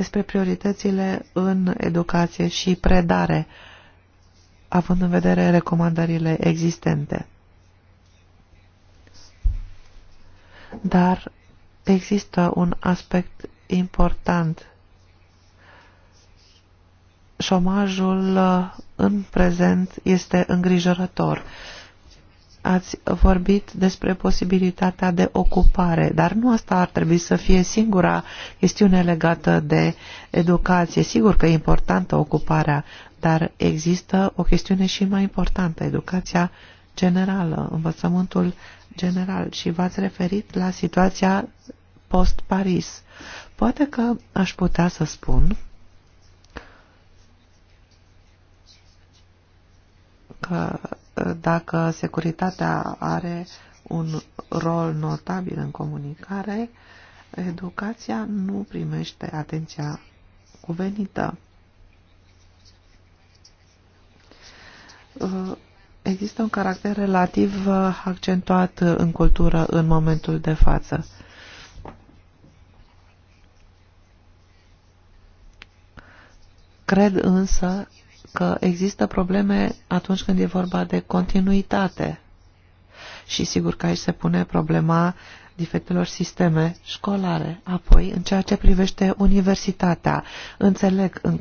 despre prioritățile în educație și predare, având în vedere recomandările existente. Dar există un aspect important. Șomajul uh, în prezent este îngrijorător ați vorbit despre posibilitatea de ocupare, dar nu asta ar trebui să fie singura chestiune legată de educație. Sigur că e importantă ocuparea, dar există o chestiune și mai importantă, educația generală, învățământul general și v-ați referit la situația post-Paris. Poate că aș putea să spun că dacă securitatea are un rol notabil în comunicare, educația nu primește atenția cuvenită. Uh, există un caracter relativ uh, accentuat în cultură în momentul de față. Cred însă că există probleme atunci când e vorba de continuitate. Și sigur că aici se pune problema diferitelor sisteme școlare. Apoi, în ceea ce privește universitatea, înțeleg în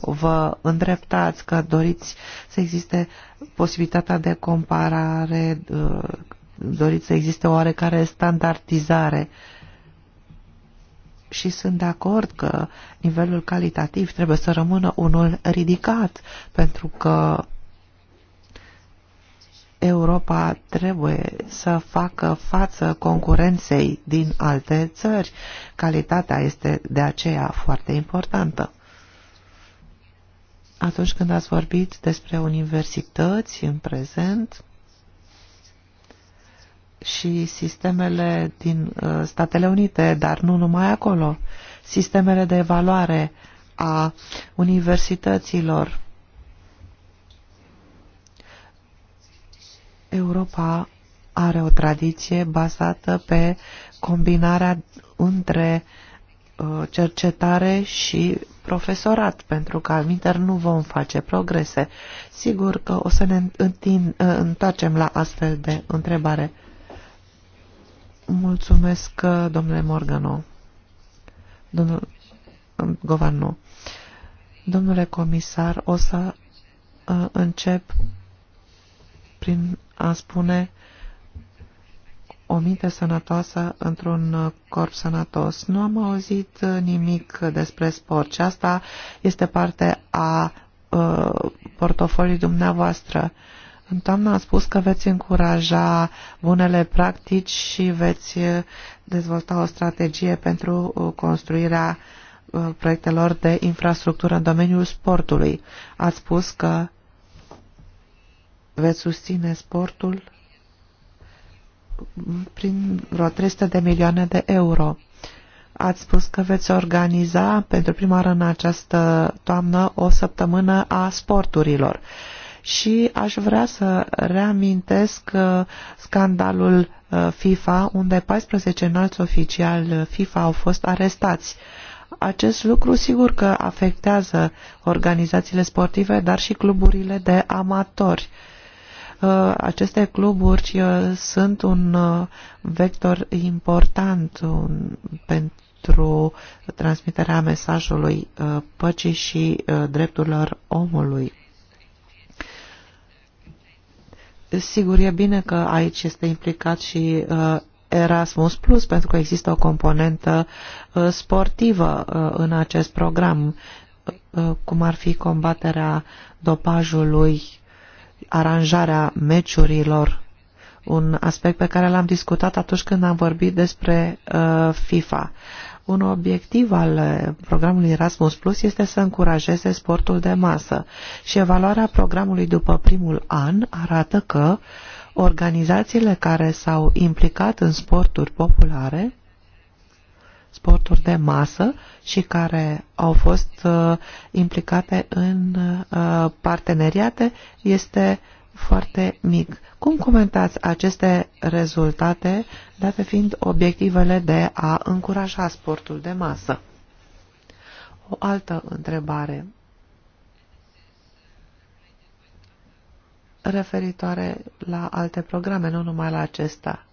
vă îndreptați că doriți să existe posibilitatea de comparare, uh, doriți să existe oarecare standardizare și sunt de acord că nivelul calitativ trebuie să rămână unul ridicat, pentru că Europa trebuie să facă față concurenței din alte țări. Calitatea este de aceea foarte importantă. Atunci când ați vorbit despre universități în prezent, și sistemele din uh, Statele Unite, dar nu numai acolo. Sistemele de evaluare a universităților. Europa are o tradiție bazată pe combinarea între uh, cercetare și profesorat, pentru că alminter nu vom face progrese. Sigur că o să ne uh, întoarcem la astfel de întrebare. Mulțumesc, uh, domnule Morgano. Domnul um, Govanu. Domnule comisar, o să uh, încep prin a spune o minte sănătoasă într-un corp sănătos. Nu am auzit uh, nimic despre sport și asta este parte a portofoliului dumneavoastră. Uh, Doamna a spus că veți încuraja bunele practici și veți uh, dezvolta o strategie pentru uh, construirea uh, proiectelor de infrastructură în domeniul sportului. Ați spus că veți susține sportul prin vreo 300 de milioane de euro. Ați spus că veți organiza pentru prima oară în această toamnă o săptămână a sporturilor. Uh, și aș vrea să reamintesc uh, scandalul uh, FIFA, unde 14 înalți oficiali uh, FIFA au fost arestați. Acest lucru sigur că afectează organizațiile sportive, dar și cluburile de amatori. Aceste cluburi sunt un vector important pentru transmiterea mesajului păcii și drepturilor omului. Sigur, e bine că aici este implicat și uh, Erasmus Plus, pentru că există o componentă uh, sportivă uh, în acest program, cum ar fi combaterea dopajului, aranjarea meciurilor, un aspect pe care l-am discutat atunci când am vorbit despre FIFA. Un obiectiv al eh, programului Erasmus Plus este să încurajeze sportul de masă și evaluarea programului după primul an arată că organizațiile care s-au implicat în sporturi populare sporturi de masă și care au fost uh, implicate în uh, parteneriate este foarte mic. Cum comentați aceste rezultate, date fiind obiectivele de a încuraja sportul de masă? O altă întrebare referitoare la alte programe, nu numai la acesta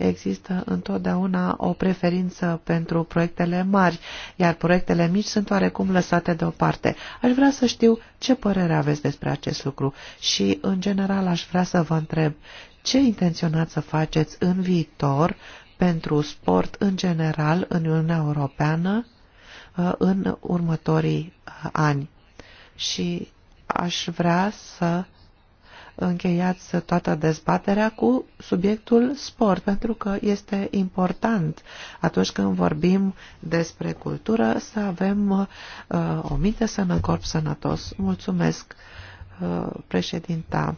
există întotdeauna o preferință pentru proiectele mari, iar proiectele mici sunt oarecum lăsate deoparte. Aș vrea să știu ce părere aveți despre acest lucru și, în general, aș vrea să vă întreb ce intenționați să faceți în viitor pentru sport în general în Uniunea Europeană uh, în următorii uh, ani. Și aș vrea să încheiați toată dezbaterea cu subiectul sport, pentru că este important atunci când vorbim despre cultură să avem uh, o minte sănă, corp sănătos. Mulțumesc, uh, președinta.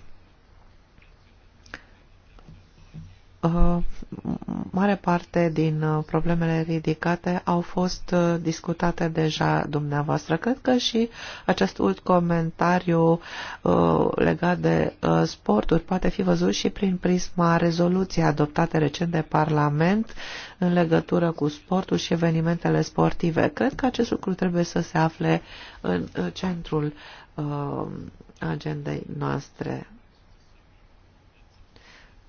Uh, mare parte din uh, problemele ridicate au fost uh, discutate deja dumneavoastră. Cred că și acest ult comentariu legat de sporturi poate fi văzut și prin prisma rezoluției adoptate recent de Parlament în legătură cu sportul și evenimentele sportive. Cred că acest lucru trebuie să se afle în centrul agendei noastre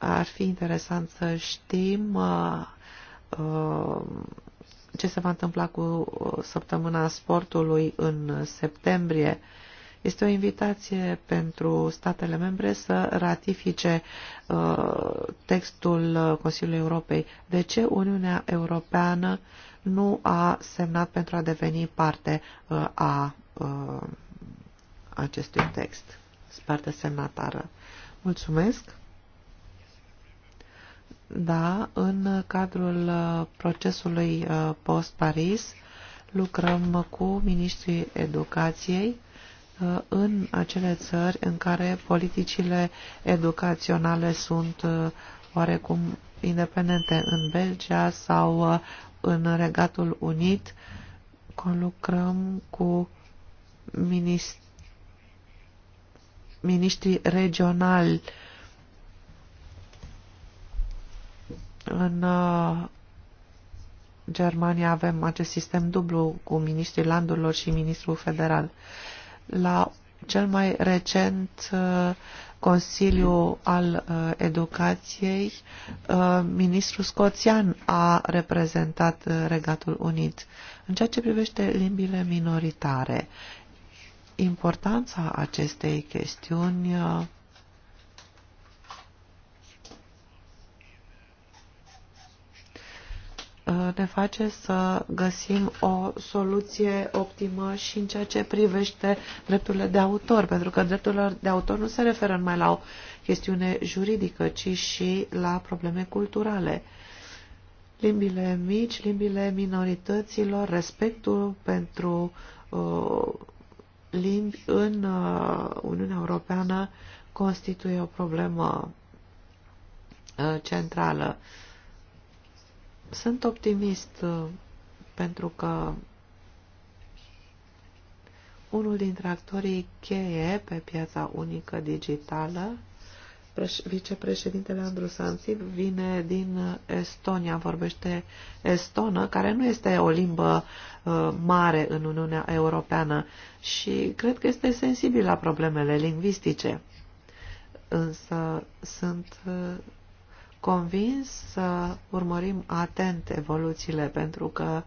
ar fi interesant să știm uh, ce se va întâmpla cu uh, săptămâna sportului în septembrie. Este o invitație pentru statele membre să ratifice uh, textul Consiliului Europei. De ce Uniunea Europeană nu a semnat pentru a deveni parte a acestui text, parte semnatară? Mulțumesc! Da, în cadrul uh, procesului uh, post-Paris lucrăm cu ministrii educației uh, în acele țări în care politicile educaționale sunt oarecum independente în Belgia sau în Regatul Unit. Conlucrăm cu ministrii regionali În uh, Germania avem acest sistem dublu cu ministrii landurilor și ministrul federal. La cel mai recent uh, Consiliu al uh, Educației, ministrul scoțian a reprezentat Regatul Unit. În ceea ce privește limbile minoritare, importanța acestei chestiuni ne face să găsim o soluție optimă și în ceea ce privește drepturile de autor, pentru că drepturile de autor nu se referă numai la o chestiune juridică, ci și la probleme culturale. Limbile mici, limbile minorităților, respectul pentru uh, limbi în uh, Uniunea Europeană constituie o problemă uh, centrală. Uh, sunt optimist uh, pentru că unul dintre actorii cheie pe piața unică digitală, vicepreședintele Andru Sansip, vine din Estonia, vorbește estonă, care nu este o limbă uh, mare în Uniunea Europeană și cred că este sensibil la problemele lingvistice. Însă sunt uh, convins să urmărim atent evoluțiile, pentru că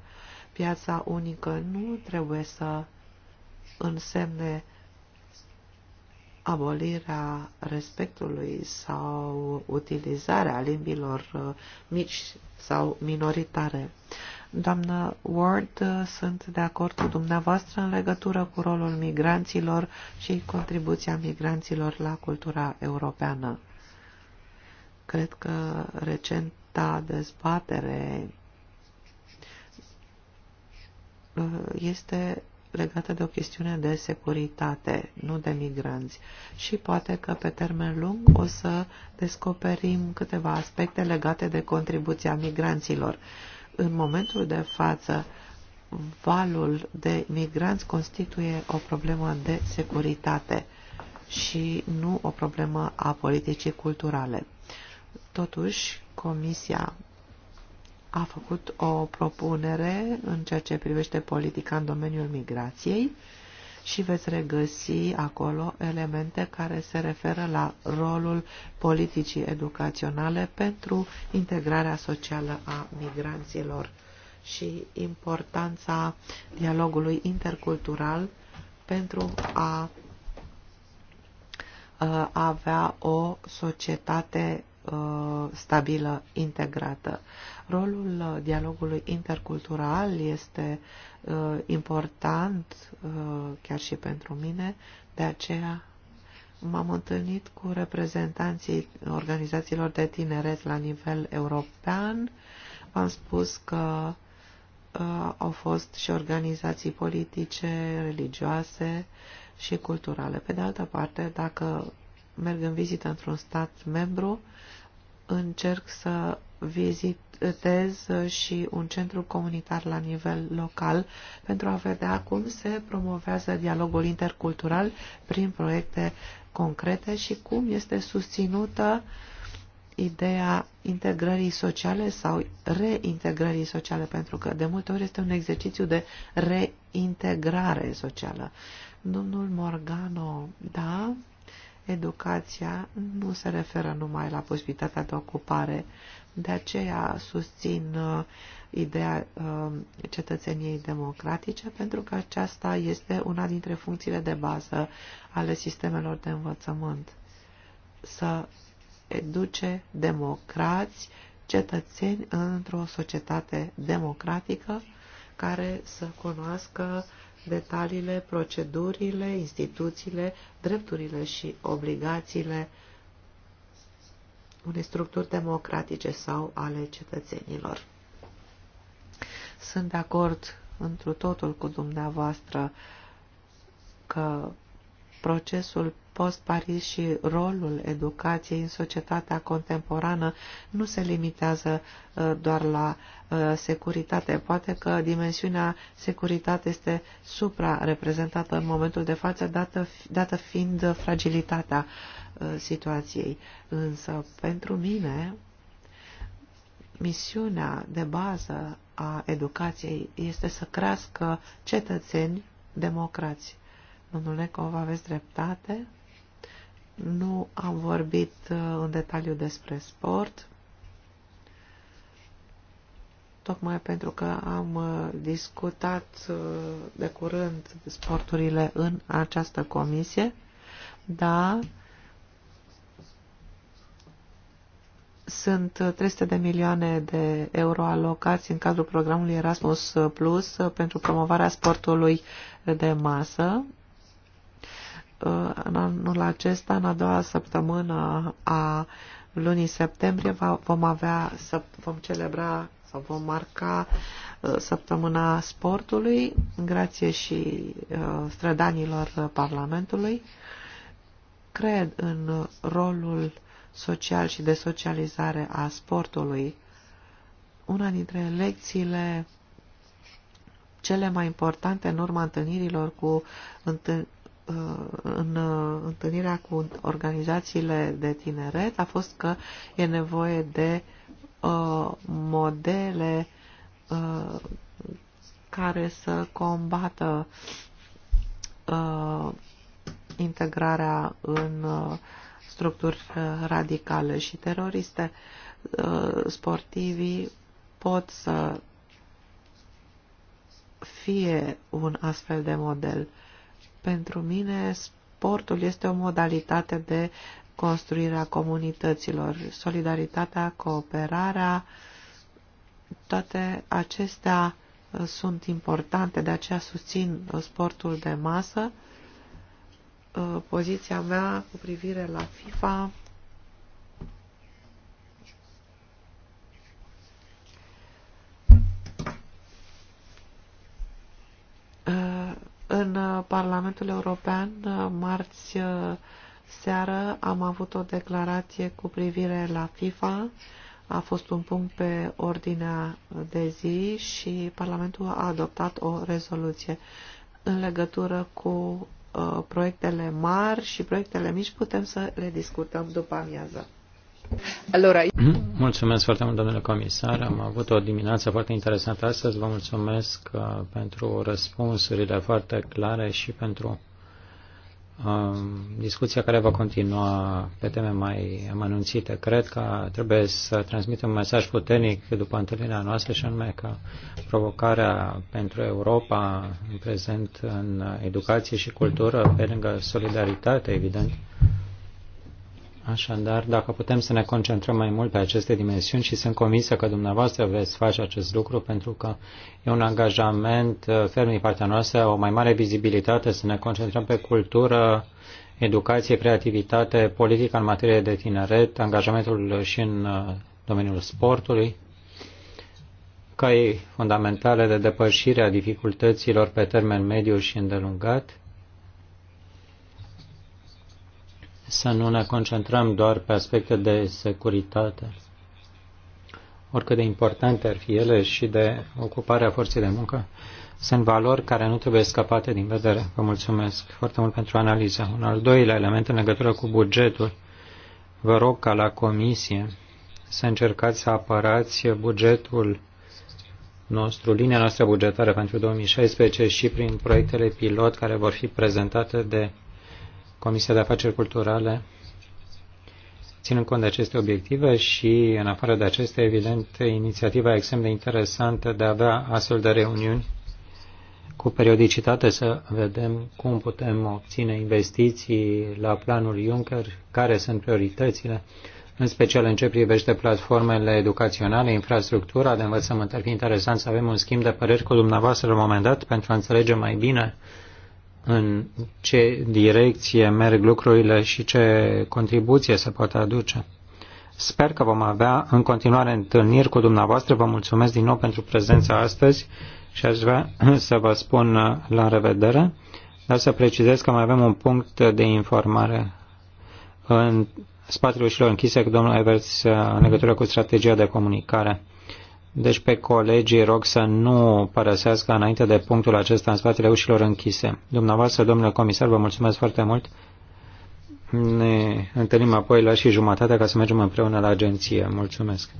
piața unică nu trebuie să însemne abolirea respectului sau utilizarea limbilor uh, mici sau minoritare. Doamnă Ward, uh, sunt de acord cu dumneavoastră în legătură cu rolul migranților și contribuția migranților la cultura europeană. Cred că recenta dezbatere uh, este legată de o chestiune de securitate, nu de migranți. Și poate că pe termen lung o să descoperim câteva aspecte legate de contribuția migranților. În momentul de față, valul de migranți constituie o problemă de securitate și nu o problemă a politicii culturale. Totuși, Comisia a făcut o propunere în ceea ce privește politica în domeniul migrației și veți regăsi acolo elemente care se referă la rolul politicii educaționale pentru integrarea socială a migranților și importanța dialogului intercultural pentru a avea o societate Uh, stabilă, integrată. Rolul uh, dialogului intercultural este uh, important chiar și pentru mine, de aceea m-am întâlnit cu reprezentanții organizațiilor de tineret la nivel european. am spus că uh, au fost și organizații politice, religioase și culturale. Pe de altă parte, dacă merg în vizită într-un stat membru, uh, încerc să vizitez și un centru comunitar la nivel local pentru a vedea cum se promovează dialogul intercultural prin proiecte concrete și cum este susținută ideea integrării sociale sau reintegrării sociale, pentru că de multe ori este un exercițiu de reintegrare socială. Domnul Morgano, da, educația nu se referă numai la posibilitatea de ocupare, de aceea susțin uh, ideea uh, cetățeniei democratice, pentru că aceasta este una dintre funcțiile de bază ale sistemelor de învățământ. Să educe democrați, cetățeni într-o societate democratică care să cunoască uh, detaliile, procedurile, instituțiile, drepturile și obligațiile unei structuri democratice sau ale cetățenilor. Sunt de acord întru totul cu dumneavoastră că procesul post-Paris și rolul educației în societatea contemporană nu se limitează uh, doar la uh, securitate. Poate că dimensiunea securitate este supra-reprezentată în momentul de față, dată, dată fiind fragilitatea uh, situației. Însă, pentru mine, misiunea de bază a educației este să crească cetățeni democrați. Domnule Necov, aveți dreptate? Nu am vorbit uh, în detaliu despre sport, tocmai pentru că am uh, discutat uh, de curând sporturile în această comisie, dar sunt 300 de milioane de euro alocați în cadrul programului Erasmus Plus pentru promovarea sportului de masă în anul acesta, în a doua săptămână a lunii septembrie, vom avea, vom celebra sau vom marca uh, săptămâna sportului, grație și uh, strădanilor Parlamentului. Cred în rolul social și de socializare a sportului. Una dintre lecțiile cele mai importante în urma întâlnirilor cu, Uh, în uh, întâlnirea cu organizațiile de tineret a fost că e nevoie de uh, modele care să combată integrarea în structuri radicale și teroriste. Sportivii pot să fie un astfel de model pentru mine, sportul este o modalitate de construirea comunităților, solidaritatea, cooperarea, toate acestea uh, sunt importante, de aceea susțin uh, sportul de masă. Uh, poziția mea cu privire la FIFA În uh, Parlamentul European, uh, marți uh, seară, am avut o declarație cu privire la FIFA. A fost un punct pe ordinea de zi și Parlamentul a adoptat o rezoluție. În legătură cu proiectele mari și proiectele mici putem să le discutăm după amiază. Allora... Mhm. Mulțumesc foarte mult, domnule comisar. Am avut o dimineață foarte interesantă astăzi. Vă mulțumesc uh, pentru răspunsurile foarte clare și pentru um, discuția care va continua pe teme mai amănunțite. Cred că trebuie să transmitem un mesaj puternic după întâlnirea noastră și anume că provocarea pentru Europa în prezent în educație și cultură, pe lângă solidaritate, evident, Așadar, dacă putem să ne concentrăm mai mult pe aceste dimensiuni și sunt convinsă că dumneavoastră veți face acest lucru pentru că e un angajament uh, ferm din partea noastră, o mai mare vizibilitate, să ne concentrăm pe cultură, educație, creativitate, politică în materie de tineret, angajamentul și în uh, domeniul sportului, căi fundamentale de depășire a dificultăților pe termen mediu și îndelungat, să nu ne concentrăm doar pe aspecte de securitate, oricât de importante ar fi ele și de ocuparea forței de muncă, sunt valori care nu trebuie scăpate din vedere. Vă mulțumesc foarte mult pentru analiză. Un al doilea element în legătură cu bugetul. Vă rog ca la comisie să încercați să apărați bugetul nostru, linia noastră bugetară pentru 2016 și prin proiectele pilot care vor fi prezentate de Comisia de Afaceri Culturale, ținând cont de aceste obiective și, în afară de acestea, evident, inițiativa extrem de interesantă de a avea astfel de reuniuni cu periodicitate să vedem cum putem obține investiții la planul Juncker, care sunt prioritățile, în special în ce privește platformele educaționale, infrastructura de învățământ. Ar fi interesant să avem un schimb de păreri cu dumneavoastră la un moment dat pentru a înțelege mai bine în ce direcție merg lucrurile și ce contribuție se poate aduce. Sper că vom avea în continuare întâlniri cu dumneavoastră. Vă mulțumesc din nou pentru prezența astăzi și aș vrea să vă spun uh, la revedere, dar să precizez că mai avem un punct de informare în spatele ușilor închise cu domnul Evers uh, în legătură cu strategia de comunicare. Deci pe colegii rog să nu părăsească înainte de punctul acesta în spatele ușilor închise. Dumneavoastră, domnule comisar, vă mulțumesc foarte mult. Ne întâlnim apoi la și jumătate ca să mergem împreună la agenție. Mulțumesc.